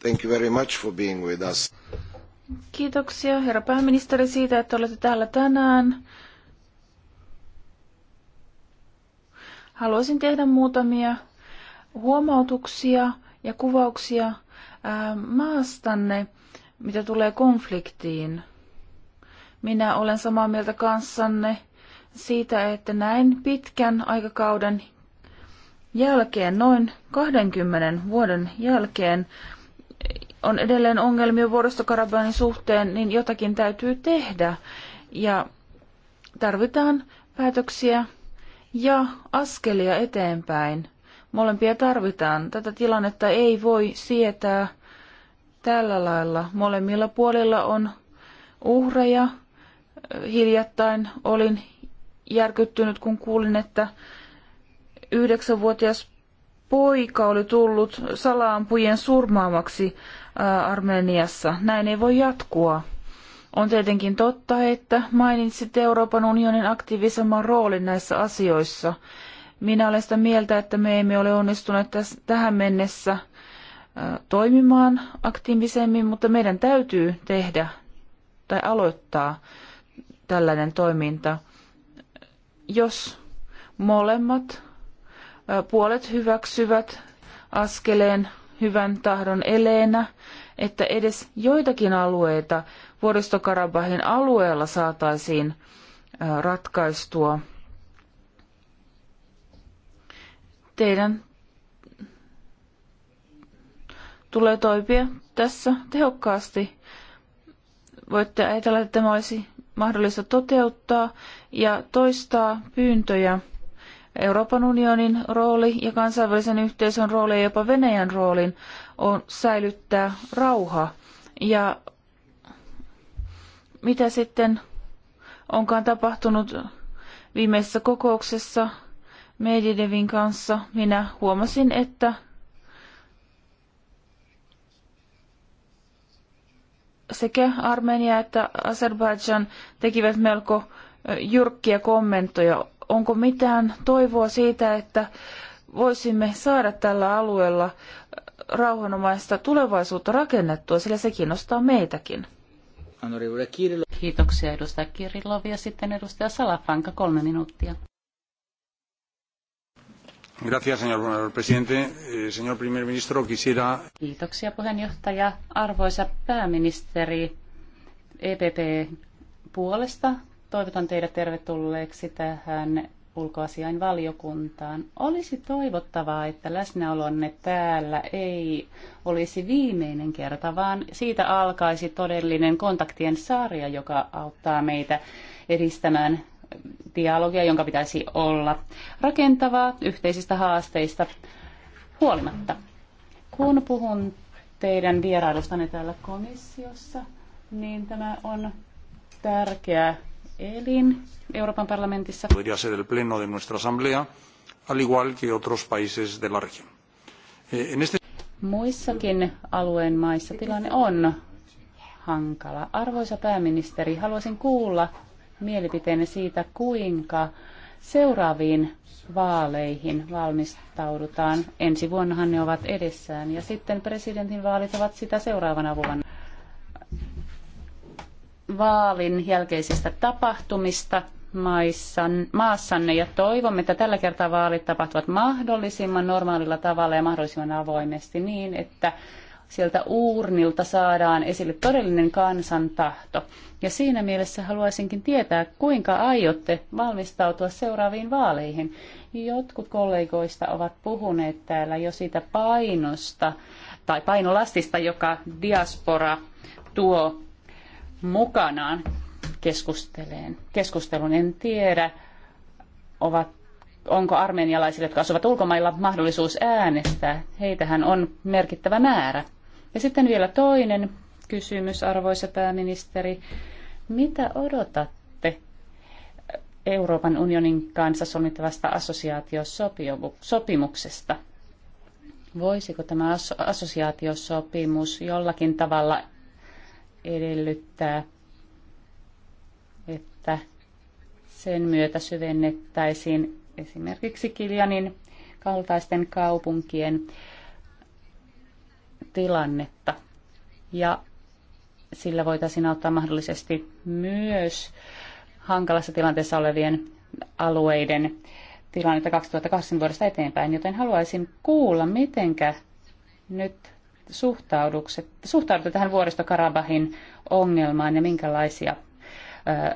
Thank you very much for being with us. Kiitoksia herra pääministeri siitä, että olette täällä tänään. Haluaisin tehdä muutamia huomautuksia ja kuvauksia ähm, maastanne, mitä tulee konfliktiin. Minä olen samaa mieltä kanssanne siitä, että näin pitkän aikakauden jälkeen, noin 20 vuoden jälkeen, on edelleen ongelmia vuoristokarabanin suhteen, niin jotakin täytyy tehdä. Ja tarvitaan päätöksiä ja askelia eteenpäin. Molempia tarvitaan. Tätä tilannetta ei voi sietää tällä lailla. Molemmilla puolilla on uhreja. Hiljattain olin järkyttynyt, kun kuulin, että yhdeksänvuotias poika oli tullut salaampujen surmaamaksi Armeniassa. Näin ei voi jatkua. On tietenkin totta, että mainitsit Euroopan unionin aktiivisemman roolin näissä asioissa. Minä olen sitä mieltä, että me emme ole onnistuneet tähän mennessä toimimaan aktiivisemmin, mutta meidän täytyy tehdä tai aloittaa tällainen toiminta, jos molemmat puolet hyväksyvät askeleen hyvän tahdon eleenä, että edes joitakin alueita vuoristokarabahin alueella saataisiin ratkaistua. Teidän tulee toimia tässä tehokkaasti. Voitte ajatella, että tämä olisi mahdollista toteuttaa ja toistaa pyyntöjä – Euroopan unionin rooli ja kansainvälisen yhteisön rooli ja jopa Venäjän roolin on säilyttää rauha. Ja mitä sitten onkaan tapahtunut viimeisessä kokouksessa Medvedevin kanssa, minä huomasin, että sekä Armenia että Azerbaidžan tekivät melko jyrkkiä kommentteja onko mitään toivoa siitä, että voisimme saada tällä alueella rauhanomaista tulevaisuutta rakennettua, sillä se kiinnostaa meitäkin. Kiitoksia edustaja Kirilov ja sitten edustaja Salafranka, kolme minuuttia. Gracias, señor presidente. Eh, señor primer ministro, quisiera... Kiitoksia puheenjohtaja. Arvoisa pääministeri, EPP puolesta toivotan teidät tervetulleeksi tähän ulkoasiain valiokuntaan. Olisi toivottavaa, että läsnäolonne täällä ei olisi viimeinen kerta, vaan siitä alkaisi todellinen kontaktien sarja, joka auttaa meitä edistämään dialogia, jonka pitäisi olla rakentavaa yhteisistä haasteista huolimatta. Kun puhun teidän vierailustanne täällä komissiossa, niin tämä on tärkeä elin Euroopan parlamentissa. Podría ser el pleno de nuestra asamblea, al igual que otros países de la región. Eh, en este... Muissakin alueen maissa tilanne on hankala. Arvoisa pääministeri, haluaisin kuulla mielipiteenne siitä, kuinka seuraaviin vaaleihin valmistaudutaan. Ensi vuonnahan ne ovat edessään ja sitten presidentin vaalit ovat sitä seuraavana vuonna vaalin jälkeisistä tapahtumista maissan, maassanne ja toivomme, että tällä kertaa vaalit tapahtuvat mahdollisimman normaalilla tavalla ja mahdollisimman avoimesti niin, että sieltä uurnilta saadaan esille todellinen kansan tahto. Ja siinä mielessä haluaisinkin tietää, kuinka aiotte valmistautua seuraaviin vaaleihin. Jotkut kollegoista ovat puhuneet täällä jo siitä painosta tai painolastista, joka diaspora tuo mukanaan keskusteleen. keskustelun. En tiedä, ovat, onko armenialaisille, jotka asuvat ulkomailla, mahdollisuus äänestää. Heitähän on merkittävä määrä. Ja sitten vielä toinen kysymys, arvoisa pääministeri. Mitä odotatte Euroopan unionin kanssa solmittavasta assosiaatiosopimuksesta? Voisiko tämä assosiaatiosopimus jollakin tavalla edellyttää, että sen myötä syvennettäisiin esimerkiksi Kiljanin kaltaisten kaupunkien tilannetta. Ja sillä voitaisiin auttaa mahdollisesti myös hankalassa tilanteessa olevien alueiden tilannetta 2008 vuodesta eteenpäin, joten haluaisin kuulla, mitenkä nyt suhtaudutte tähän vuoristokarabahin ongelmaan ja minkälaisia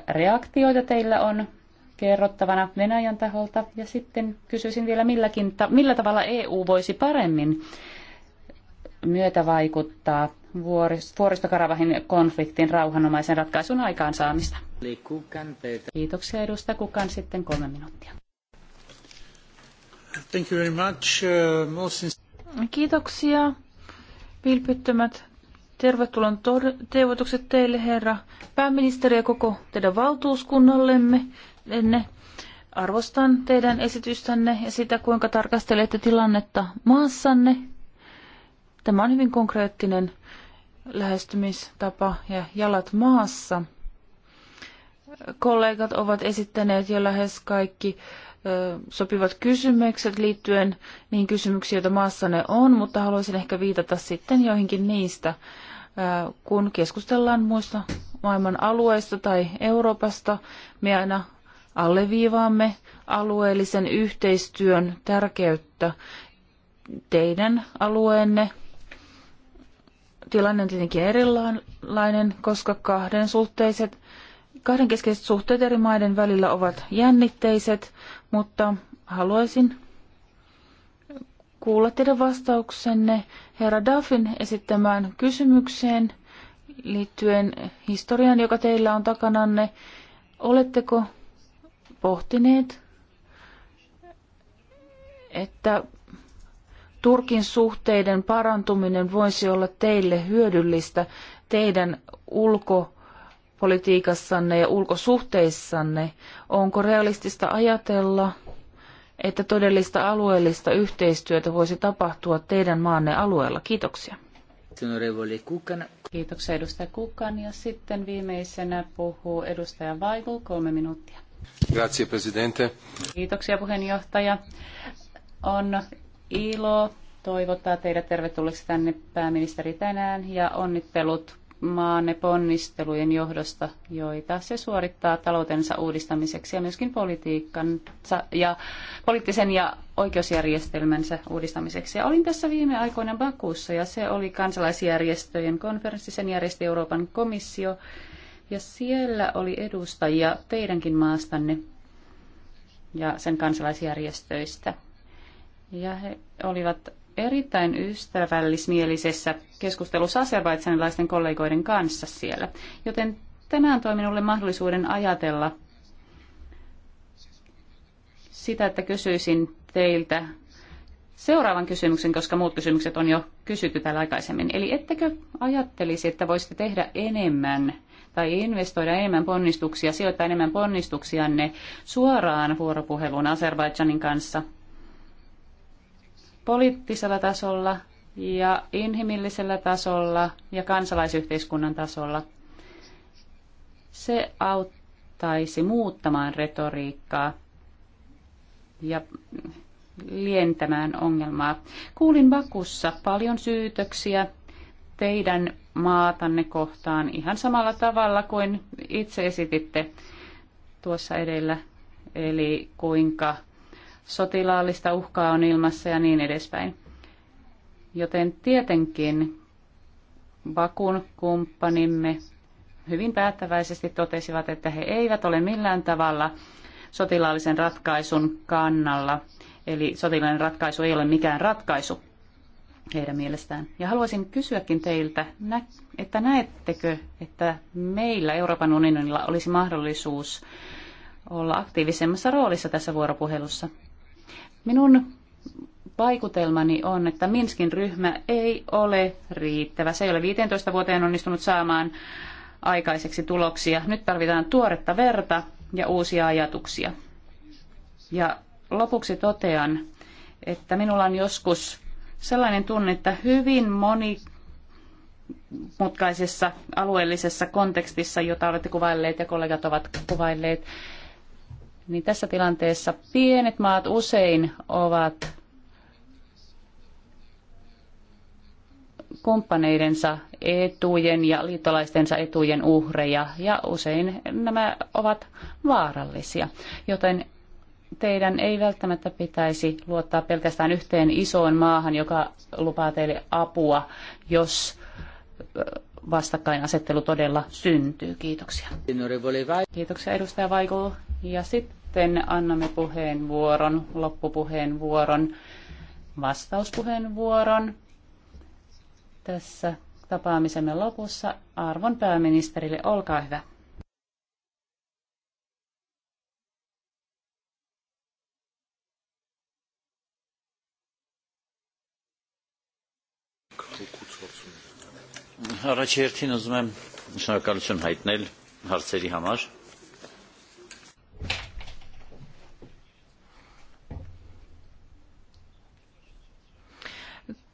reaktioita teillä on kerrottavana Venäjän taholta. Ja sitten kysyisin vielä, milläkin ta- millä tavalla EU voisi paremmin myötävaikuttaa vuoristokarabahin konfliktin rauhanomaisen ratkaisun aikaansaamista. Kiitoksia edustaja Kukan sitten kolme minuuttia. Thank you very much. Uh, Kiitoksia vilpittömät tervetulon toivotukset teille, herra pääministeri ja koko teidän valtuuskunnallemme. Enne arvostan teidän esitystänne ja sitä, kuinka tarkastelette tilannetta maassanne. Tämä on hyvin konkreettinen lähestymistapa ja jalat maassa. Kollegat ovat esittäneet jo lähes kaikki sopivat kysymykset liittyen niihin kysymyksiin, joita maassanne on, mutta haluaisin ehkä viitata sitten joihinkin niistä, kun keskustellaan muista maailman alueista tai Euroopasta. Me aina alleviivaamme alueellisen yhteistyön tärkeyttä. Teidän alueenne tilanne on tietenkin erilainen, koska kahden suhteiset kahdenkeskeiset suhteet eri maiden välillä ovat jännitteiset, mutta haluaisin kuulla teidän vastauksenne herra Duffin esittämään kysymykseen liittyen historiaan, joka teillä on takananne. Oletteko pohtineet, että Turkin suhteiden parantuminen voisi olla teille hyödyllistä teidän ulko- politiikassanne ja ulkosuhteissanne, onko realistista ajatella, että todellista alueellista yhteistyötä voisi tapahtua teidän maanne alueella? Kiitoksia. Kiitoksia edustaja Kukan ja sitten viimeisenä puhuu edustaja Vaigul kolme minuuttia. Grazie, presidente. Kiitoksia puheenjohtaja. On ilo toivottaa teidät tervetulleeksi tänne pääministeri tänään ja onnittelut maanne ponnistelujen johdosta, joita se suorittaa taloutensa uudistamiseksi ja myöskin politiikkansa ja poliittisen ja oikeusjärjestelmänsä uudistamiseksi. Ja olin tässä viime aikoina Bakussa ja se oli kansalaisjärjestöjen konferenssi, sen järjesti Euroopan komissio ja siellä oli edustajia teidänkin maastanne ja sen kansalaisjärjestöistä. Ja he olivat erittäin ystävällismielisessä keskustelussa aserbaidsanilaisten kollegoiden kanssa siellä. Joten tänään toi minulle mahdollisuuden ajatella sitä, että kysyisin teiltä seuraavan kysymyksen, koska muut kysymykset on jo kysytty täällä aikaisemmin. Eli ettekö ajattelisi, että voisitte tehdä enemmän tai investoida enemmän ponnistuksia, sijoittaa enemmän ponnistuksianne suoraan vuoropuheluun Azerbaidžanin kanssa – poliittisella tasolla ja inhimillisellä tasolla ja kansalaisyhteiskunnan tasolla. Se auttaisi muuttamaan retoriikkaa ja lientämään ongelmaa. Kuulin Bakussa paljon syytöksiä teidän maatanne kohtaan ihan samalla tavalla kuin itse esititte tuossa edellä, eli kuinka sotilaallista uhkaa on ilmassa ja niin edespäin. Joten tietenkin Bakun kumppanimme hyvin päättäväisesti totesivat, että he eivät ole millään tavalla sotilaallisen ratkaisun kannalla. Eli sotilaallinen ratkaisu ei ole mikään ratkaisu heidän mielestään. Ja haluaisin kysyäkin teiltä, että näettekö, että meillä Euroopan unionilla olisi mahdollisuus olla aktiivisemmassa roolissa tässä vuoropuhelussa? Minun vaikutelmani on, että Minskin ryhmä ei ole riittävä. Se ei ole 15 vuoteen onnistunut saamaan aikaiseksi tuloksia. Nyt tarvitaan tuoretta verta ja uusia ajatuksia. Ja lopuksi totean, että minulla on joskus sellainen tunne, että hyvin moni mutkaisessa alueellisessa kontekstissa, jota olette kuvailleet ja kollegat ovat kuvailleet, niin tässä tilanteessa pienet maat usein ovat kumppaneidensa etujen ja liittolaistensa etujen uhreja ja usein nämä ovat vaarallisia. Joten teidän ei välttämättä pitäisi luottaa pelkästään yhteen isoon maahan, joka lupaa teille apua, jos vastakkainasettelu todella syntyy. Kiitoksia. Kiitoksia edustaja Vaikulu. Ja sitten sitten annamme puheenvuoron, loppupuheenvuoron, vastauspuheenvuoron tässä tapaamisemme lopussa arvon pääministerille. Olkaa hyvä. Առաջերտին ուզում եմ շնորհակալություն հայտնել հարցերի համար։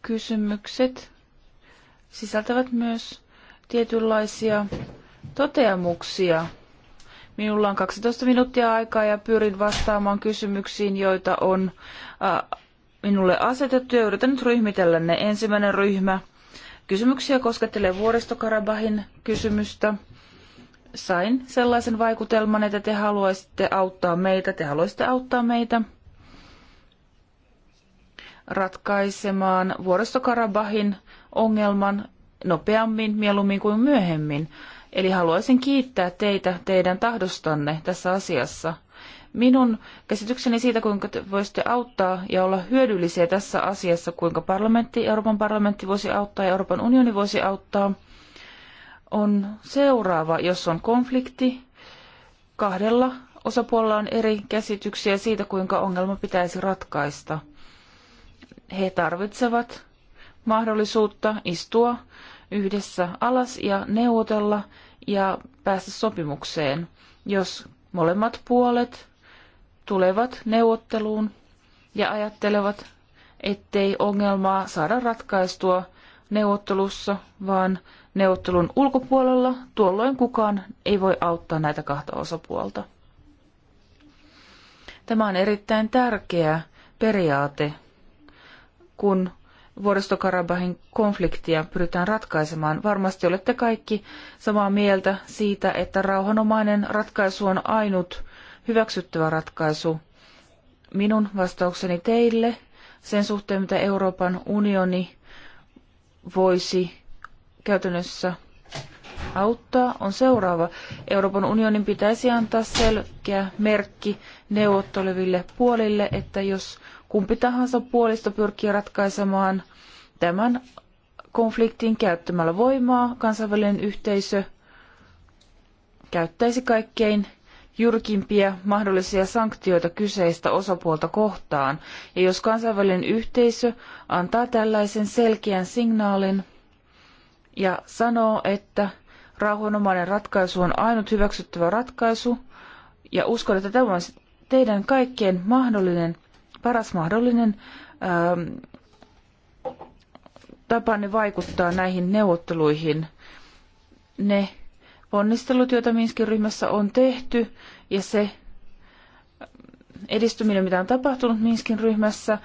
kysymykset sisältävät myös tietynlaisia toteamuksia. Minulla on 12 minuuttia aikaa ja pyrin vastaamaan kysymyksiin, joita on minulle asetettu ja yritän nyt ryhmitellä ne. Ensimmäinen ryhmä kysymyksiä koskettelee vuoristokarabahin kysymystä. Sain sellaisen vaikutelman, että te haluaisitte auttaa meitä, te haluaisitte auttaa meitä – ratkaisemaan vuoristokarabahin ongelman nopeammin, mieluummin kuin myöhemmin. Eli haluaisin kiittää teitä teidän tahdostanne tässä asiassa. Minun käsitykseni siitä, kuinka te voisitte auttaa ja olla hyödyllisiä tässä asiassa, kuinka parlamentti, Euroopan parlamentti voisi auttaa ja Euroopan unioni voisi auttaa, on seuraava, jos on konflikti. Kahdella osapuolella on eri käsityksiä siitä, kuinka ongelma pitäisi ratkaista – he tarvitsevat mahdollisuutta istua yhdessä alas ja neuvotella ja päästä sopimukseen. Jos molemmat puolet tulevat neuvotteluun ja ajattelevat, ettei ongelmaa saada ratkaistua neuvottelussa, vaan neuvottelun ulkopuolella, tuolloin kukaan ei voi auttaa näitä kahta osapuolta. Tämä on erittäin tärkeä periaate kun vuoristokarabahin konfliktia pyritään ratkaisemaan. Varmasti olette kaikki samaa mieltä siitä, että rauhanomainen ratkaisu on ainut hyväksyttävä ratkaisu. Minun vastaukseni teille sen suhteen, mitä Euroopan unioni voisi käytännössä auttaa, on seuraava. Euroopan unionin pitäisi antaa selkeä merkki neuvotteleville puolille, että jos kumpi tahansa puolista pyrkii ratkaisemaan tämän konfliktin käyttämällä voimaa, kansainvälinen yhteisö käyttäisi kaikkein jyrkimpiä mahdollisia sanktioita kyseistä osapuolta kohtaan. Ja jos kansainvälinen yhteisö antaa tällaisen selkeän signaalin ja sanoo, että rauhanomainen ratkaisu on ainut hyväksyttävä ratkaisu, ja uskon, että tämä on teidän kaikkien mahdollinen paras mahdollinen ähm, tapanne vaikuttaa näihin neuvotteluihin. Ne ponnistelut, joita Minskin ryhmässä on tehty ja se edistyminen, mitä on tapahtunut Minskin ryhmässä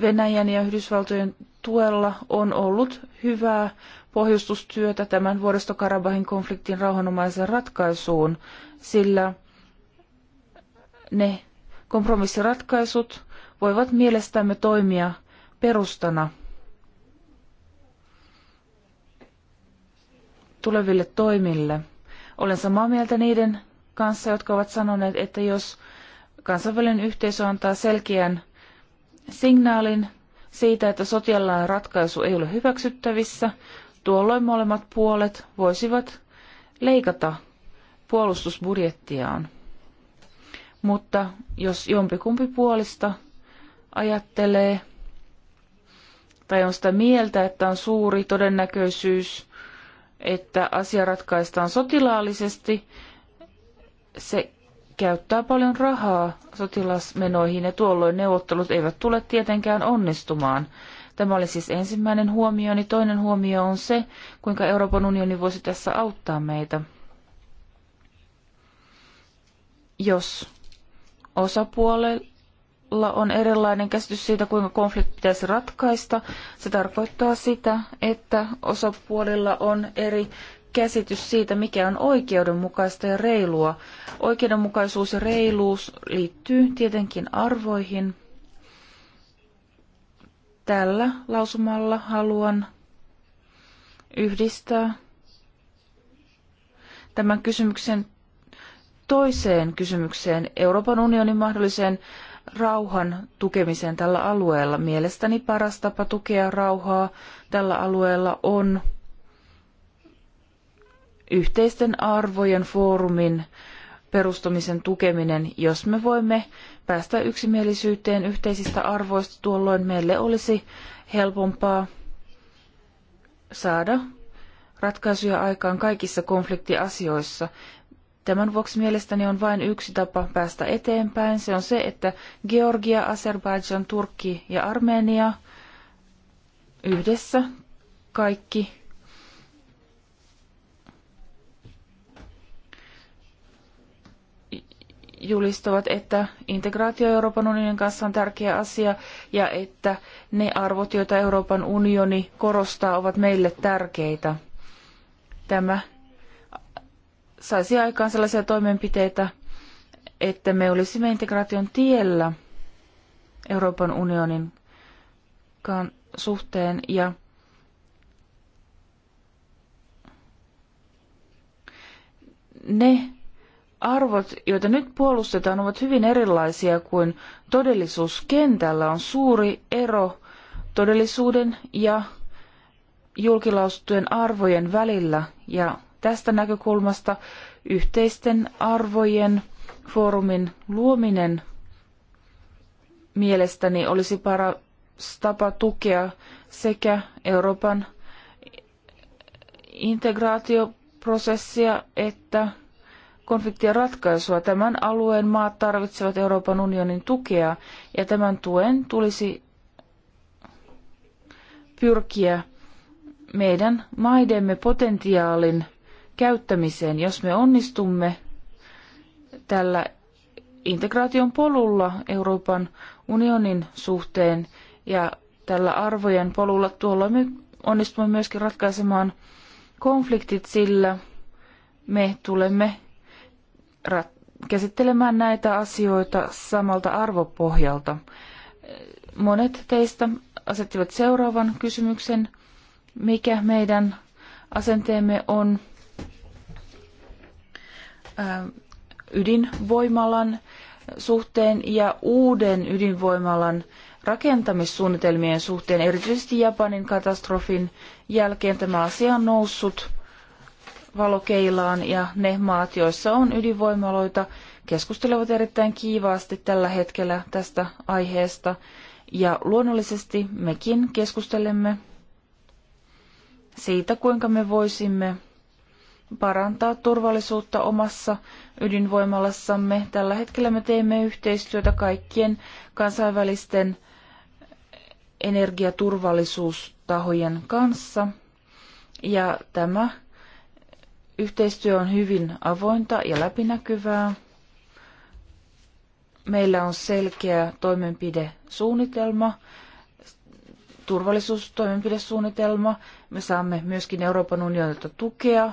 Venäjän ja Yhdysvaltojen tuella, on ollut hyvää pohjustustyötä tämän Karabahin konfliktin rauhanomaiseen ratkaisuun, sillä ne kompromissiratkaisut, voivat mielestämme toimia perustana tuleville toimille. Olen samaa mieltä niiden kanssa, jotka ovat sanoneet, että jos kansainvälinen yhteisö antaa selkeän signaalin siitä, että sotilaan ratkaisu ei ole hyväksyttävissä, tuolloin molemmat puolet voisivat leikata puolustusbudjettiaan. Mutta jos jompikumpi puolista ajattelee tai on sitä mieltä, että on suuri todennäköisyys, että asia ratkaistaan sotilaallisesti, se käyttää paljon rahaa sotilasmenoihin ja tuolloin neuvottelut eivät tule tietenkään onnistumaan. Tämä oli siis ensimmäinen huomio, niin toinen huomio on se, kuinka Euroopan unioni voisi tässä auttaa meitä. Jos osapuolelle on erilainen käsitys siitä, kuinka konflikti pitäisi ratkaista. Se tarkoittaa sitä, että osapuolilla on eri käsitys siitä, mikä on oikeudenmukaista ja reilua. Oikeudenmukaisuus ja reiluus liittyy tietenkin arvoihin. Tällä lausumalla haluan yhdistää tämän kysymyksen toiseen kysymykseen, Euroopan unionin mahdolliseen rauhan tukemiseen tällä alueella. Mielestäni paras tapa tukea rauhaa tällä alueella on yhteisten arvojen foorumin perustamisen tukeminen, jos me voimme päästä yksimielisyyteen yhteisistä arvoista, tuolloin meille olisi helpompaa saada ratkaisuja aikaan kaikissa konfliktiasioissa. Tämän vuoksi mielestäni on vain yksi tapa päästä eteenpäin. Se on se, että Georgia, Azerbaidžan, Turkki ja Armenia yhdessä kaikki julistavat, että integraatio Euroopan unionin kanssa on tärkeä asia ja että ne arvot, joita Euroopan unioni korostaa, ovat meille tärkeitä. Tämä saisi aikaan sellaisia toimenpiteitä, että me olisimme integraation tiellä Euroopan unionin suhteen ja ne arvot, joita nyt puolustetaan, ovat hyvin erilaisia kuin todellisuus kentällä. On suuri ero todellisuuden ja julkilaustuen arvojen välillä ja tästä näkökulmasta yhteisten arvojen foorumin luominen mielestäni olisi paras tapa tukea sekä Euroopan integraatioprosessia että konfliktien ratkaisua. Tämän alueen maat tarvitsevat Euroopan unionin tukea ja tämän tuen tulisi pyrkiä meidän maidemme potentiaalin käyttämiseen. Jos me onnistumme tällä integraation polulla Euroopan unionin suhteen ja tällä arvojen polulla, tuolla me onnistumme myöskin ratkaisemaan konfliktit, sillä me tulemme käsittelemään näitä asioita samalta arvopohjalta. Monet teistä asettivat seuraavan kysymyksen, mikä meidän asenteemme on ydinvoimalan suhteen ja uuden ydinvoimalan rakentamissuunnitelmien suhteen, erityisesti Japanin katastrofin jälkeen tämä asia on noussut valokeilaan ja ne maat, joissa on ydinvoimaloita, keskustelevat erittäin kiivaasti tällä hetkellä tästä aiheesta. Ja luonnollisesti mekin keskustelemme siitä, kuinka me voisimme parantaa turvallisuutta omassa ydinvoimalassamme. Tällä hetkellä me teemme yhteistyötä kaikkien kansainvälisten energiaturvallisuustahojen kanssa. Ja tämä yhteistyö on hyvin avointa ja läpinäkyvää. Meillä on selkeä toimenpidesuunnitelma, turvallisuustoimenpidesuunnitelma. Me saamme myöskin Euroopan unionilta tukea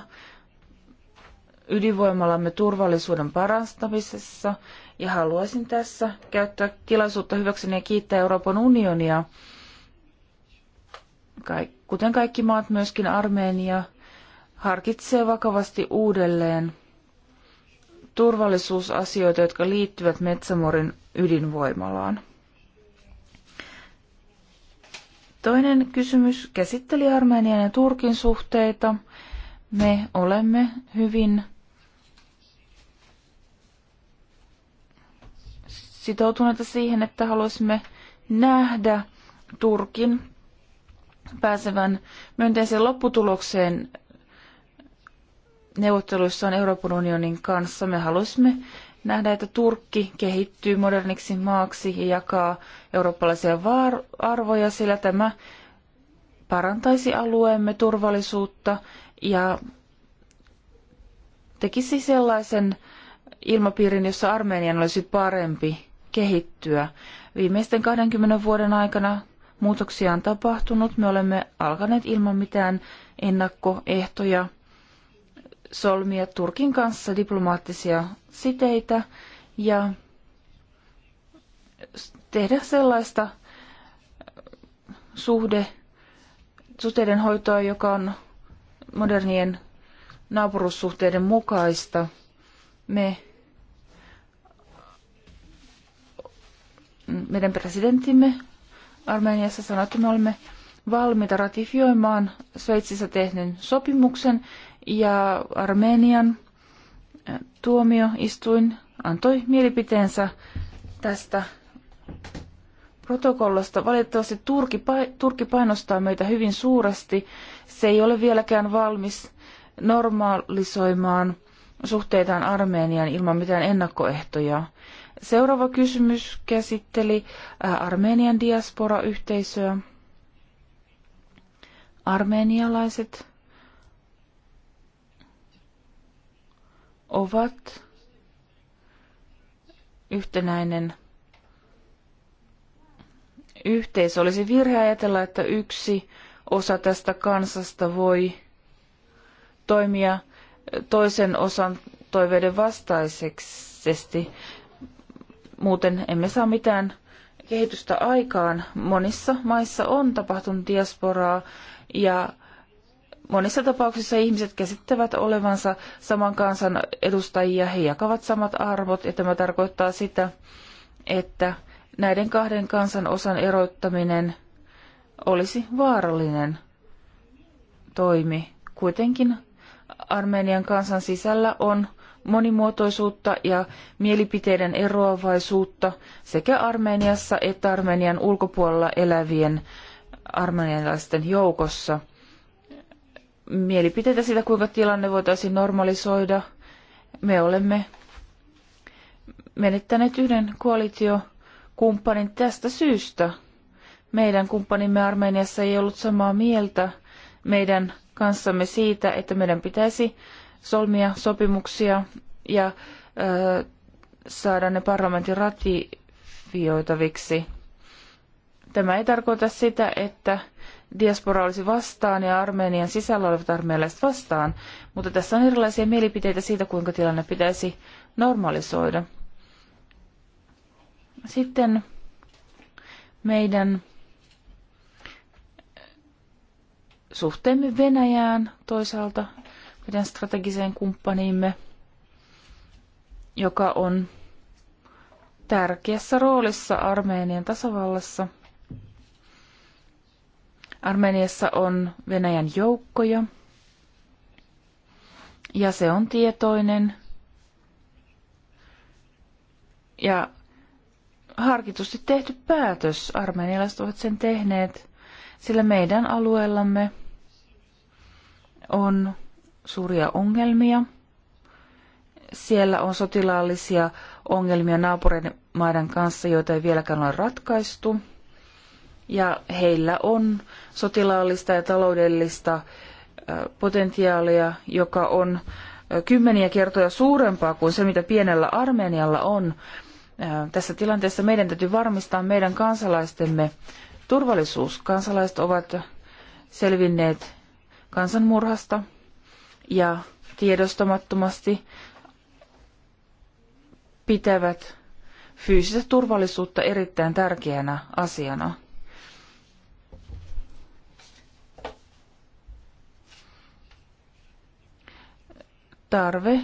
ydinvoimalamme turvallisuuden parantamisessa ja haluaisin tässä käyttää tilaisuutta hyväkseni ja kiittää Euroopan unionia, kuten kaikki maat, myöskin Armenia, harkitsee vakavasti uudelleen turvallisuusasioita, jotka liittyvät Metsämorin ydinvoimalaan. Toinen kysymys käsitteli Armenian ja Turkin suhteita. Me olemme hyvin sitoutuneita siihen, että haluaisimme nähdä Turkin pääsevän myönteiseen lopputulokseen neuvotteluissaan Euroopan unionin kanssa. Me haluaisimme nähdä, että Turkki kehittyy moderniksi maaksi ja jakaa eurooppalaisia arvoja, sillä tämä parantaisi alueemme turvallisuutta ja tekisi sellaisen ilmapiirin, jossa Armenian olisi parempi kehittyä. Viimeisten 20 vuoden aikana muutoksia on tapahtunut. Me olemme alkaneet ilman mitään ennakkoehtoja solmia Turkin kanssa diplomaattisia siteitä ja tehdä sellaista suhde, suhteiden hoitoa, joka on modernien naapurussuhteiden mukaista. Me meidän presidenttimme Armeniassa sanoi, että me olemme valmiita ratifioimaan Sveitsissä tehdyn sopimuksen ja Armenian tuomioistuin antoi mielipiteensä tästä protokollasta. Valitettavasti Turki, Turkki painostaa meitä hyvin suuresti. Se ei ole vieläkään valmis normalisoimaan suhteitaan Armeniaan ilman mitään ennakkoehtoja. Seuraava kysymys käsitteli Armenian diaspora-yhteisöä. Armenialaiset ovat yhtenäinen yhteisö. Olisi virhe ajatella, että yksi osa tästä kansasta voi toimia toisen osan toiveiden vastaiseksi. Muuten emme saa mitään kehitystä aikaan. Monissa maissa on tapahtunut diasporaa ja monissa tapauksissa ihmiset käsittävät olevansa saman kansan edustajia, he jakavat samat arvot ja tämä tarkoittaa sitä, että näiden kahden kansan osan erottaminen olisi vaarallinen toimi. Kuitenkin Armenian kansan sisällä on monimuotoisuutta ja mielipiteiden eroavaisuutta sekä Armeniassa että Armenian ulkopuolella elävien armenialaisten joukossa. Mielipiteitä siitä, kuinka tilanne voitaisiin normalisoida. Me olemme menettäneet yhden koalitiokumppanin tästä syystä. Meidän kumppanimme Armeniassa ei ollut samaa mieltä meidän kanssamme siitä, että meidän pitäisi solmia sopimuksia ja ö, saada ne parlamentin ratifioitaviksi. Tämä ei tarkoita sitä, että diaspora olisi vastaan ja Armenian sisällä olevat armeijalaiset vastaan, mutta tässä on erilaisia mielipiteitä siitä, kuinka tilanne pitäisi normalisoida. Sitten meidän suhteemme Venäjään toisaalta meidän strategiseen kumppaniimme, joka on tärkeässä roolissa Armeenian tasavallassa. Armeniassa on Venäjän joukkoja ja se on tietoinen ja harkitusti tehty päätös. Armenialaiset ovat sen tehneet, sillä meidän alueellamme on suuria ongelmia. Siellä on sotilaallisia ongelmia naapureiden maiden kanssa, joita ei vieläkään ole ratkaistu. Ja heillä on sotilaallista ja taloudellista potentiaalia, joka on kymmeniä kertoja suurempaa kuin se, mitä pienellä Armenialla on. Tässä tilanteessa meidän täytyy varmistaa meidän kansalaistemme turvallisuus. Kansalaiset ovat selvinneet kansanmurhasta, ja tiedostamattomasti pitävät fyysistä turvallisuutta erittäin tärkeänä asiana. Tarve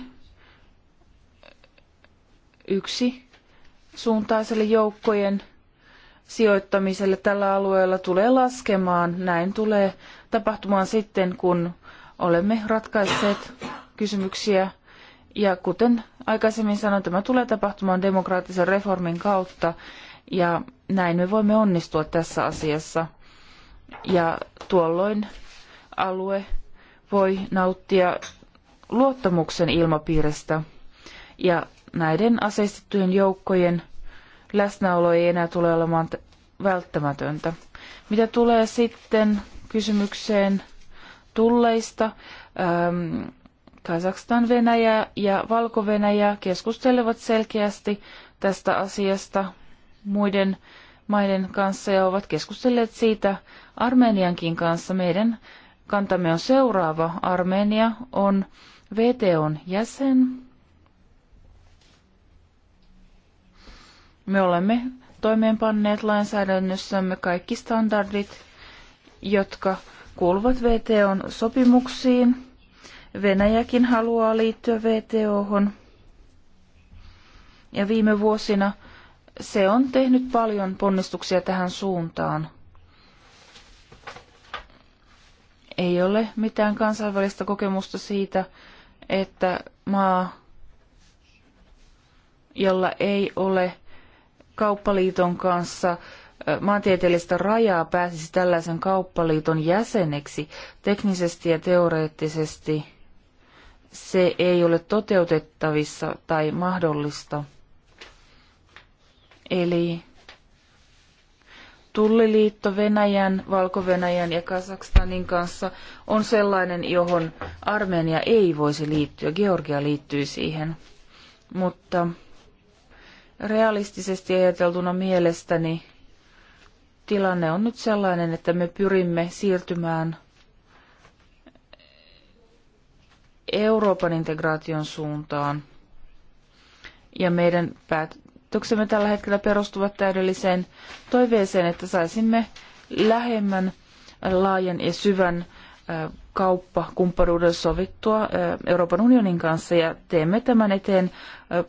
yksi suuntaiselle joukkojen sijoittamiselle tällä alueella tulee laskemaan. Näin tulee tapahtumaan sitten, kun olemme ratkaisseet kysymyksiä. Ja kuten aikaisemmin sanoin, tämä tulee tapahtumaan demokraattisen reformin kautta. Ja näin me voimme onnistua tässä asiassa. Ja tuolloin alue voi nauttia luottamuksen ilmapiiristä. Ja näiden aseistettujen joukkojen läsnäolo ei enää tule olemaan välttämätöntä. Mitä tulee sitten kysymykseen tulleista. Ähm, Kazakstan, Venäjä ja Valko-Venäjä keskustelevat selkeästi tästä asiasta muiden maiden kanssa ja ovat keskustelleet siitä Armeniankin kanssa. Meidän kantamme on seuraava. Armenia on VTOn jäsen. Me olemme toimeenpanneet lainsäädännössämme kaikki standardit, jotka kuuluvat VTOn sopimuksiin. Venäjäkin haluaa liittyä VTOhon. Ja viime vuosina se on tehnyt paljon ponnistuksia tähän suuntaan. Ei ole mitään kansainvälistä kokemusta siitä, että maa, jolla ei ole kauppaliiton kanssa maantieteellistä rajaa pääsisi tällaisen kauppaliiton jäseneksi. Teknisesti ja teoreettisesti se ei ole toteutettavissa tai mahdollista. Eli Tulliliitto Venäjän, Valko-Venäjän ja Kazakstanin kanssa on sellainen, johon Armenia ei voisi liittyä. Georgia liittyy siihen. Mutta realistisesti ajateltuna mielestäni tilanne on nyt sellainen, että me pyrimme siirtymään Euroopan integraation suuntaan. Ja meidän päätöksemme tällä hetkellä perustuvat täydelliseen toiveeseen, että saisimme lähemmän laajan ja syvän kauppakumppanuuden sovittua Euroopan unionin kanssa ja teemme tämän eteen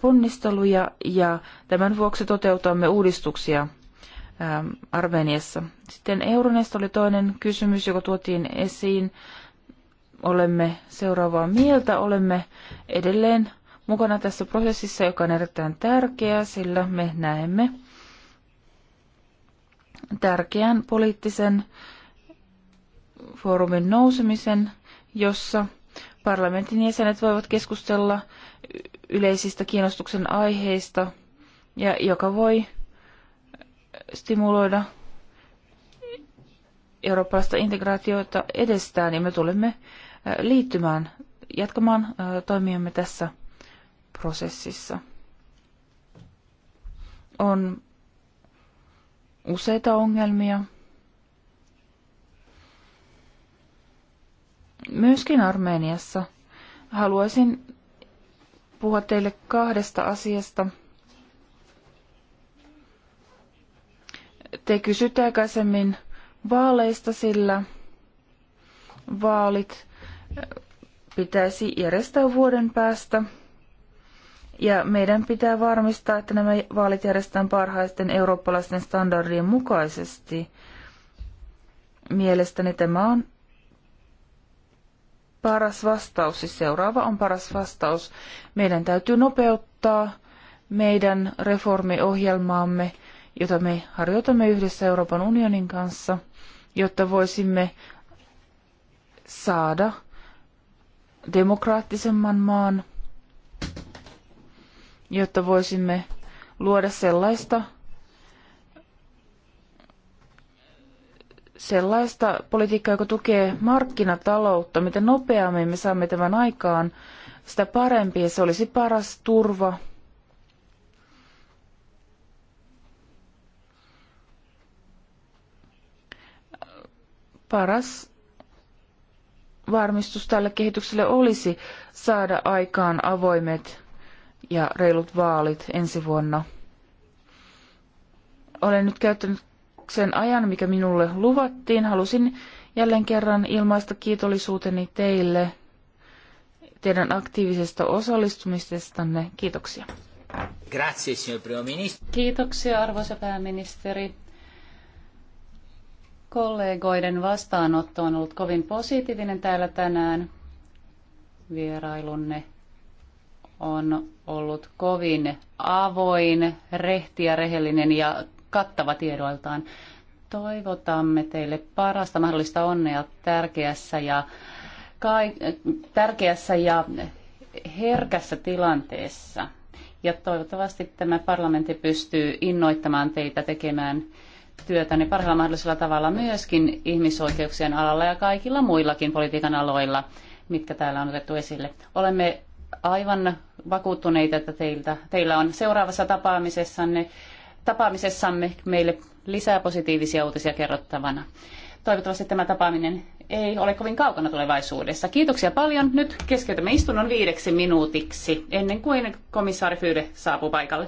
ponnisteluja ja tämän vuoksi toteutamme uudistuksia Ähm, Armeniassa. Sitten Euronest oli toinen kysymys, joka tuotiin esiin. Olemme seuraavaa mieltä, olemme edelleen mukana tässä prosessissa, joka on erittäin tärkeä, sillä me näemme tärkeän poliittisen foorumin nousemisen, jossa parlamentin jäsenet voivat keskustella yleisistä kiinnostuksen aiheista ja joka voi stimuloida eurooppalaista integraatiota edestään, ja niin me tulemme liittymään, jatkamaan toimiamme tässä prosessissa. On useita ongelmia. Myöskin Armeniassa haluaisin puhua teille kahdesta asiasta – Te kysytte aikaisemmin vaaleista, sillä vaalit eh, pitäisi järjestää vuoden päästä. Ja meidän pitää varmistaa, että nämä vaalit järjestetään parhaisten eurooppalaisten standardien mukaisesti. Mielestäni tämä on paras vastaus, siis seuraava on paras vastaus. Meidän täytyy nopeuttaa meidän reformiohjelmaamme jota me harjoitamme yhdessä Euroopan unionin kanssa, jotta voisimme saada demokraattisemman maan, jotta voisimme luoda sellaista sellaista politiikkaa, joka tukee markkinataloutta. Mitä nopeammin me saamme tämän aikaan, sitä parempi ja se olisi paras turva paras varmistus tälle kehitykselle olisi saada aikaan avoimet ja reilut vaalit ensi vuonna. Olen nyt käyttänyt sen ajan, mikä minulle luvattiin. Halusin jälleen kerran ilmaista kiitollisuuteni teille teidän aktiivisesta osallistumisestanne. Kiitoksia. Grazie, signor primo ministro. Kiitoksia, arvoisa pääministeri. Kollegoiden vastaanotto on ollut kovin positiivinen täällä tänään. Vierailunne on ollut kovin avoin, rehti ja rehellinen ja kattava tiedoiltaan. Toivotamme teille parasta mahdollista onnea tärkeässä ja, kai, tärkeässä ja herkässä tilanteessa. Ja toivottavasti tämä parlamentti pystyy innoittamaan teitä tekemään niin parhaalla mahdollisella tavalla myöskin ihmisoikeuksien alalla ja kaikilla muillakin politiikan aloilla, mitkä täällä on otettu esille. Olemme aivan vakuuttuneita, että teiltä, teillä on seuraavassa tapaamisessanne, tapaamisessamme meille lisää positiivisia uutisia kerrottavana. Toivottavasti tämä tapaaminen ei ole kovin kaukana tulevaisuudessa. Kiitoksia paljon. Nyt keskeytämme istunnon viideksi minuutiksi ennen kuin komissaari fyre saapuu paikalle.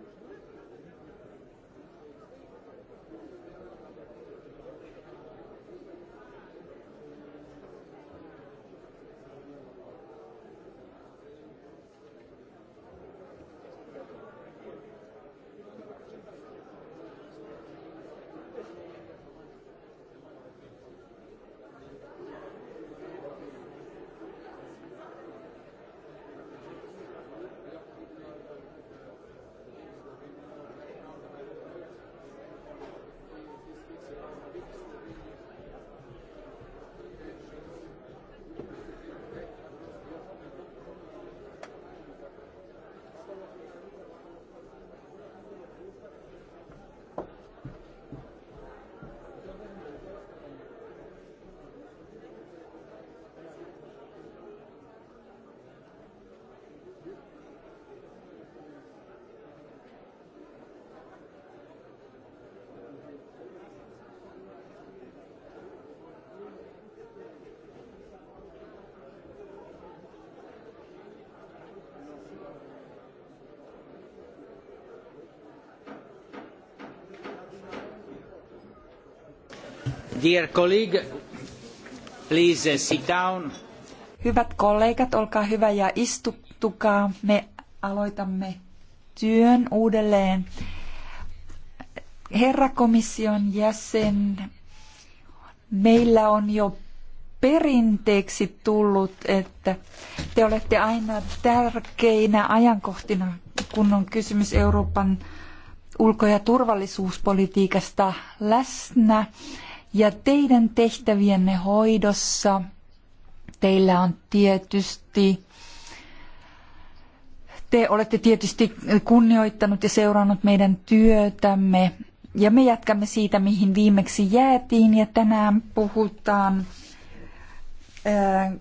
Dear colleague, please uh, sit down. Hyvät kollegat, olkaa hyvä ja istuttukaa. Me aloitamme työn uudelleen. Herra komission jäsen, meillä on jo perinteeksi tullut, että te olette aina tärkeinä ajankohtina, kun on kysymys Euroopan ulko- ja turvallisuuspolitiikasta läsnä. Ja teidän tehtävienne hoidossa teillä on tietysti te olette tietysti kunnioittanut ja seurannut meidän työtämme ja me jatkamme siitä, mihin viimeksi jäätiin ja tänään puhutaan, ää,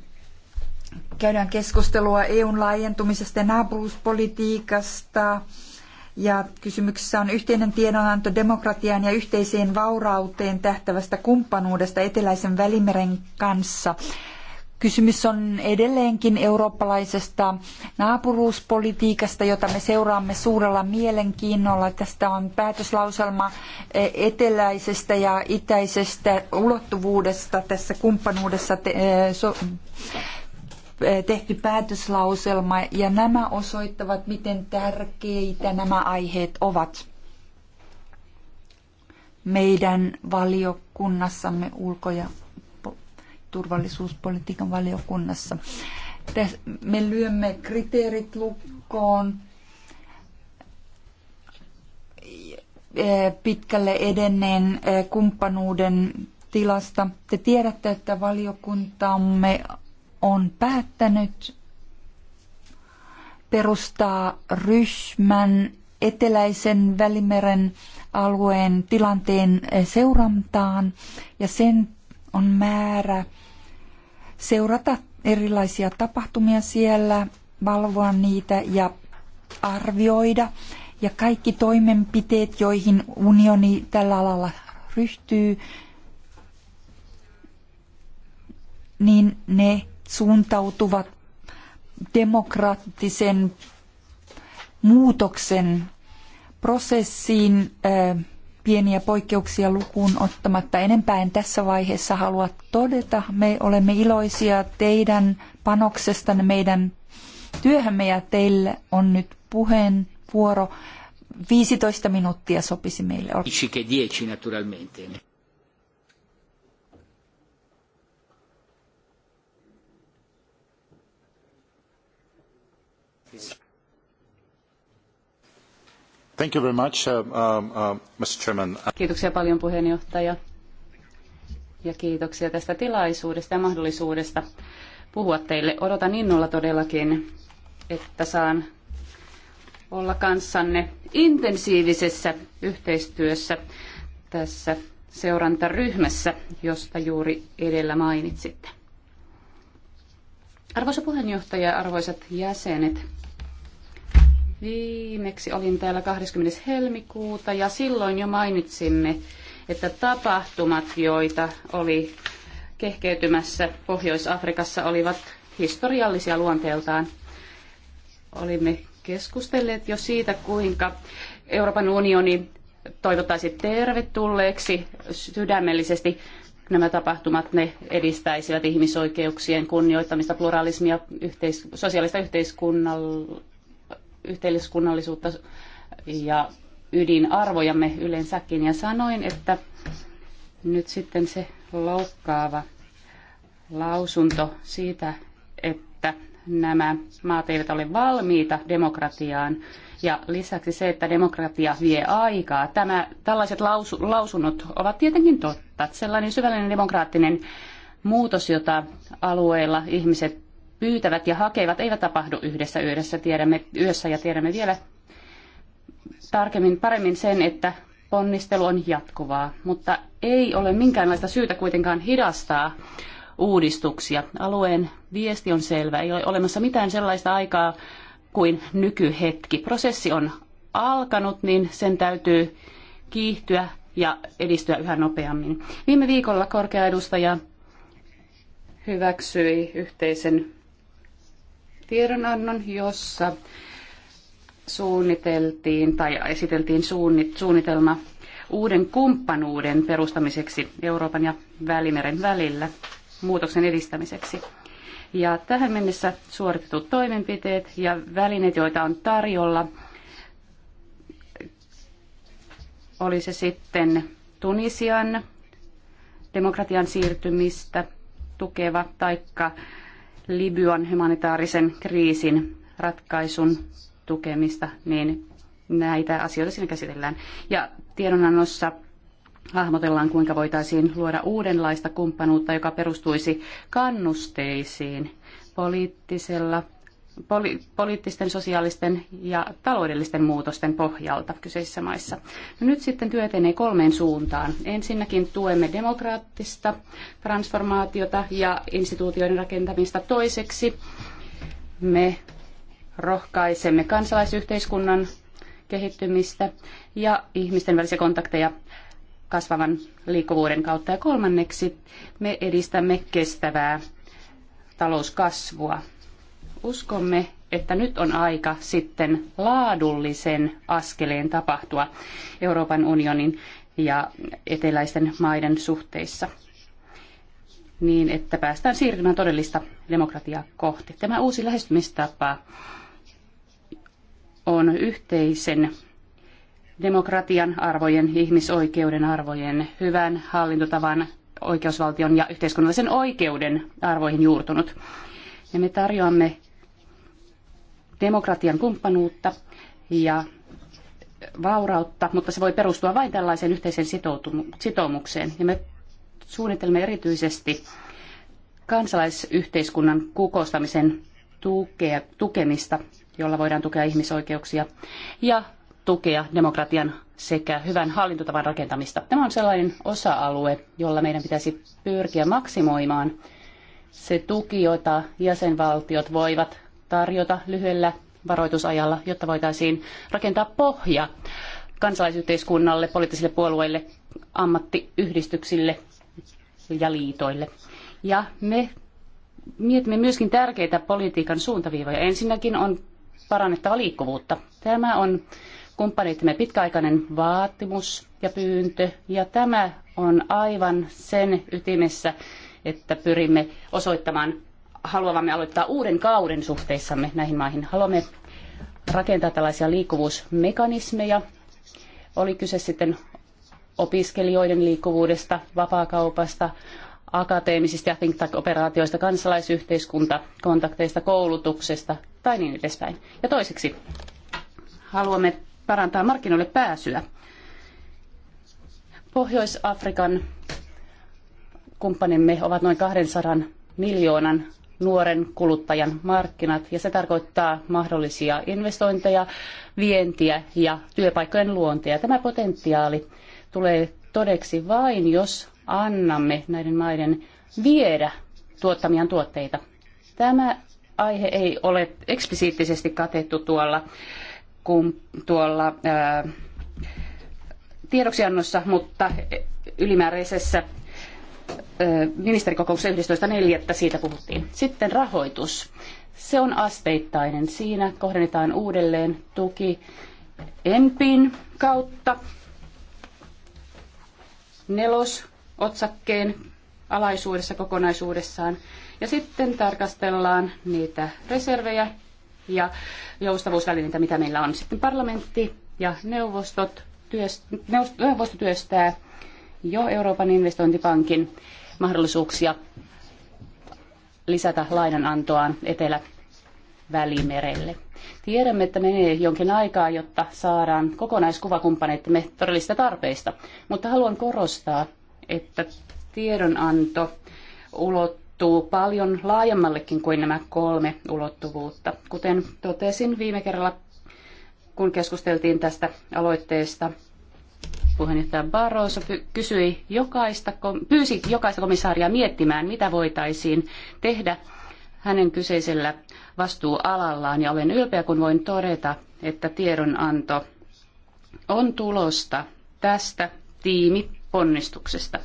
käydään keskustelua EUn laajentumisesta ja naapuruuspolitiikasta ja kysymyksessä on yhteinen tiedonanto demokratiaan ja yhteiseen vaurauteen tähtävästä kumppanuudesta eteläisen välimeren kanssa. Kysymys on edelleenkin eurooppalaisesta naapuruuspolitiikasta, jota me seuraamme suurella mielenkiinnolla. Tästä on päätöslauselma eh, eteläisestä ja itäisestä ulottuvuudesta tässä kumppanuudessa eh, Eh, tehty päätöslauselma ja nämä osoittavat, miten tärkeitä nämä aiheet ovat meidän valiokunnassamme, ulko- ja turvallisuuspolitiikan valiokunnassa. Me lyömme kriteerit lukkoon eh, pitkälle edenneen eh, kumppanuuden tilasta. Te tiedätte, että valiokuntamme on päättänyt perustaa ryhmän eteläisen välimeren alueen tilanteen seurantaan ja sen on määrä seurata erilaisia tapahtumia siellä, valvoa niitä ja arvioida. Ja kaikki toimenpiteet, joihin unioni tällä alalla ryhtyy, niin ne suuntautuvat demokraattisen muutoksen prosessiin pieniä poikkeuksia lukuun ottamatta. Enempää en tässä vaiheessa halua todeta. Me olemme iloisia teidän panoksestanne meidän työhämme ja teille on nyt puheenvuoro. 15 minuuttia sopisi meille. naturalmente. Uh, um, uh, kiitoksia paljon puheenjohtaja ja kiitoksia tästä tilaisuudesta ja mahdollisuudesta puhua teille. Odotan innolla todellakin, että saan olla kanssanne intensiivisessä yhteistyössä tässä seurantaryhmässä, josta juuri edellä mainitsitte. Arvoisa puheenjohtaja, arvoisat jäsenet, Viimeksi olin täällä 20. helmikuuta ja silloin jo mainitsimme, että tapahtumat, joita oli kehkeytymässä Pohjois-Afrikassa, olivat historiallisia luonteeltaan. Olimme keskustelleet jo siitä, kuinka Euroopan unioni toivottaisi tervetulleeksi sydämellisesti nämä tapahtumat ne edistäisivät ihmisoikeuksien kunnioittamista, pluralismia, yhteis- sosiaalista yhteiskunnallista yhteiskunnallisuutta ja ydinarvojamme yleensäkin. Ja sanoin, että nyt sitten se loukkaava lausunto siitä, että nämä maat eivät ole valmiita demokratiaan. Ja lisäksi se, että demokratia vie aikaa. Tämä, tällaiset lausu, lausunnot ovat tietenkin totta. Sellainen syvällinen demokraattinen muutos, jota alueilla ihmiset pyytävät ja hakevat eivät tapahdu yhdessä yössä, tiedämme, yössä ja tiedämme vielä tarkemmin paremmin sen, että ponnistelu on jatkuvaa, mutta ei ole minkäänlaista syytä kuitenkaan hidastaa uudistuksia. Alueen viesti on selvä, ei ole olemassa mitään sellaista aikaa kuin nykyhetki. Prosessi on alkanut, niin sen täytyy kiihtyä ja edistyä yhä nopeammin. Viime viikolla korkea edustaja hyväksyi yhteisen tiedonannon, jossa suunniteltiin tai esiteltiin suunnitelma uuden kumppanuuden perustamiseksi Euroopan ja Välimeren välillä muutoksen edistämiseksi. Ja tähän mennessä suoritetut toimenpiteet ja välineet, joita on tarjolla, oli se sitten Tunisian demokratian siirtymistä tukeva taikka Libyan humanitaarisen kriisin ratkaisun tukemista, niin näitä asioita siinä käsitellään. Ja tiedonannossa hahmotellaan, kuinka voitaisiin luoda uudenlaista kumppanuutta, joka perustuisi kannusteisiin poliittisella poli- poliittisten, sosiaalisten ja taloudellisten muutosten pohjalta kyseisissä maissa. No nyt sitten työ etenee kolmeen suuntaan. Ensinnäkin tuemme demokraattista transformaatiota ja instituutioiden rakentamista toiseksi. Me rohkaisemme kansalaisyhteiskunnan kehittymistä ja ihmisten välisiä kontakteja kasvavan liikkuvuuden kautta. Ja kolmanneksi me edistämme kestävää talouskasvua uskomme, että nyt on aika sitten laadullisen askeleen tapahtua Euroopan unionin ja eteläisten maiden suhteissa niin, että päästään siirtymään todellista demokratiaa kohti. Tämä uusi lähestymistapa on yhteisen demokratian arvojen, ihmisoikeuden arvojen, hyvän hallintotavan, oikeusvaltion ja yhteiskunnallisen oikeuden arvoihin juurtunut. Ja me tarjoamme demokratian kumppanuutta ja vaurautta, mutta se voi perustua vain tällaiseen yhteiseen sitoumukseen. Ja me suunnittelemme erityisesti kansalaisyhteiskunnan kukoistamisen tukea, tukemista, jolla voidaan tukea ihmisoikeuksia ja tukea demokratian sekä hyvän hallintotavan rakentamista. Tämä on sellainen osa-alue, jolla meidän pitäisi pyrkiä maksimoimaan se tuki, jota jäsenvaltiot voivat tarjota lyhyellä varoitusajalla, jotta voitaisiin rakentaa pohja kansalaisyhteiskunnalle, poliittisille puolueille, ammattiyhdistyksille ja liitoille. Ja me mietimme myöskin tärkeitä politiikan suuntaviivoja. Ensinnäkin on parannettava liikkuvuutta. Tämä on kumppaneittemme pitkäaikainen vaatimus ja pyyntö, ja tämä on aivan sen ytimessä, että pyrimme osoittamaan haluavamme aloittaa uuden kauden suhteissamme näihin maihin. Haluamme rakentaa tällaisia liikkuvuusmekanismeja. Oli kyse sitten opiskelijoiden liikkuvuudesta, vapaakaupasta, akateemisista ja think operaatioista, kansalaisyhteiskunta, kontakteista, koulutuksesta tai niin edespäin. Ja toiseksi haluamme parantaa markkinoille pääsyä. Pohjois-Afrikan kumppanimme ovat noin 200 miljoonan nuoren kuluttajan markkinat ja se tarkoittaa mahdollisia investointeja, vientiä ja työpaikkojen luontia. Tämä potentiaali tulee todeksi vain, jos annamme näiden maiden viedä tuottamiaan tuotteita. Tämä aihe ei ole eksplisiittisesti katettu tuolla, kun tuolla ää, tiedoksiannossa, mutta ylimääräisessä ministerikokouksessa 11.4. siitä puhuttiin. Sitten rahoitus. Se on asteittainen. Siinä kohdennetaan uudelleen tuki EMPin kautta nelos otsakkeen alaisuudessa kokonaisuudessaan. Ja sitten tarkastellaan niitä reservejä ja joustavuusvälineitä, mitä meillä on. Sitten parlamentti ja neuvostot työst- neuvosto työstää jo Euroopan investointipankin mahdollisuuksia lisätä lainanantoaan Etelä-Välimerelle. Tiedämme, että menee jonkin aikaa, jotta saadaan kokonaiskuva kumppaneittemme todellisista tarpeista, mutta haluan korostaa, että tiedonanto ulottuu paljon laajemmallekin kuin nämä kolme ulottuvuutta. Kuten totesin viime kerralla, kun keskusteltiin tästä aloitteesta, puheenjohtaja Barroso kysyi jokaista, pyysi jokaista komissaaria miettimään, mitä voitaisiin tehdä hänen kyseisellä vastuualallaan. Ja olen ylpeä, kun voin todeta, että tiedonanto on tulosta tästä tiimiponnistuksesta.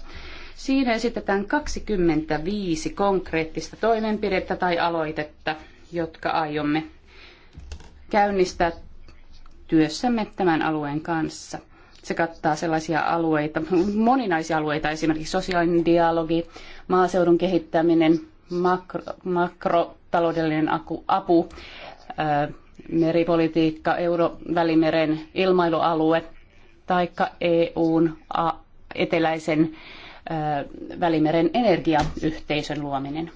Siinä esitetään 25 konkreettista toimenpidettä tai aloitetta, jotka aiomme käynnistää työssämme tämän alueen kanssa – se kattaa sellaisia alueita, moninaisia alueita, esimerkiksi sosiaalinen dialogi, maaseudun kehittäminen, makro, makrotaloudellinen apu, meripolitiikka, Eurovälimeren ilmailualue, taikka EUn a, eteläisen välimeren energiayhteisön luominen.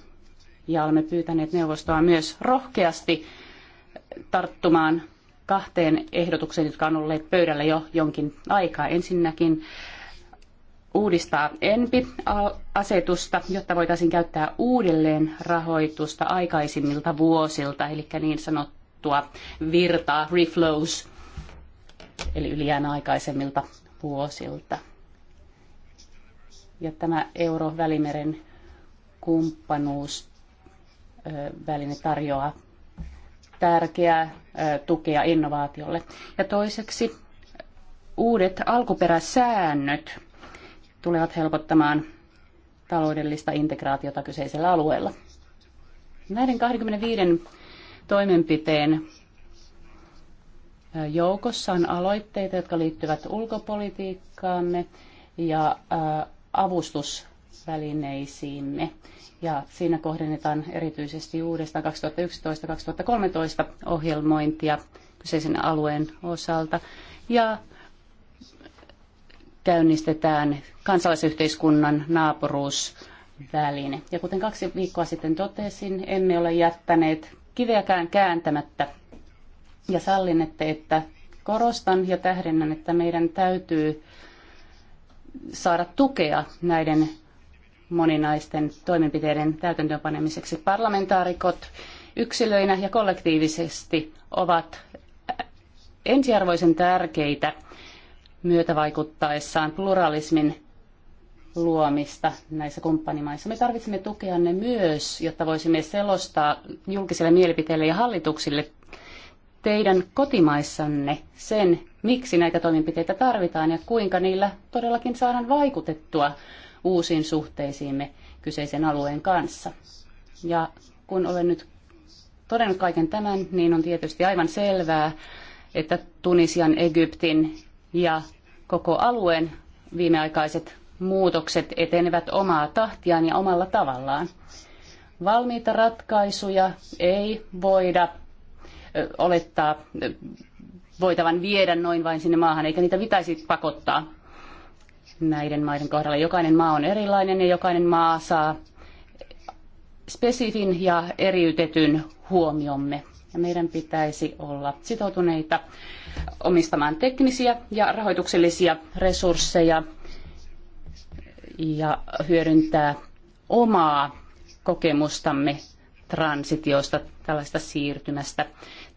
Ja olemme pyytäneet neuvostoa myös rohkeasti tarttumaan kahteen ehdotukseen, jotka on olleet pöydällä jo jonkin aikaa. Ensinnäkin uudistaa ENPI-asetusta, jotta voitaisiin käyttää uudelleen rahoitusta aikaisimmilta vuosilta, eli niin sanottua virtaa, reflows, eli ylijään aikaisemmilta vuosilta. Ja tämä Euro-Välimeren kumppanuusväline tarjoaa tärkeää tukea innovaatiolle. Ja toiseksi uudet alkuperäsäännöt tulevat helpottamaan taloudellista integraatiota kyseisellä alueella. Näiden 25 toimenpiteen joukossa on aloitteita, jotka liittyvät ulkopolitiikkaamme ja avustusvälineisiimme ja siinä kohdennetaan erityisesti uudestaan 2011-2013 ohjelmointia kyseisen alueen osalta ja käynnistetään kansalaisyhteiskunnan naapuruusväline. Ja kuten kaksi viikkoa sitten totesin, emme ole jättäneet kiveäkään kääntämättä ja sallinette, että korostan ja tähdennän, että meidän täytyy saada tukea näiden moninaisten toimenpiteiden täytäntöönpanemiseksi. Parlamentaarikot yksilöinä ja kollektiivisesti ovat ensiarvoisen tärkeitä myötävaikuttaessaan pluralismin luomista näissä kumppanimaissa. Me tarvitsemme tukeanne myös, jotta voisimme selostaa julkiselle mielipiteelle ja hallituksille teidän kotimaissanne sen, miksi näitä toimenpiteitä tarvitaan ja kuinka niillä todellakin saadaan vaikutettua uusiin suhteisiimme kyseisen alueen kanssa. Ja kun olen nyt todennut kaiken tämän, niin on tietysti aivan selvää, että Tunisian, Egyptin ja koko alueen viimeaikaiset muutokset etenevät omaa tahtiaan ja omalla tavallaan. Valmiita ratkaisuja ei voida olettaa voitavan viedä noin vain sinne maahan, eikä niitä pitäisi pakottaa näiden maiden kohdalla. Jokainen maa on erilainen ja jokainen maa saa spesifin ja eriytetyn huomiomme. Ja meidän pitäisi olla sitoutuneita omistamaan teknisiä ja rahoituksellisia resursseja ja hyödyntää omaa kokemustamme transitiosta, tällaista siirtymästä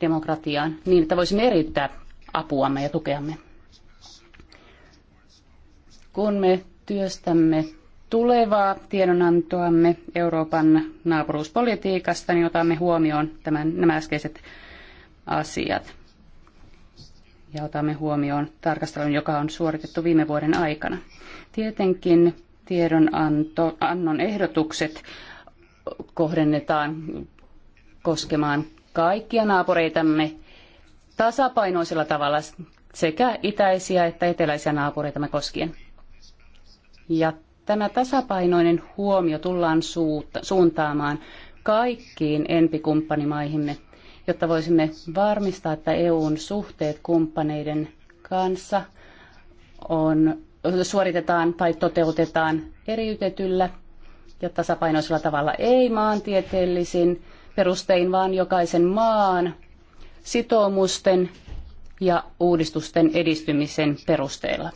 demokratiaan, niin että voisimme eriyttää apuamme ja tukeamme kun me työstämme tulevaa tiedonantoamme Euroopan naapuruuspolitiikasta, niin otamme huomioon tämän, nämä äskeiset asiat. Ja otamme huomioon tarkastelun, joka on suoritettu viime vuoden aikana. Tietenkin tiedonanto, annon ehdotukset kohdennetaan koskemaan kaikkia naapureitamme tasapainoisella tavalla sekä itäisiä että eteläisiä naapureitamme koskien. Ja tämä tasapainoinen huomio tullaan suuntaamaan kaikkiin enpikumppanimaihemme, jotta voisimme varmistaa, että EUn suhteet kumppaneiden kanssa on, suoritetaan tai toteutetaan eriytetyllä ja tasapainoisella tavalla, ei maantieteellisin perustein, vaan jokaisen maan sitoumusten ja uudistusten edistymisen perusteella.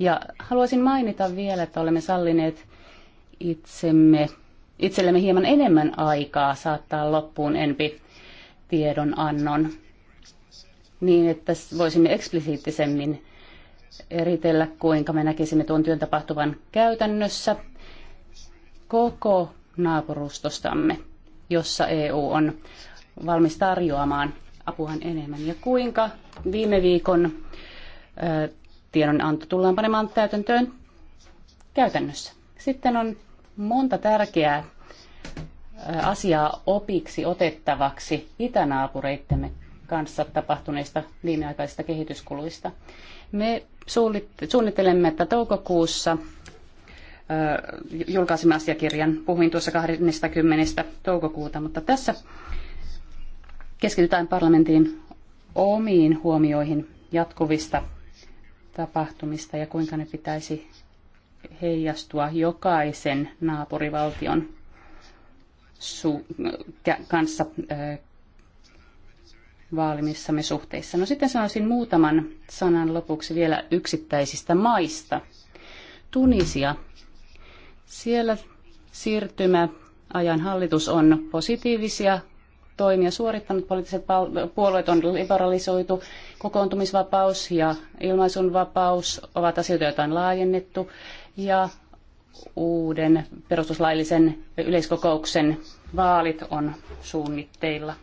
Ja haluaisin mainita vielä, että olemme sallineet itsemme, itsellemme hieman enemmän aikaa saattaa loppuun enpi tiedonannon niin, että voisimme eksplisiittisemmin eritellä, kuinka me näkisimme tuon työn tapahtuvan käytännössä koko naapurustostamme, jossa EU on valmis tarjoamaan apuhan enemmän. Ja kuinka viime viikon tiedonanto tullaan panemaan täytäntöön käytännössä. Sitten on monta tärkeää asiaa opiksi otettavaksi itänaapureittemme kanssa tapahtuneista viimeaikaisista kehityskuluista. Me suunnittelemme, että toukokuussa julkaisimme asiakirjan. Puhuin tuossa 20. toukokuuta, mutta tässä keskitytään parlamentin omiin huomioihin jatkuvista tapahtumista ja kuinka ne pitäisi heijastua jokaisen naapurivaltion kanssa vaalimissamme suhteissa. No sitten sanoisin muutaman sanan lopuksi vielä yksittäisistä maista. Tunisia. Siellä siirtymäajan hallitus on positiivisia toimia suorittanut. Poliittiset puolueet on liberalisoitu, kokoontumisvapaus ja ilmaisunvapaus ovat asioita, joita on laajennettu. Ja uuden perustuslaillisen yleiskokouksen vaalit on suunnitteilla.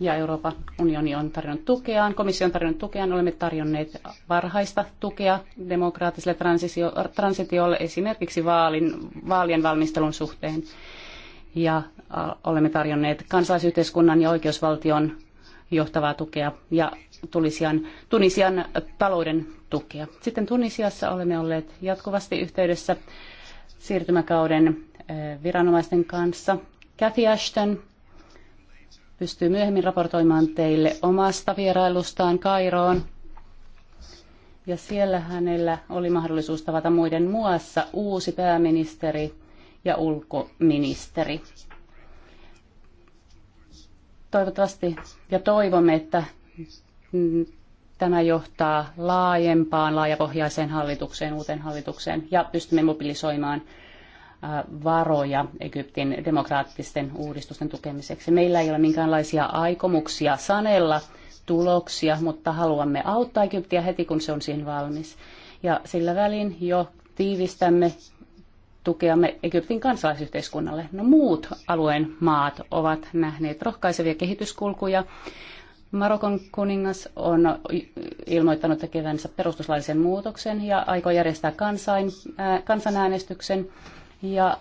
Ja Euroopan unioni on tarjonnut tukeaan, komissio on tarjonnut tukeaan, olemme tarjonneet varhaista tukea demokraattiselle transitiolle esimerkiksi vaalin, vaalien valmistelun suhteen. Ja olemme tarjonneet kansalaisyhteiskunnan ja oikeusvaltion johtavaa tukea ja Tunisian, Tunisian talouden tukea. Sitten Tunisiassa olemme olleet jatkuvasti yhteydessä siirtymäkauden e, viranomaisten kanssa. Kathy Ashton pystyy myöhemmin raportoimaan teille omasta vierailustaan Kairoon. Ja siellä hänellä oli mahdollisuus tavata muiden muassa uusi pääministeri ja ulkoministeri toivottavasti ja toivomme, että tämä johtaa laajempaan, laajapohjaiseen hallitukseen, uuteen hallitukseen ja pystymme mobilisoimaan varoja Egyptin demokraattisten uudistusten tukemiseksi. Meillä ei ole minkäänlaisia aikomuksia sanella tuloksia, mutta haluamme auttaa Egyptiä heti, kun se on siihen valmis. Ja sillä välin jo tiivistämme tukeamme Egyptin kansalaisyhteiskunnalle. No muut alueen maat ovat nähneet rohkaisevia kehityskulkuja. Marokon kuningas on ilmoittanut tekevänsä perustuslaisen muutoksen ja aikoo järjestää kansain, ää, äh, kansanäänestyksen. Ja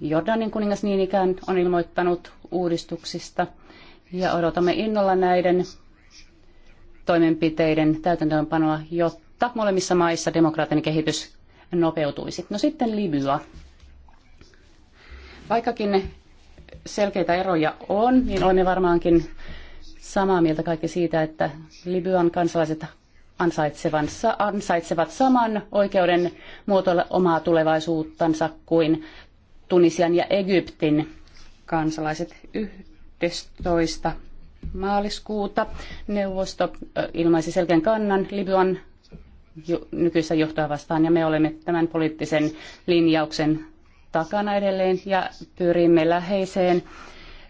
Jordanin kuningas niin ikään on ilmoittanut uudistuksista ja odotamme innolla näiden toimenpiteiden täytäntöönpanoa, jotta molemmissa maissa demokraattinen kehitys nopeutuisi. No sitten Libya. Vaikkakin selkeitä eroja on, niin olemme varmaankin samaa mieltä kaikki siitä, että Libyan kansalaiset ansaitsevat saman oikeuden muotoilla omaa tulevaisuuttansa kuin Tunisian ja Egyptin kansalaiset 11. maaliskuuta. Neuvosto ilmaisi selkeän kannan Libyan nykyistä johtoa vastaan ja me olemme tämän poliittisen linjauksen takana edelleen ja pyrimme läheiseen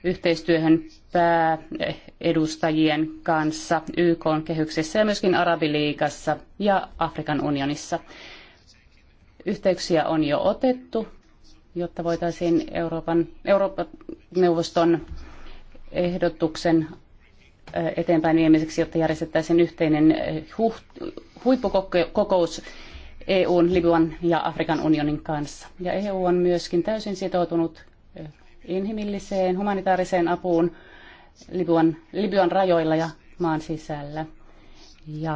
yhteistyöhön pääedustajien kanssa YK kehyksessä ja myöskin Arabiliigassa ja Afrikan unionissa. Yhteyksiä on jo otettu, jotta voitaisiin Euroopan, Euroopan neuvoston ehdotuksen eteenpäin viemiseksi, jotta järjestettäisiin yhteinen äh, huht, huippukokous EUn, Libyan ja Afrikan unionin kanssa. Ja EU on myöskin täysin sitoutunut inhimilliseen, humanitaariseen apuun Libyan, Libyan rajoilla ja maan sisällä. Ja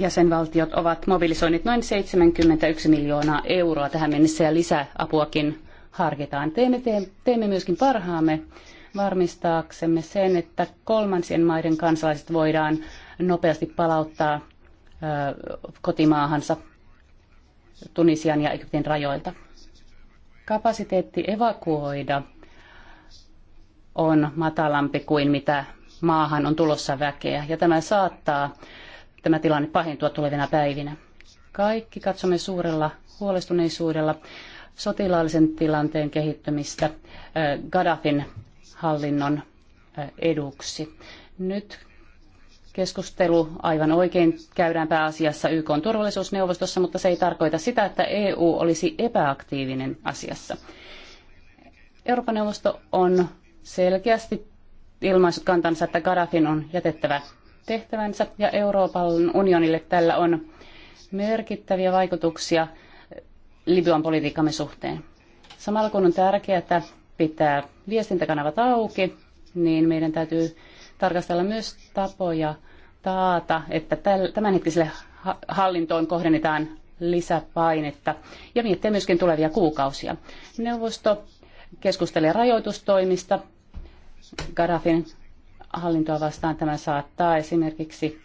jäsenvaltiot ovat mobilisoineet noin 71 miljoonaa euroa tähän mennessä ja lisäapuakin harkitaan. Teemme, teemme myöskin parhaamme varmistaaksemme sen, että kolmansien maiden kansalaiset voidaan nopeasti palauttaa kotimaahansa Tunisian ja Egyptin rajoilta. Kapasiteetti evakuoida on matalampi kuin mitä maahan on tulossa väkeä, ja tämä saattaa tämä tilanne pahentua tulevina päivinä. Kaikki katsomme suurella huolestuneisuudella sotilaallisen tilanteen kehittymistä Gaddafin hallinnon eduksi. Nyt Keskustelu aivan oikein käydään pääasiassa YK turvallisuusneuvostossa, mutta se ei tarkoita sitä, että EU olisi epäaktiivinen asiassa. Euroopan neuvosto on selkeästi ilmaissut kantansa, että Gaddafin on jätettävä tehtävänsä ja Euroopan unionille tällä on merkittäviä vaikutuksia Libyan politiikkamme suhteen. Samalla kun on tärkeää pitää viestintäkanavat auki, niin meidän täytyy tarkastella myös tapoja taata, että tämänhetkiselle hallintoon kohdennetaan lisäpainetta ja miettiä myöskin tulevia kuukausia. Neuvosto keskustelee rajoitustoimista Gaddafin hallintoa vastaan. Tämä saattaa esimerkiksi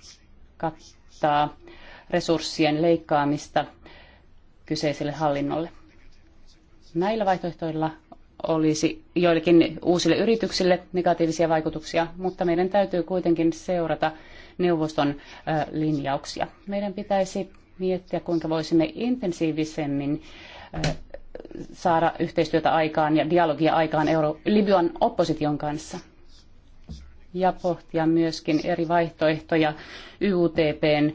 kattaa resurssien leikkaamista kyseiselle hallinnolle. Näillä vaihtoehtoilla olisi joillekin uusille yrityksille negatiivisia vaikutuksia, mutta meidän täytyy kuitenkin seurata neuvoston linjauksia. Meidän pitäisi miettiä, kuinka voisimme intensiivisemmin saada yhteistyötä aikaan ja dialogia aikaan Euro- Libyan opposition kanssa. Ja pohtia myöskin eri vaihtoehtoja YUTPn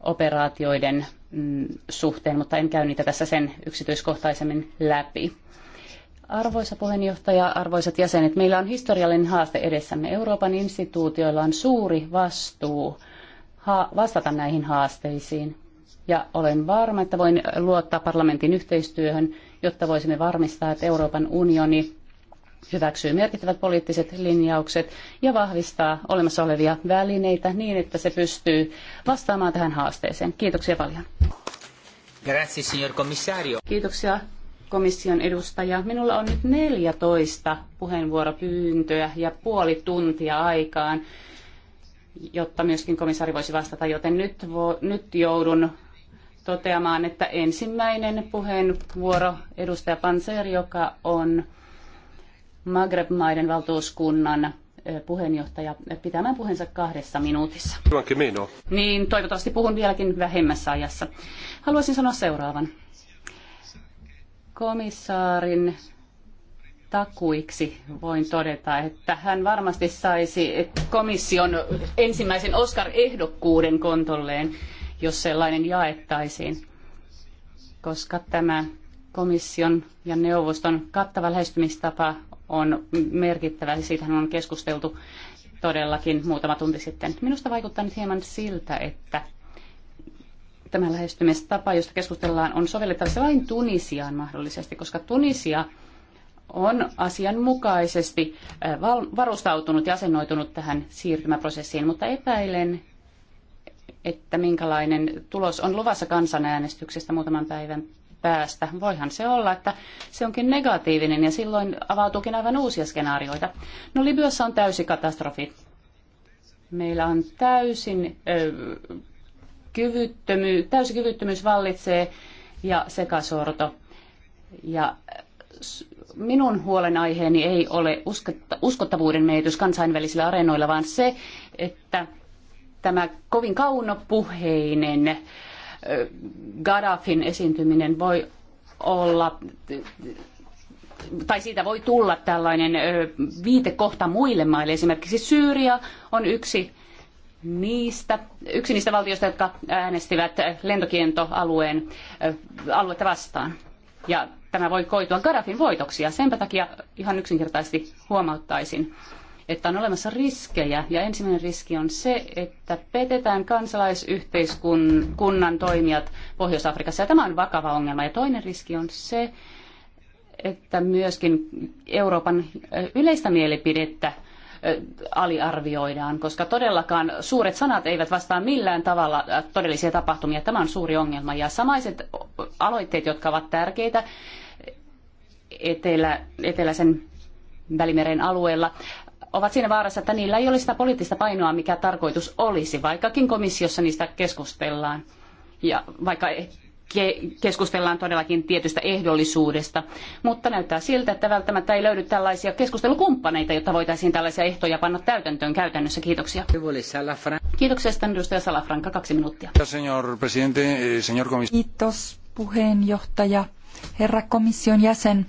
operaatioiden mm, suhteen, mutta en käy niitä tässä sen yksityiskohtaisemmin läpi. Arvoisa puheenjohtaja, arvoisat jäsenet, meillä on historiallinen haaste edessämme. Euroopan instituutioilla on suuri vastuu vastata näihin haasteisiin. Ja olen varma, että voin luottaa parlamentin yhteistyöhön, jotta voisimme varmistaa, että Euroopan unioni hyväksyy merkittävät poliittiset linjaukset ja vahvistaa olemassa olevia välineitä niin, että se pystyy vastaamaan tähän haasteeseen. Kiitoksia paljon. Grazie, signor commissario. Kiitoksia komission edustaja. Minulla on nyt 14 puheenvuoropyyntöä ja puoli tuntia aikaan, jotta myöskin komissaari voisi vastata, joten nyt, vo, nyt joudun toteamaan, että ensimmäinen puheenvuoro edustaja Panzer, joka on Maghreb-maiden valtuuskunnan puheenjohtaja pitämään puheensa kahdessa minuutissa. Niin, toivottavasti puhun vieläkin vähemmässä ajassa. Haluaisin sanoa seuraavan komissaarin takuiksi voin todeta, että hän varmasti saisi komission ensimmäisen Oscar-ehdokkuuden kontolleen, jos sellainen jaettaisiin, koska tämä komission ja neuvoston kattava lähestymistapa on merkittävä. Siitähän on keskusteltu todellakin muutama tunti sitten. Minusta vaikuttaa nyt hieman siltä, että tämä lähestymistapa, josta keskustellaan, on sovellettavissa vain Tunisiaan mahdollisesti, koska Tunisia on asianmukaisesti varustautunut ja asennoitunut tähän siirtymäprosessiin, mutta epäilen, että minkälainen tulos on luvassa kansanäänestyksestä muutaman päivän päästä. Voihan se olla, että se onkin negatiivinen ja silloin avautuukin aivan uusia skenaarioita. No Libyassa on täysi katastrofi. Meillä on täysin ö, kyvyttömyys, täysi kyvyttömyys vallitsee ja sekasorto. Ja minun huolenaiheeni ei ole uskottavuuden menetys kansainvälisillä areenoilla, vaan se, että tämä kovin kaunopuheinen Gaddafin esiintyminen voi olla, tai siitä voi tulla tällainen viitekohta muille maille. Esimerkiksi Syyria on yksi niistä, yksi niistä valtioista, jotka äänestivät lentokientoalueen aluetta vastaan. Ja tämä voi koitua Gaddafin voitoksi ja senpä takia ihan yksinkertaisesti huomauttaisin, että on olemassa riskejä ja ensimmäinen riski on se, että petetään kansalaisyhteiskunnan toimijat Pohjois-Afrikassa ja tämä on vakava ongelma. Ja toinen riski on se, että myöskin Euroopan yleistä mielipidettä aliarvioidaan, koska todellakaan suuret sanat eivät vastaa millään tavalla todellisia tapahtumia. Tämä on suuri ongelma. Ja samaiset aloitteet, jotka ovat tärkeitä etelä, eteläisen Välimeren alueella, ovat siinä vaarassa, että niillä ei ole sitä poliittista painoa, mikä tarkoitus olisi, vaikkakin komissiossa niistä keskustellaan. Ja vaikka keskustellaan todellakin tietystä ehdollisuudesta, mutta näyttää siltä, että välttämättä ei löydy tällaisia keskustelukumppaneita, jotta voitaisiin tällaisia ehtoja panna täytäntöön käytännössä. Kiitoksia. Kiitoksia, sitten edustaja Salafranka, kaksi minuuttia. Eh, Kiitos, puheenjohtaja. Herra komission jäsen,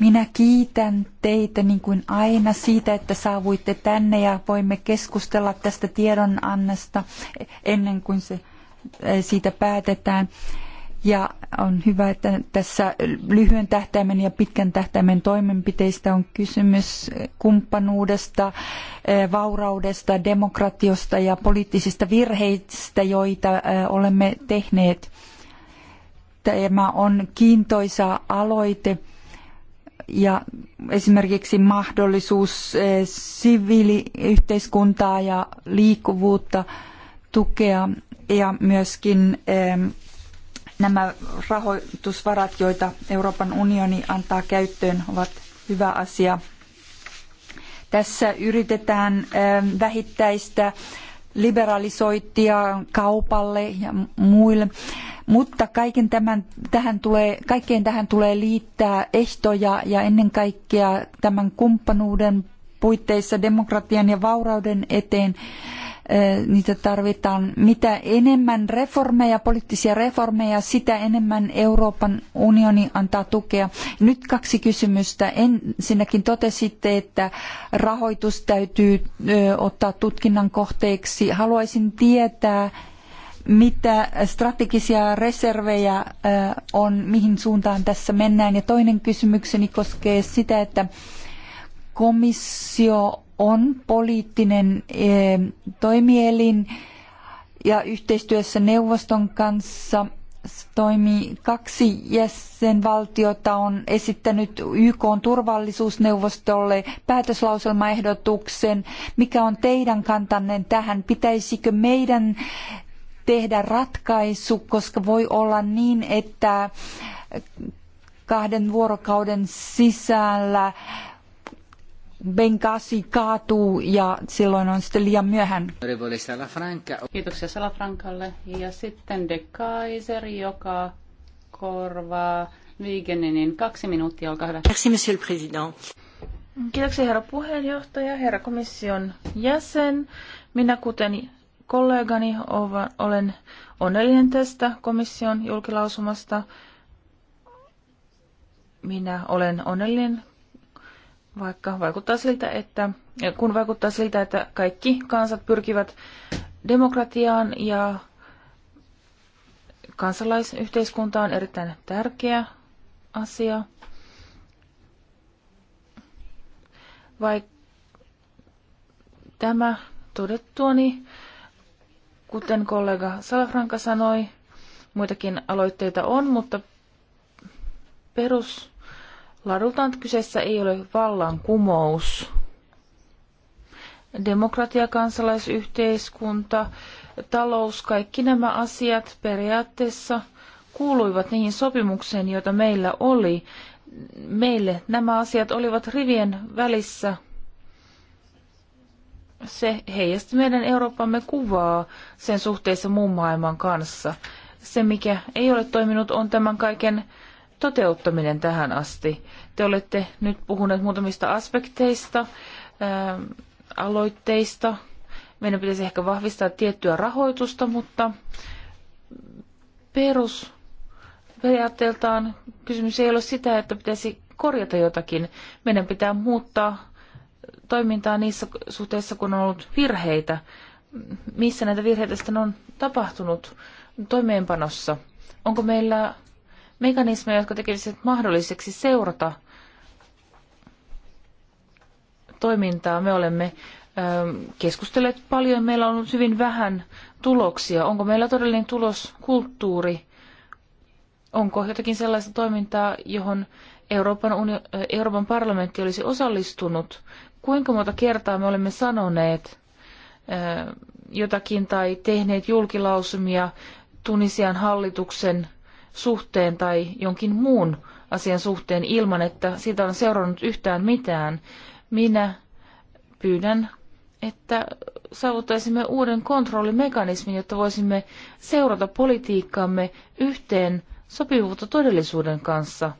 minä kiitän teitä niin kuin aina siitä, että saavuitte tänne ja voimme keskustella tästä tiedonannasta ennen kuin se eh, siitä päätetään. Ja on hyvä, että tässä lyhyen tähtäimen ja pitkän tähtäimen toimenpiteistä on kysymys kumppanuudesta, eh, vauraudesta, demokratiosta ja poliittisista virheistä, joita eh, olemme tehneet. Tämä on kiintoisa aloite ja esimerkiksi mahdollisuus eh, siviiliyhteiskuntaa ja liikkuvuutta tukea ja myöskin Nämä rahoitusvarat, joita Euroopan unioni antaa käyttöön, ovat hyvä asia. Tässä yritetään vähittäistä liberalisointia kaupalle ja muille. Mutta kaiken tämän, tähän tulee, kaikkeen tähän tulee liittää ehtoja ja ennen kaikkea tämän kumppanuuden puitteissa demokratian ja vaurauden eteen niitä tarvitaan. Mitä enemmän reformeja, poliittisia reformeja, sitä enemmän Euroopan unioni antaa tukea. Nyt kaksi kysymystä. Ensinnäkin totesitte, että rahoitus täytyy ottaa tutkinnan kohteeksi. Haluaisin tietää, mitä strategisia reservejä on, mihin suuntaan tässä mennään. Ja toinen kysymykseni koskee sitä, että komissio on poliittinen eh, toimielin ja yhteistyössä neuvoston kanssa toimii kaksi jäsenvaltiota on esittänyt YK :n turvallisuusneuvostolle päätöslauselmaehdotuksen. Mikä on teidän kantanne tähän? Pitäisikö meidän tehdä ratkaisu, koska voi olla niin, että kahden vuorokauden sisällä Benghazi kaatuu ja silloin on sitten liian myöhään. Kiitoksia Salafrankalle. Ja sitten De Kaiser, joka korvaa Wigeninin. Kaksi minuuttia, olkaa hyvä. Merci, monsieur le président. Kiitoksia herra puheenjohtaja, herra komission jäsen. Minä kuten kollegani olen onnellinen tästä komission julkilausumasta. Minä olen onnellinen vaikka vaikuttaa siltä, että, kun vaikuttaa siltä, että kaikki kansat pyrkivät demokratiaan ja kansalaisyhteiskunta on erittäin tärkeä asia. Vai tämä todettuani, kuten kollega Salafranka sanoi, muitakin aloitteita on, mutta perus laadultaan kyseessä ei ole vallankumous. Demokratia, kansalaisyhteiskunta, talous, kaikki nämä asiat periaatteessa kuuluivat niihin sopimukseen, joita meillä oli. Meille nämä asiat olivat rivien välissä. Se heijasti meidän Euroopamme kuvaa sen suhteessa muun maailman kanssa. Se, mikä ei ole toiminut, on tämän kaiken toteuttaminen tähän asti. Te olette nyt puhuneet muutamista aspekteista, ää, ähm, aloitteista. Meidän pitäisi ehkä vahvistaa tiettyä rahoitusta, mutta perusperiaatteeltaan kysymys ei ole sitä, että pitäisi korjata jotakin. Meidän pitää muuttaa toimintaa niissä suhteissa, kun on ollut virheitä. Missä näitä virheitä sitten on tapahtunut toimeenpanossa? Onko meillä mekanismeja, jotka tekevät mahdolliseksi seurata toimintaa. Me olemme ähm, keskustelleet paljon, meillä on ollut hyvin vähän tuloksia. Onko meillä todellinen tuloskulttuuri? Onko jotakin sellaista toimintaa, johon Euroopan, unio- äh, Euroopan parlamentti olisi osallistunut? Kuinka monta kertaa me olemme sanoneet äh, jotakin tai tehneet julkilausumia Tunisian hallituksen suhteen tai jonkin muun asian suhteen ilman, että siitä on seurannut yhtään mitään. Minä pyydän, että saavuttaisimme uuden kontrollimekanismin, jotta voisimme seurata politiikkaamme yhteen sopivuutta todellisuuden kanssa.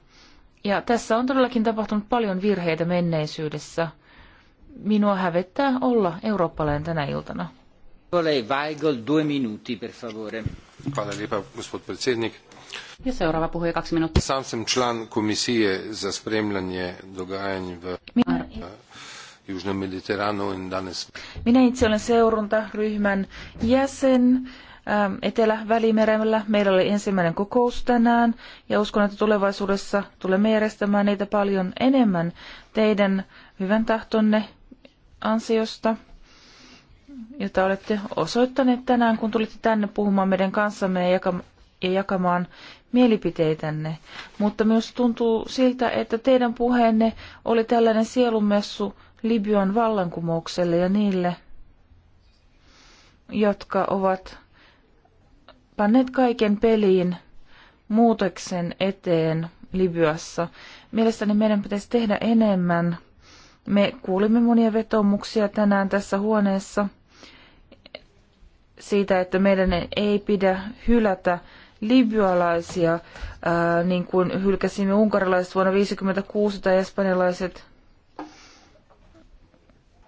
Ja tässä on todellakin tapahtunut paljon virheitä menneisyydessä. Minua hävettää olla eurooppalainen tänä iltana. Vaigel, due minuti, per favore. Hvala lepa, gospod ja seuraava puhuja kaksi minuuttia. Sam sem član komisije za spremljanje dogajanj v eh, Južnom in danes. Minä itse olen seurantaryhmän jäsen. Eh, Etelä-Välimerellä. Meillä oli ensimmäinen kokous tänään ja uskon, että tulevaisuudessa tulemme järjestämään niitä paljon enemmän teidän hyvän tahtonne ansiosta, jota olette osoittaneet tänään, kun tulitte tänne puhumaan meidän kanssamme ja jakamaan ja jakamaan mielipiteitänne, mutta myös tuntuu siltä, että teidän puheenne oli tällainen sielumessu Libyan vallankumoukselle ja niille, jotka ovat panneet kaiken peliin muutoksen eteen Libyassa. Mielestäni meidän pitäisi tehdä enemmän. Me kuulimme monia vetomuksia tänään tässä huoneessa siitä, että meidän ei pidä hylätä libyalaisia, ää, niin kuin hylkäsimme unkarilaiset vuonna 1956 tai espanjalaiset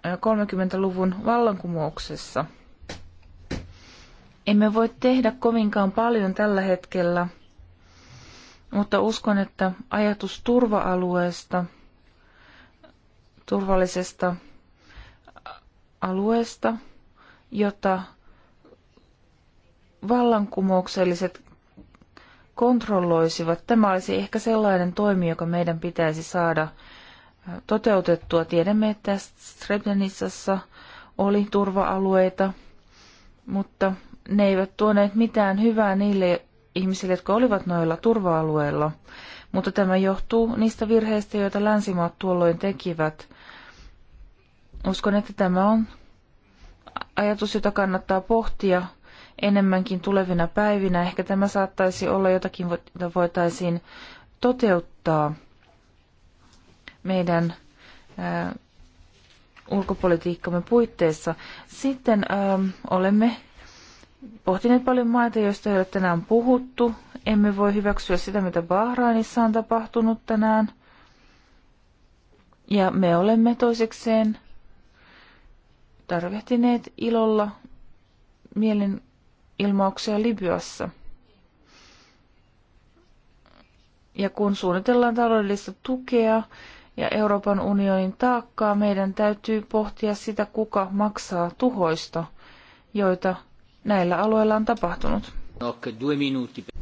30-luvun vallankumouksessa. Emme voi tehdä kovinkaan paljon tällä hetkellä, mutta uskon, että ajatus turva-alueesta, turvallisesta alueesta, jota vallankumoukselliset kontrolloisivat. Tämä olisi ehkä sellainen toimi, joka meidän pitäisi saada toteutettua. Tiedämme, että Srebrenicassa oli turva-alueita, mutta ne eivät tuoneet mitään hyvää niille ihmisille, jotka olivat noilla turva-alueilla. Mutta tämä johtuu niistä virheistä, joita länsimaat tuolloin tekivät. Uskon, että tämä on ajatus, jota kannattaa pohtia enemmänkin tulevina päivinä. Ehkä tämä saattaisi olla jotakin, jota voitaisiin toteuttaa meidän ää, ulkopolitiikkamme puitteissa. Sitten ää, olemme pohtineet paljon maita, joista ei ole tänään puhuttu. Emme voi hyväksyä sitä, mitä Bahrainissa on tapahtunut tänään. Ja me olemme toisekseen tarvehtineet ilolla mielen ilmauksia Libyassa. Ja kun suunnitellaan taloudellista tukea ja Euroopan unionin taakkaa, meidän täytyy pohtia sitä, kuka maksaa tuhoista, joita näillä alueilla on tapahtunut.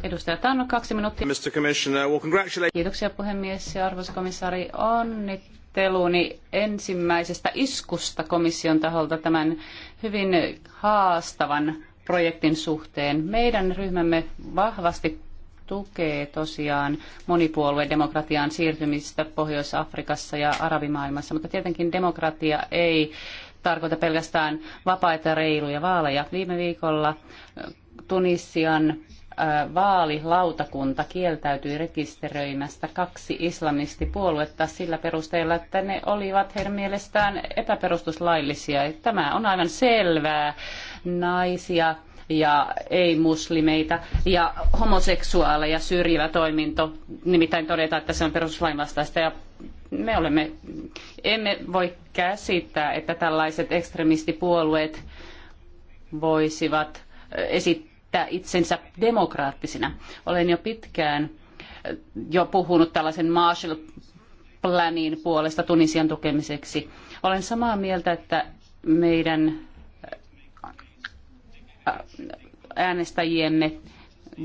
Edustaja Tanno, kaksi minuuttia. Mr. Commissioner, well, congratulate... Kiitoksia puhemies ja arvoisa komissaari. Onnitteluni ensimmäisestä iskusta komission taholta tämän hyvin haastavan projektin suhteen. Meidän ryhmämme vahvasti tukee tosiaan monipuoluedemokratiaan siirtymistä Pohjois-Afrikassa ja arabimaailmassa, mutta tietenkin demokratia ei tarkoita pelkästään vapaita reiluja vaaleja. Viime viikolla Tunisian vaalilautakunta kieltäytyi rekisteröimästä kaksi islamistipuoluetta sillä perusteella, että ne olivat heidän mielestään epäperustuslaillisia. Tämä on aivan selvää naisia ja ei-muslimeita ja homoseksuaaleja syrjivä toiminto, nimittäin todetaan, että se on perustuslain vastaista ja me olemme, emme voi käsittää, että tällaiset ekstremistipuolueet voisivat äh, esittää itsensä demokraattisina. Olen jo pitkään äh, jo puhunut tällaisen Marshall Planin puolesta Tunisian tukemiseksi. Olen samaa mieltä, että meidän äänestäjienne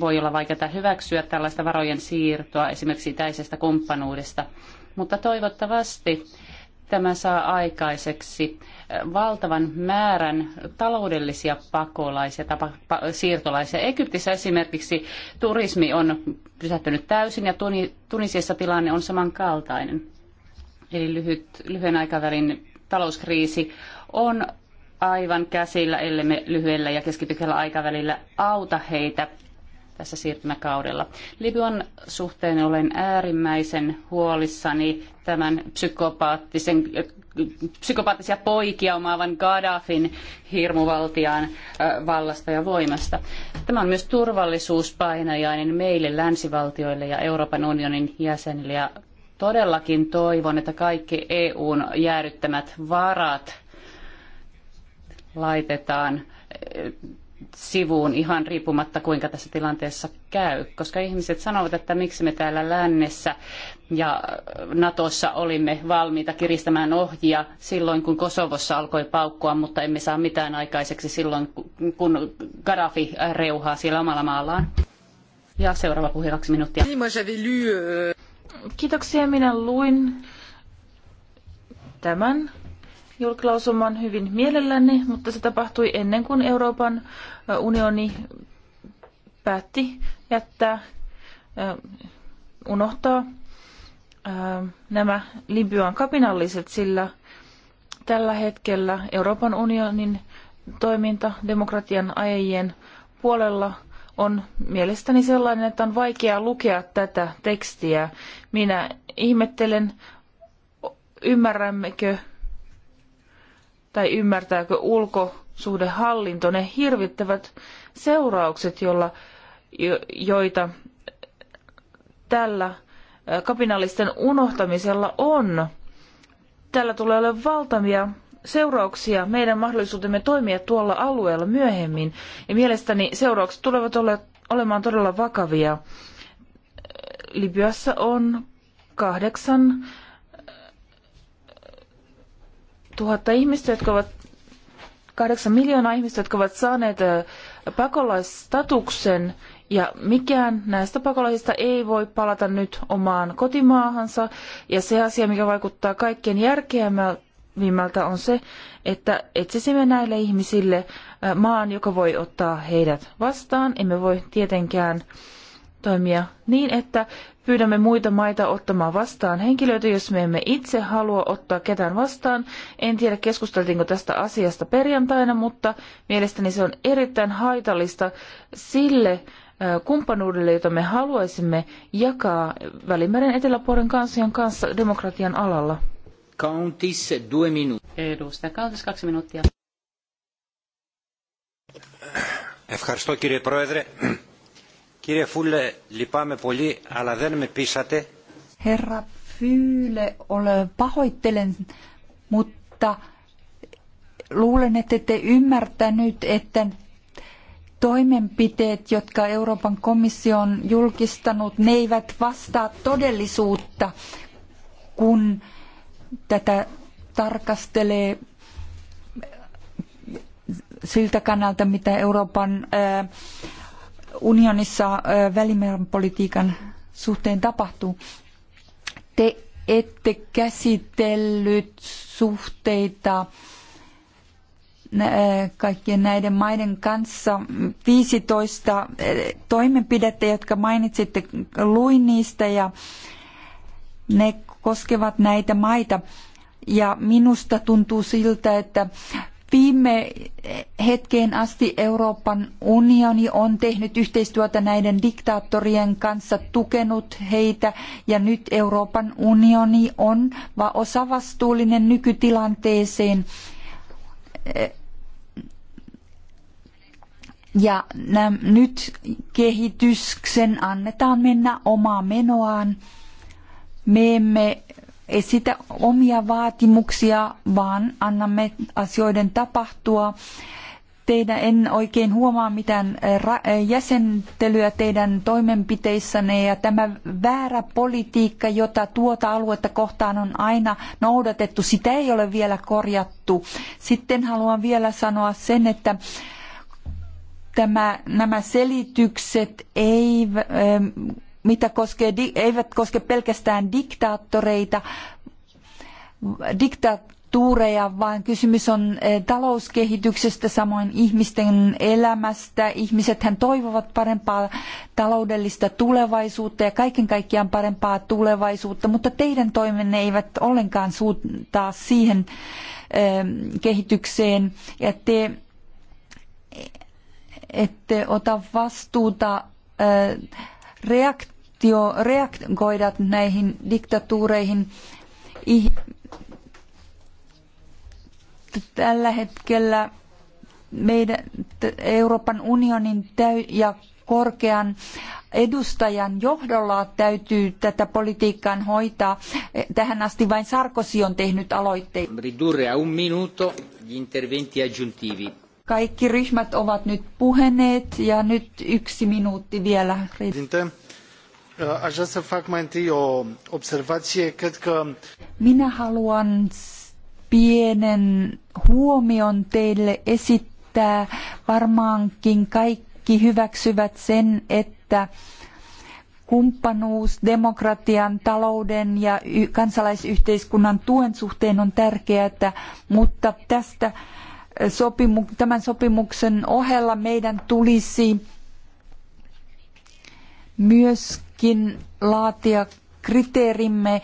voi olla vaikeaa hyväksyä tällaista varojen siirtoa esimerkiksi itäisestä kumppanuudesta. Mutta toivottavasti tämä saa aikaiseksi äh, valtavan määrän taloudellisia pakolaisia tai siirtolaisia. Egyptissä esimerkiksi turismi on pysähtynyt täysin ja Tunisiassa tilanne on samankaltainen. Eli lyhyt, lyhyen aikavälin talouskriisi on aivan käsillä, ellei me lyhyellä ja keskipitkällä aikavälillä auta heitä tässä siirtymäkaudella. Libyan suhteen olen äärimmäisen huolissani tämän psykopaattisen, psykopaattisia poikia omaavan Gaddafin hirmuvaltiaan vallasta ja voimasta. Tämä on myös turvallisuuspainajainen meille länsivaltioille ja Euroopan unionin jäsenille ja todellakin toivon, että kaikki EUn jäädyttämät varat laitetaan eh, sivuun ihan riippumatta kuinka tässä tilanteessa käy, koska ihmiset sanovat, että miksi me täällä lännessä ja Natossa olimme valmiita kiristämään ohjia silloin, kun Kosovossa alkoi paukkua, mutta emme saa mitään aikaiseksi silloin, kun Gaddafi reuhaa siellä omalla maallaan. Ja seuraava puhe kaksi minuuttia. Euh, Kiitoksia, minä luin tämän julkilausuman hyvin mielelläni, mutta se tapahtui ennen kuin Euroopan unioni päätti jättää, unohtaa nämä Libyan kapinalliset, sillä tällä hetkellä Euroopan unionin toiminta demokratian ajajien puolella on mielestäni sellainen, että on vaikea lukea tätä tekstiä. Minä ihmettelen, ymmärrämmekö tai ymmärtääkö ulkosuhdehallinto ne hirvittävät seuraukset, jolla, jo, joita tällä kapinallisten unohtamisella on. Tällä tulee olemaan valtavia seurauksia meidän mahdollisuutemme toimia tuolla alueella myöhemmin. Ja mielestäni seuraukset tulevat ole, olemaan todella vakavia. Libyassa on kahdeksan tuhatta ihmistä, jotka ovat, kahdeksan miljoonaa ihmistä, jotka ovat saaneet äh, pakolaisstatuksen, ja mikään näistä pakolaisista ei voi palata nyt omaan kotimaahansa. Ja se asia, mikä vaikuttaa kaikkein järkeämmältä, on se, että etsisimme näille ihmisille äh, maan, joka voi ottaa heidät vastaan. Emme voi tietenkään äh, toimia niin, että pyydämme muita maita ottamaan vastaan henkilöitä, jos me emme itse halua ottaa ketään vastaan. En tiedä, keskusteltiinko tästä asiasta perjantaina, mutta mielestäni se on erittäin haitallista sille kumppanuudelle, jota me haluaisimme jakaa Välimeren eteläpuolen kansojen kanssa demokratian alalla. Countis, due minuutti. Edustaja Countis, kaksi minuuttia. Ευχαριστώ κύριε Πρόεδρε. Κύριε Φούλε, λυπάμαι πολύ, αλλά δεν με πείσατε. Herra Fyyle, ole, pahoittelen, mutta luulen, että te ymmärtänyt, että toimenpiteet, jotka Euroopan komissio on julkistanut, ne eivät vastaa todellisuutta, kun tätä tarkastelee siltä kannalta, mitä Euroopan äh, unionissa välimeren politiikan suhteen tapahtuu. Te ette käsitellyt suhteita kaikkien näiden maiden kanssa. 15 toimenpidettä, jotka mainitsitte, luin niistä ja ne koskevat näitä maita. Ja minusta tuntuu siltä, että Viime hetkeen asti Euroopan unioni on tehnyt yhteistyötä näiden diktaattorien kanssa, tukenut heitä ja nyt Euroopan unioni on osavastuullinen nykytilanteeseen. Ja nyt kehityksen annetaan mennä omaa menoaan. Me emme esitä omia vaatimuksia, vaan annamme asioiden tapahtua. Teidän en oikein huomaa mitään jäsentelyä teidän toimenpiteissänne ja tämä väärä politiikka, jota tuota aluetta kohtaan on aina noudatettu, sitä ei ole vielä korjattu. Sitten haluan vielä sanoa sen, että tämä, nämä selitykset ei mitä koskee, eivät koske pelkästään diktaattoreita, diktatuureja, vaan kysymys on eh, talouskehityksestä, samoin ihmisten elämästä. Ihmisethän toivovat parempaa taloudellista tulevaisuutta ja kaiken kaikkiaan parempaa tulevaisuutta, mutta teidän toimenne eivät ollenkaan suuntaa siihen eh, kehitykseen ja te eh, ette ota vastuuta reaktio, reagoida näihin diktatuureihin. Tällä hetkellä meidän Euroopan unionin täy- ja korkean edustajan johdolla täytyy tätä politiikkaa hoitaa. E, tähän asti vain Sarkozy on tehnyt aloitteita. Ridurre a un minuto gli interventi aggiuntivi. Kaikki ryhmät ovat nyt puheneet ja nyt yksi minuutti vielä. Eh, aș vrea să fac mai întâi o Minä haluan pienen huomion teille esittää. Varmaankin kaikki hyväksyvät sen, että kumppanuus demokratian, talouden ja kansalaisyhteiskunnan tuen suhteen on tärkeää, mutta tästä sopimu, tämän sopimuksen ohella meidän tulisi myöskin laatia kriteerimme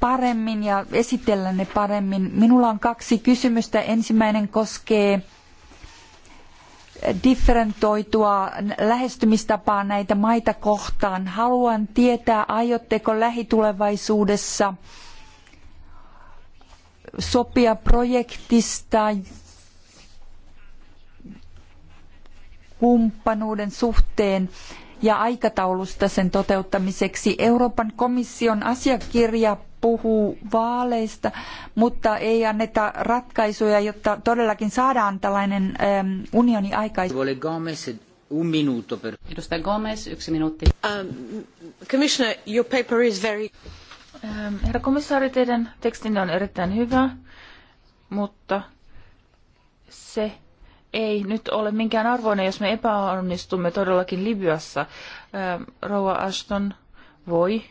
paremmin ja esitellä ne paremmin. Minulla on kaksi kysymystä. Ensimmäinen koskee differentoitua lähestymistapaa näitä maita kohtaan. Haluan tietää, aiotteko lähitulevaisuudessa sopia projektista, kumppanuuden suhteen ja aikataulusta sen toteuttamiseksi. Euroopan komission asiakirja puhuu vaaleista, mutta ei anneta ratkaisuja, jotta todellakin saadaan tällainen äm, unioni aikaiseksi. Un minuto per... Edustaja Gomez, yksi minuutti. Um, commissioner, your paper is very... Ähm, herra komissaari, teidän tekstinne on erittäin hyvä, mutta se ei nyt ole minkään arvoinen, jos me epäonnistumme todellakin Libyassa. Rouva Ashton voi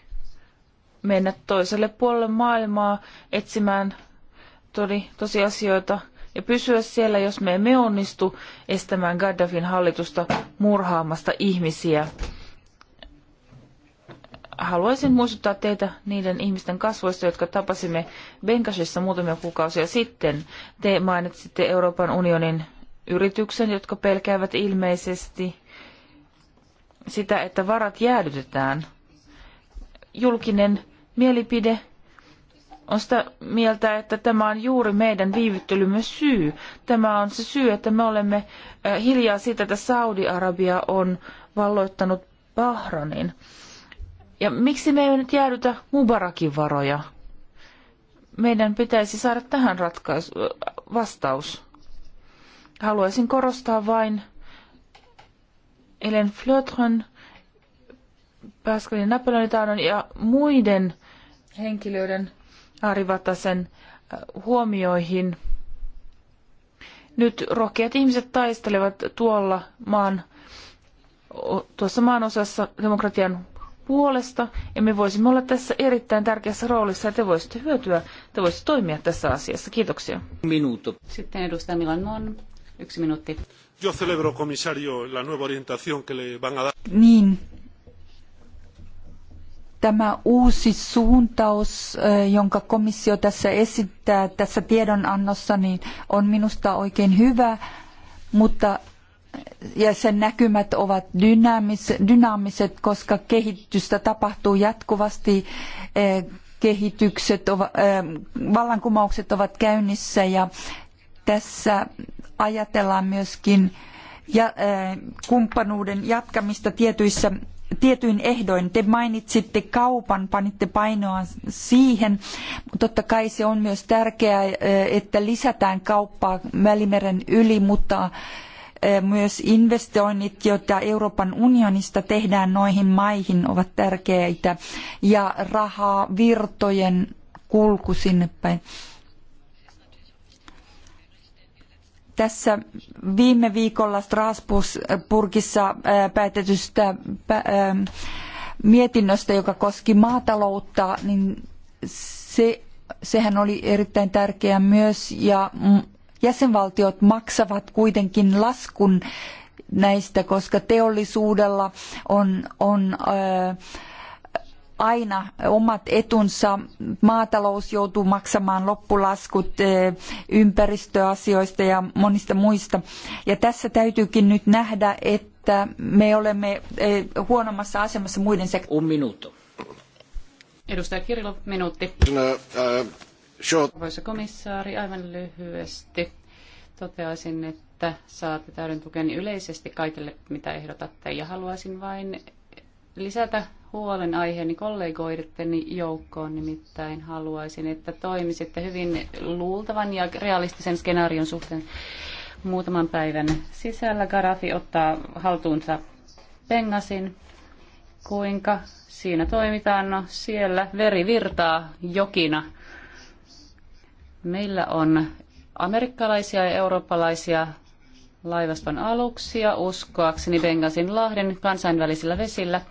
mennä toiselle puolelle maailmaa etsimään todi, tosiasioita ja pysyä siellä, jos me emme onnistu estämään Gaddafin hallitusta murhaamasta ihmisiä. Haluaisin muistuttaa teitä niiden ihmisten kasvoista, jotka tapasimme Benkasissa muutamia kuukausia sitten. Te mainitsitte Euroopan unionin yrityksen, jotka pelkäävät ilmeisesti sitä, että varat jäädytetään. Julkinen mielipide on sitä mieltä, että tämä on juuri meidän viivyttelymme syy. Tämä on se syy, että me olemme hiljaa siitä, että Saudi-Arabia on valloittanut Bahranin. Ja miksi me emme nyt jäädytä Mubarakin varoja? Meidän pitäisi saada tähän ratkaisu, vastaus. Haluaisin korostaa vain Elen Flötrön, Pascalin Napoleonitaanon ja muiden henkilöiden Arivatasen äh, huomioihin. Nyt rohkeat ihmiset taistelevat tuolla maan, tuossa maan osassa demokratian puolesta, ja me voisimme olla tässä erittäin tärkeässä roolissa, ja te voisitte hyötyä, te voisitte toimia tässä asiassa. Kiitoksia. Minuutto. Sitten edustaja Milanon, Yo celebro, comisario la nueva orientación que le van a dar. Niin. Tämä uusi suuntaus, jonka komissio tässä esittää tässä tiedonannossa, niin on minusta oikein hyvä, mutta ja sen näkymät ovat dynaamiset, koska kehitystä tapahtuu jatkuvasti kehitykset, vallankumoukset ovat käynnissä ja tässä ajatellaan myöskin ja, äh, kumppanuuden jatkamista tietyissä tietyin ehdoin. Te mainitsitte kaupan, panitte painoa siihen. Totta kai se on myös tärkeää, äh, että lisätään kauppaa Välimeren yli, mutta äh, myös investoinnit, joita Euroopan unionista tehdään noihin maihin, ovat tärkeitä. Ja rahaa virtojen kulku sinne päin. tässä viime viikolla Strasbourgissa äh, päätetystä ähm, mietinnöstä, joka koski maataloutta, niin se, sehän oli erittäin tärkeä myös ja jäsenvaltiot maksavat kuitenkin laskun näistä, koska teollisuudella on, on äh, aina omat etunsa. Maatalous joutuu maksamaan loppulaskut eh, ympäristöasioista ja monista muista. Ja tässä täytyykin nyt nähdä, että me olemme eh, huonommassa asemassa muiden sektoreiden. Un minuutto. Edustaja Kirilov, minuutti. Eh, Arvoisa komissaari, aivan lyhyesti toteaisin, että saatte täyden tukeni yleisesti kaikille, mitä ehdotatte, ja haluaisin vain lisätä huolenaiheeni kollegoideni joukkoon, nimittäin haluaisin, että toimisitte hyvin luultavan ja realistisen skenaarion suhteen muutaman päivän sisällä. Garafi ottaa haltuunsa Bengasin. Kuinka siinä toimitaan? No siellä veri virtaa jokina. Meillä on amerikkalaisia ja eurooppalaisia laivaston aluksia uskoakseni Bengasin lahden kansainvälisillä vesillä –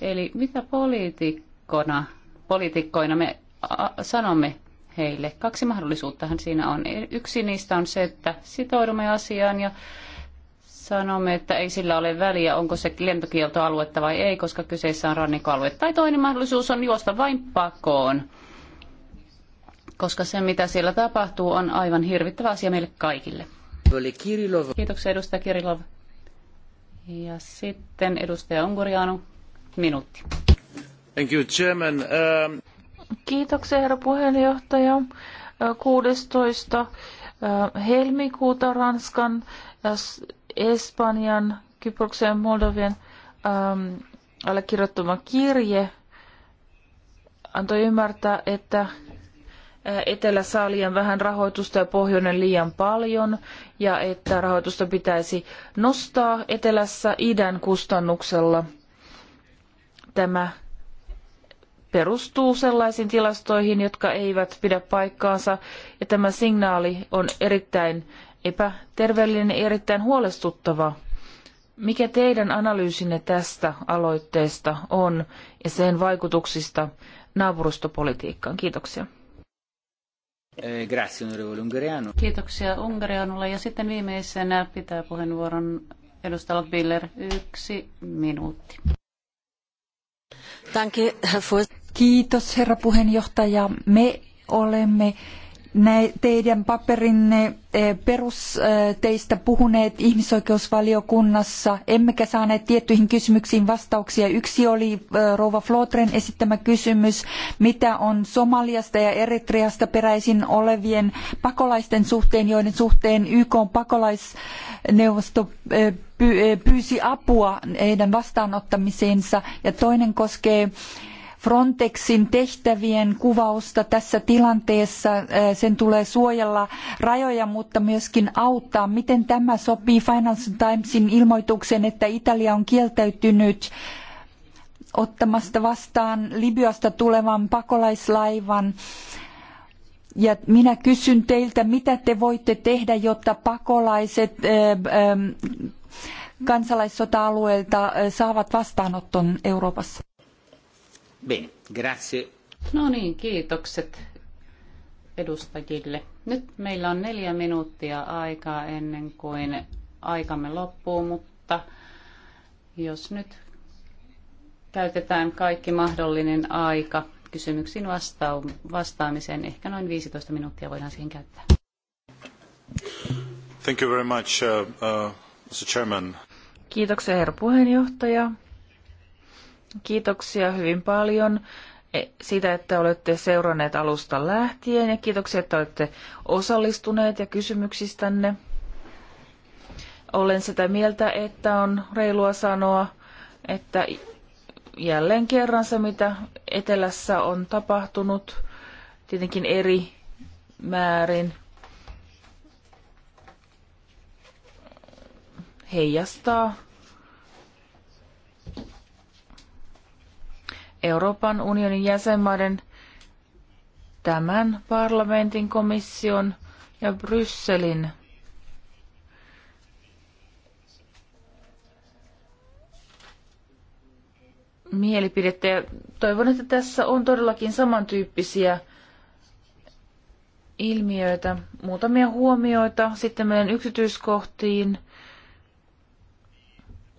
Eli mitä poliitikkona, poliitikkoina me sanomme heille? Kaksi mahdollisuuttahan siinä on. E, yksi niistä on se, että sitoudumme asiaan ja sanomme, että ei sillä ole väliä, onko se lentokieltoaluetta vai ei, koska kyseessä on rannikkoalue. Tai toinen mahdollisuus on juosta vain pakoon, koska se, mitä siellä tapahtuu, on aivan hirvittävä asia meille kaikille. Kiitoksia edustaja Kirilov. Ja sitten edustaja Ungurianu. Minuutti. Thank you, Chairman. Um... Kiitoksia, herra puheenjohtaja. 16. Uh, helmikuuta Ranskan, uh, Espanjan, Kyproksen ja Moldovian ähm, um, allekirjoittama kirje antoi ymmärtää, että uh, etelä saa liian vähän rahoitusta ja pohjoinen liian paljon, ja että rahoitusta pitäisi nostaa etelässä idän kustannuksella – tämä perustuu sellaisiin tilastoihin, jotka eivät pidä paikkaansa, ja tämä signaali on erittäin epäterveellinen ja erittäin huolestuttava. Mikä teidän analyysinne tästä aloitteesta on ja sen vaikutuksista naapurustopolitiikkaan? Kiitoksia. Eh, grazie, onorevole Kiitoksia Ungarianolle. Ja sitten viimeisenä pitää puheenvuoron edustaja Biller yksi minuutti. Kiitos herra puheenjohtaja. Me olemme ne teidän paperinne eh, perusteista eh, puhuneet ihmisoikeusvaliokunnassa, emmekä saaneet tiettyihin kysymyksiin vastauksia. Yksi oli eh, Rouva Flotren esittämä kysymys, mitä on Somaliasta ja Eritreasta peräisin olevien pakolaisten suhteen, joiden suhteen YK pakolaisneuvosto pyysi apua heidän vastaanottamiseensa. Ja toinen koskee Frontexin tehtävien kuvausta tässä tilanteessa. Äh, sen tulee suojella rajoja, mutta myöskin auttaa. Miten tämä sopii Financial Timesin ilmoitukseen, että Italia on kieltäytynyt ottamasta vastaan Libyasta tulevan pakolaislaivan? Ja minä kysyn teiltä, mitä te voitte tehdä, jotta pakolaiset äh, ähm, kansalaissota-alueelta äh, saavat vastaanoton Euroopassa? Bene, grazie. No niin, kiitokset edustajille. Nyt meillä on neljä minuuttia aikaa ennen kuin aikamme loppuu, mutta jos nyt käytetään kaikki mahdollinen aika kysymyksiin vastaamiseen, ehkä noin 15 minuuttia voidaan siihen käyttää. Thank you very much, uh, uh, Mr. Chairman. Kiitoksia herra puheenjohtaja. Kiitoksia hyvin paljon e, siitä, että olette seuranneet alusta lähtien ja kiitoksia, että olette osallistuneet ja kysymyksistänne. Olen sitä mieltä, että on reilua sanoa, että jälleen kerran se, mitä etelässä on tapahtunut, tietenkin eri määrin heijastaa Euroopan unionin jäsenmaiden, tämän parlamentin, komission ja Brysselin mielipidettä. Ja toivon, että tässä on todellakin samantyyppisiä ilmiöitä. Muutamia huomioita sitten meidän yksityiskohtiin.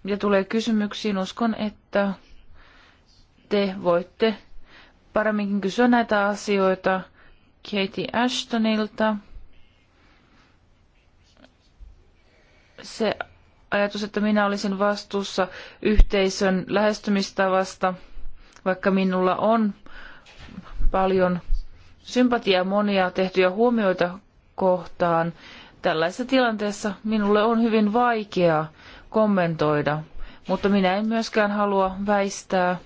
Ja tulee kysymyksiin, uskon, että te voitte paremminkin kysyä näitä asioita Katie Ashtonilta. Se ajatus, että minä olisin vastuussa yhteisön lähestymistavasta, vaikka minulla on paljon sympatiaa monia tehtyjä huomioita kohtaan, tällaisessa tilanteessa minulle on hyvin vaikea kommentoida, mutta minä en myöskään halua väistää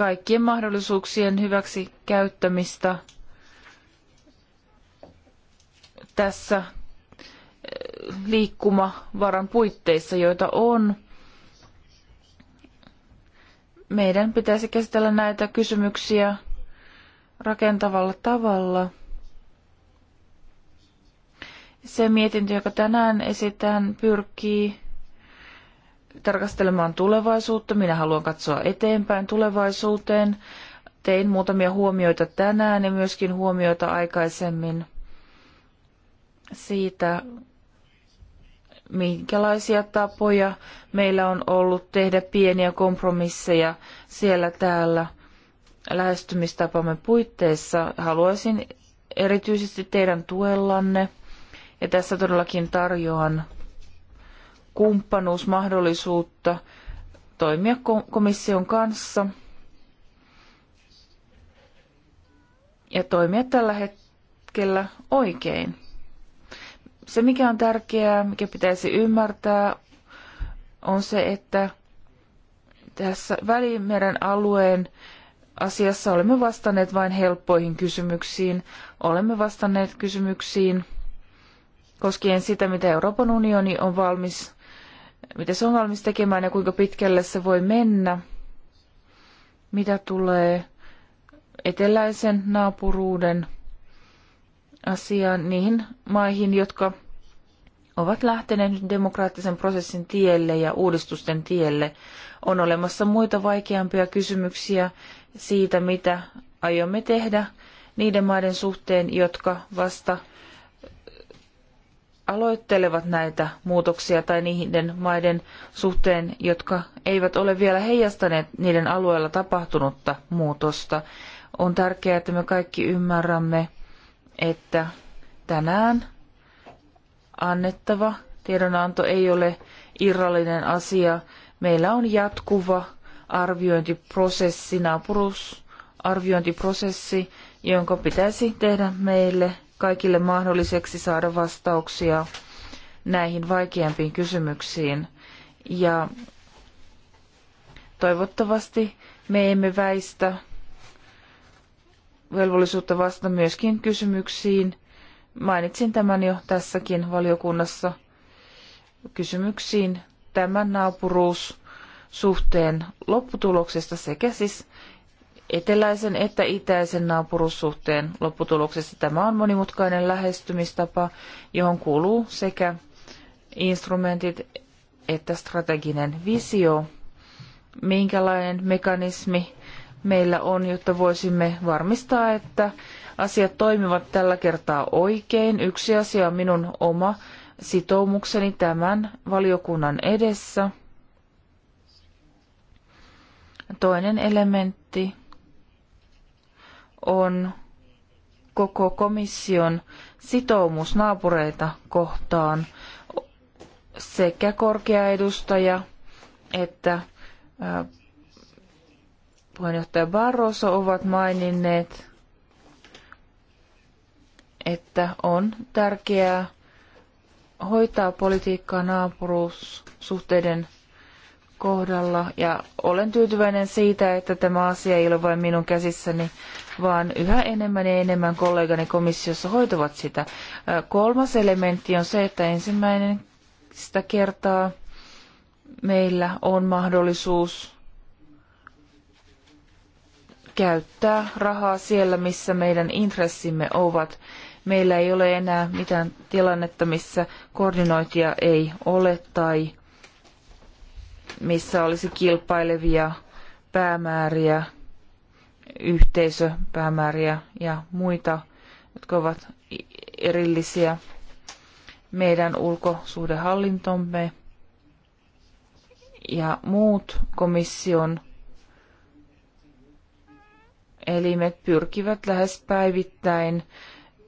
kaikkien mahdollisuuksien hyväksi käyttämistä tässä eh, liikkumavaran puitteissa, joita on. Meidän pitäisi käsitellä näitä kysymyksiä rakentavalla tavalla. Se mietintö, joka tänään esitään, pyrkii tarkastelemaan tulevaisuutta. Minä haluan katsoa eteenpäin tulevaisuuteen. Tein muutamia huomioita tänään ja myöskin huomioita aikaisemmin siitä, minkälaisia tapoja meillä on ollut tehdä pieniä kompromisseja siellä täällä lähestymistapamme puitteissa. Haluaisin erityisesti teidän tuellanne ja tässä todellakin tarjoan kumppanuusmahdollisuutta toimia komission kanssa ja toimia tällä hetkellä oikein. Se, mikä on tärkeää, mikä pitäisi ymmärtää, on se, että tässä Välimeren alueen asiassa olemme vastanneet vain helppoihin kysymyksiin. Olemme vastanneet kysymyksiin koskien sitä, mitä Euroopan unioni on valmis mitä se on valmis tekemään ja kuinka pitkälle se voi mennä, mitä tulee eteläisen naapuruuden asiaan niihin maihin, jotka ovat lähteneet demokraattisen prosessin tielle ja uudistusten tielle. On olemassa muita vaikeampia kysymyksiä siitä, mitä aiomme tehdä niiden maiden suhteen, jotka vasta aloittelevat näitä muutoksia tai niiden maiden suhteen, jotka eivät ole vielä heijastaneet niiden alueella tapahtunutta muutosta. On tärkeää, että me kaikki ymmärrämme, että tänään annettava tiedonanto ei ole irrallinen asia. Meillä on jatkuva arviointiprosessi, naapurusarviointiprosessi, jonka pitäisi tehdä meille kaikille mahdolliseksi saada vastauksia näihin vaikeampiin kysymyksiin. Ja toivottavasti me emme väistä velvollisuutta vastata myöskin kysymyksiin. Mainitsin tämän jo tässäkin valiokunnassa kysymyksiin tämän naapuruussuhteen lopputuloksesta sekä siis eteläisen että itäisen naapurussuhteen lopputuloksessa. Tämä on monimutkainen lähestymistapa, johon kuuluu sekä instrumentit että strateginen visio, minkälainen mekanismi meillä on, jotta voisimme varmistaa, että asiat toimivat tällä kertaa oikein. Yksi asia on minun oma sitoumukseni tämän valiokunnan edessä. Toinen elementti on koko komission sitoumus naapureita kohtaan sekä korkea edustaja että puheenjohtaja Barroso ovat maininneet, että on tärkeää hoitaa politiikkaa naapuruussuhteiden kohdalla ja olen tyytyväinen siitä, että tämä asia ei ole vain minun käsissäni, vaan yhä enemmän ja enemmän kollegani komissiossa hoitavat sitä. Kolmas elementti on se, että ensimmäinen sitä kertaa meillä on mahdollisuus käyttää rahaa siellä, missä meidän intressimme ovat. Meillä ei ole enää mitään tilannetta, missä koordinointia ei ole tai missä olisi kilpailevia päämääriä, yhteisöpäämääriä ja muita, jotka ovat erillisiä meidän ulkosuhdehallintomme ja muut komission elimet pyrkivät lähes päivittäin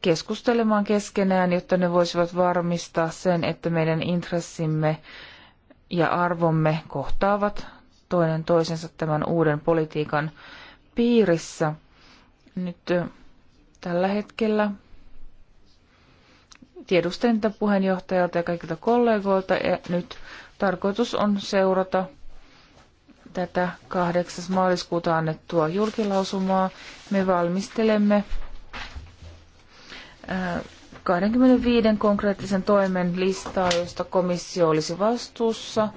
keskustelemaan keskenään, jotta ne voisivat varmistaa sen, että meidän intressimme ja arvomme kohtaavat toinen toisensa tämän uuden politiikan piirissä. Nyt tällä hetkellä tiedustelen tätä puheenjohtajalta ja kaikilta kollegoilta ja nyt tarkoitus on seurata tätä 8. maaliskuuta annettua julkilausumaa. Me valmistelemme 25 konkreettisen toimen listaa, josta komissio olisi vastuussa,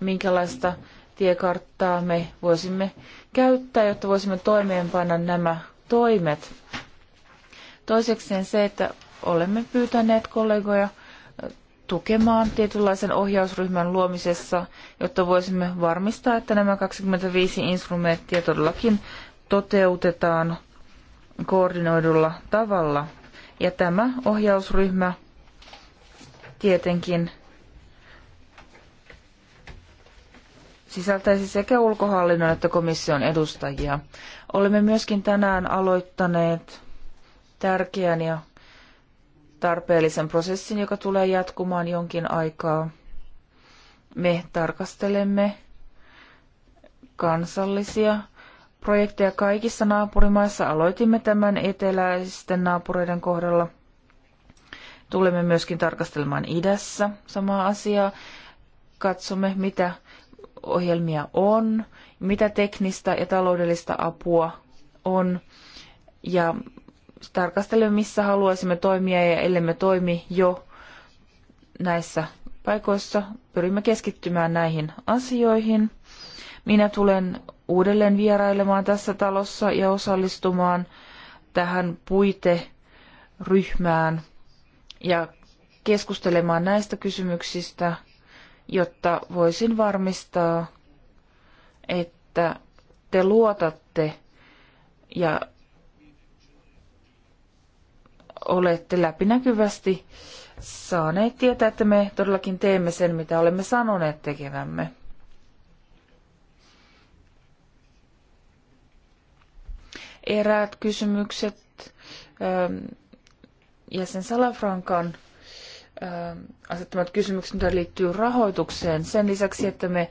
minkälaista tiekarttaa me voisimme käyttää, jotta voisimme toimeenpanna nämä toimet. Toisekseen se, että olemme pyytäneet kollegoja tukemaan tietynlaisen ohjausryhmän luomisessa, jotta voisimme varmistaa, että nämä 25 instrumenttia todellakin toteutetaan koordinoidulla tavalla. Ja tämä ohjausryhmä tietenkin sisältäisi sekä ulkohallinnon että komission edustajia. Olemme myöskin tänään aloittaneet tärkeän ja tarpeellisen prosessin, joka tulee jatkumaan jonkin aikaa. Me tarkastelemme kansallisia projekteja kaikissa naapurimaissa. Aloitimme tämän eteläisten naapureiden kohdalla. Tulemme myöskin tarkastelemaan idässä samaa asiaa. Katsomme, mitä ohjelmia on, mitä teknistä ja taloudellista apua on ja tarkastelemme, missä haluaisimme toimia ja ellemme toimi jo näissä paikoissa. Pyrimme keskittymään näihin asioihin. Minä tulen uudelleen vierailemaan tässä talossa ja osallistumaan tähän puiteryhmään ja keskustelemaan näistä kysymyksistä, jotta voisin varmistaa, että te luotatte ja olette läpinäkyvästi saaneet tietää, että me todellakin teemme sen, mitä olemme sanoneet tekevämme. eräät kysymykset ähm, jäsen Salafrankan ähm, asettamat kysymykset, mitä liittyy rahoitukseen. Sen lisäksi, että me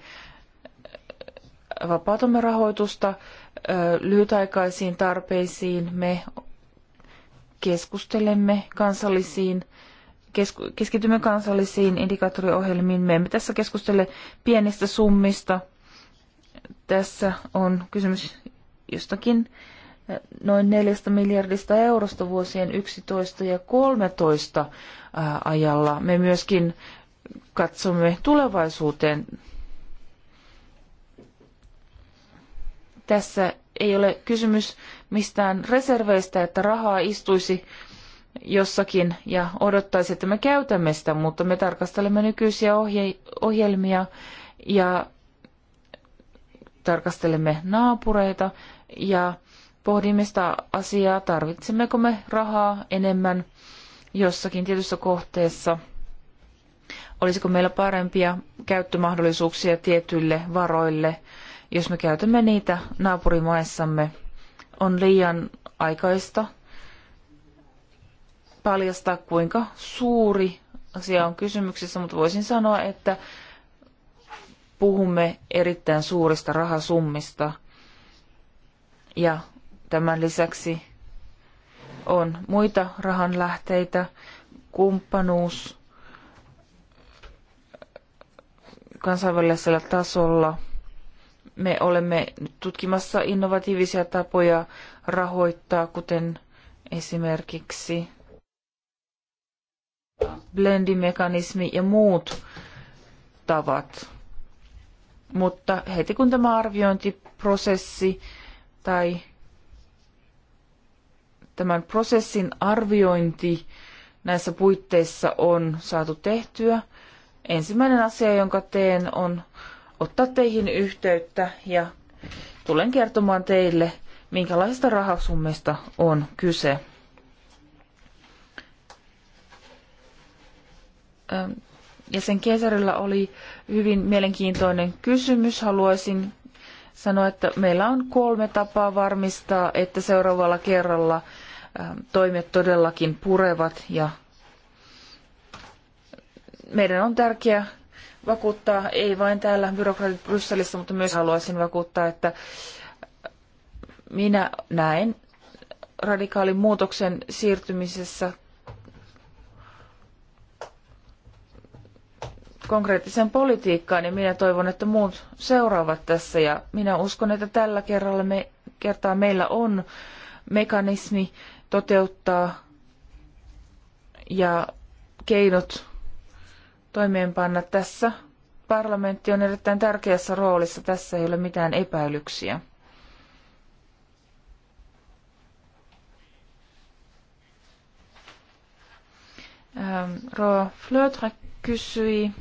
äh, vapautamme rahoitusta äh, lyhytaikaisiin tarpeisiin, me keskustelemme kansallisiin keskitymme kansallisiin indikaattoriohjelmiin. Me emme tässä keskustele pienistä summista. Tässä on kysymys jostakin noin 4 miljardista eurosta vuosien 11 ja 13 äh, ajalla. Me myöskin katsomme tulevaisuuteen. Tässä ei ole kysymys mistään reserveistä, että rahaa istuisi jossakin ja odottaisi, että me käytämme sitä, mutta me tarkastelemme nykyisiä ohjelmia ja tarkastelemme naapureita ja pohdimme sitä asiaa, tarvitsemmeko me rahaa enemmän jossakin tietyssä kohteessa, olisiko meillä parempia käyttömahdollisuuksia tietyille varoille, jos me käytämme niitä naapurimaissamme. On liian aikaista paljastaa, kuinka suuri asia on kysymyksessä, mutta voisin sanoa, että puhumme erittäin suurista rahasummista. Ja Tämän lisäksi on muita rahanlähteitä, kumppanuus kansainvälisellä tasolla. Me olemme tutkimassa innovatiivisia tapoja rahoittaa, kuten esimerkiksi blendimekanismi ja muut tavat. Mutta heti kun tämä arviointiprosessi tai tämän prosessin arviointi näissä puitteissa on saatu tehtyä. Ensimmäinen asia, jonka teen, on ottaa teihin yhteyttä ja tulen kertomaan teille, minkälaisesta rahasummista on kyse. Ja sen kesärillä oli hyvin mielenkiintoinen kysymys. Haluaisin sanoa, että meillä on kolme tapaa varmistaa, että seuraavalla kerralla – Ähm, toimet todellakin purevat ja meidän on tärkeää vakuuttaa, ei vain täällä byrokraatit Brysselissä, mutta myös haluaisin vakuuttaa, että minä näen radikaalin muutoksen siirtymisessä konkreettiseen politiikkaan ja minä toivon, että muut seuraavat tässä ja minä uskon, että tällä kerralla me, kertaa meillä on mekanismi, toteuttaa ja keinot toimeenpanna tässä. Parlamentti on erittäin tärkeässä roolissa, tässä ei ole mitään epäilyksiä. Ähm, Roa Flötra kysyi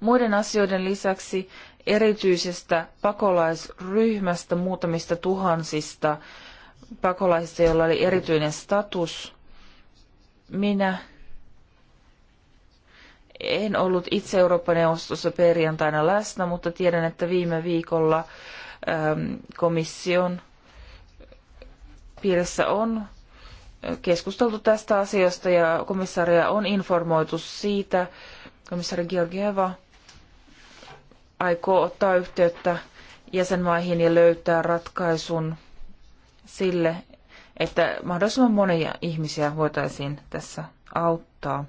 muiden asioiden lisäksi erityisestä pakolaisryhmästä muutamista tuhansista pakolaisista, joilla oli erityinen status. Minä en ollut itse Euroopan neuvostossa perjantaina läsnä, mutta tiedän, että viime viikolla ähm, komission piirissä on äh, keskusteltu tästä asiasta ja komissaaria on informoitu siitä. Komissaari Georgieva aikoo ottaa yhteyttä jäsenmaihin ja löytää ratkaisun sille, että mahdollisimman monia ihmisiä voitaisiin tässä auttaa.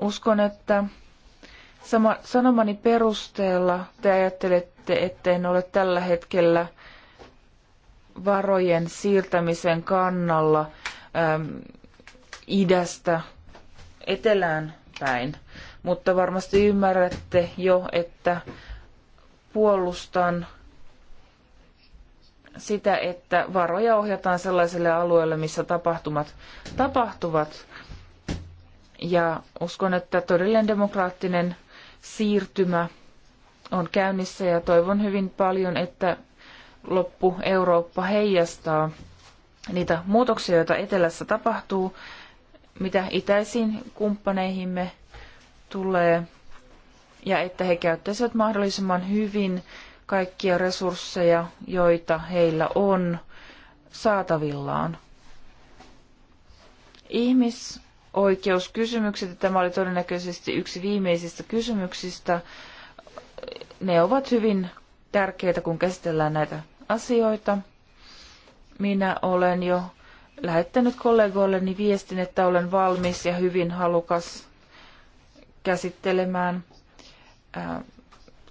Uskon, että sama, sanomani perusteella te ajattelette, että en ole tällä hetkellä varojen siirtämisen kannalla äm, idästä etelään päin. Mutta varmasti ymmärrätte jo, että puolustan sitä, että varoja ohjataan sellaiselle alueelle, missä tapahtumat tapahtuvat. Ja uskon, että todellinen demokraattinen siirtymä on käynnissä ja toivon hyvin paljon, että loppu Eurooppa heijastaa niitä muutoksia, joita etelässä tapahtuu, mitä itäisiin kumppaneihimme tulee, ja että he käyttäisivät mahdollisimman hyvin kaikkia resursseja, joita heillä on saatavillaan. Ihmisoikeuskysymykset, ja tämä oli todennäköisesti yksi viimeisistä kysymyksistä, ne ovat hyvin tärkeitä, kun käsitellään näitä asioita. Minä olen jo lähettänyt kollegoilleni viestin, että olen valmis ja hyvin halukas käsittelemään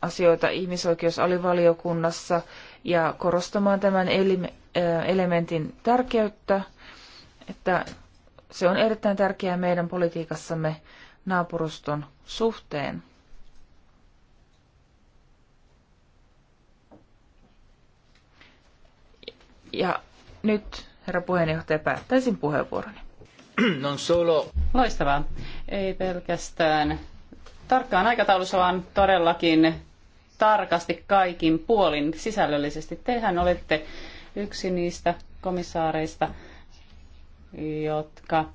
asioita ihmisoikeusalivaliokunnassa ja korostamaan tämän elementin tärkeyttä, että se on erittäin tärkeää meidän politiikassamme naapuruston suhteen. Ja nyt, herra puheenjohtaja, päättäisin puheenvuoroni. Non solo. Loistavaa. Ei pelkästään tarkkaan aikataulussa, vaan todellakin tarkasti kaikin puolin sisällöllisesti. Tehän olette yksi niistä komissaareista, jotka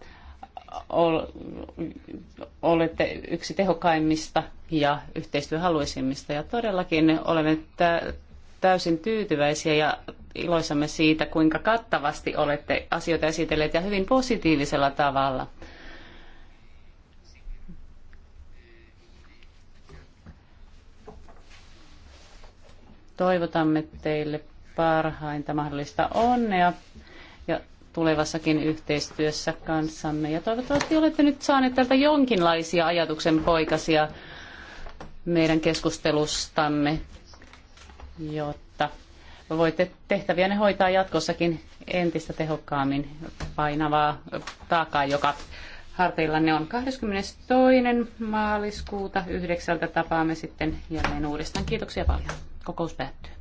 olette yksi tehokkaimmista ja yhteistyöhaluisimmista. Ja todellakin olemme täysin tyytyväisiä ja iloisamme siitä, kuinka kattavasti olette asioita esitelleet ja hyvin positiivisella tavalla. Toivotamme teille parhainta mahdollista onnea ja tulevassakin yhteistyössä kanssamme. Ja toivottavasti olette nyt saaneet tältä jonkinlaisia ajatuksen poikasia meidän keskustelustamme, jotta voitte ne hoitaa jatkossakin entistä tehokkaammin painavaa taakaa, joka harteillanne on 22. maaliskuuta. Yhdeksältä tapaamme sitten jälleen uudestaan. Kiitoksia paljon. Kokous päättyy.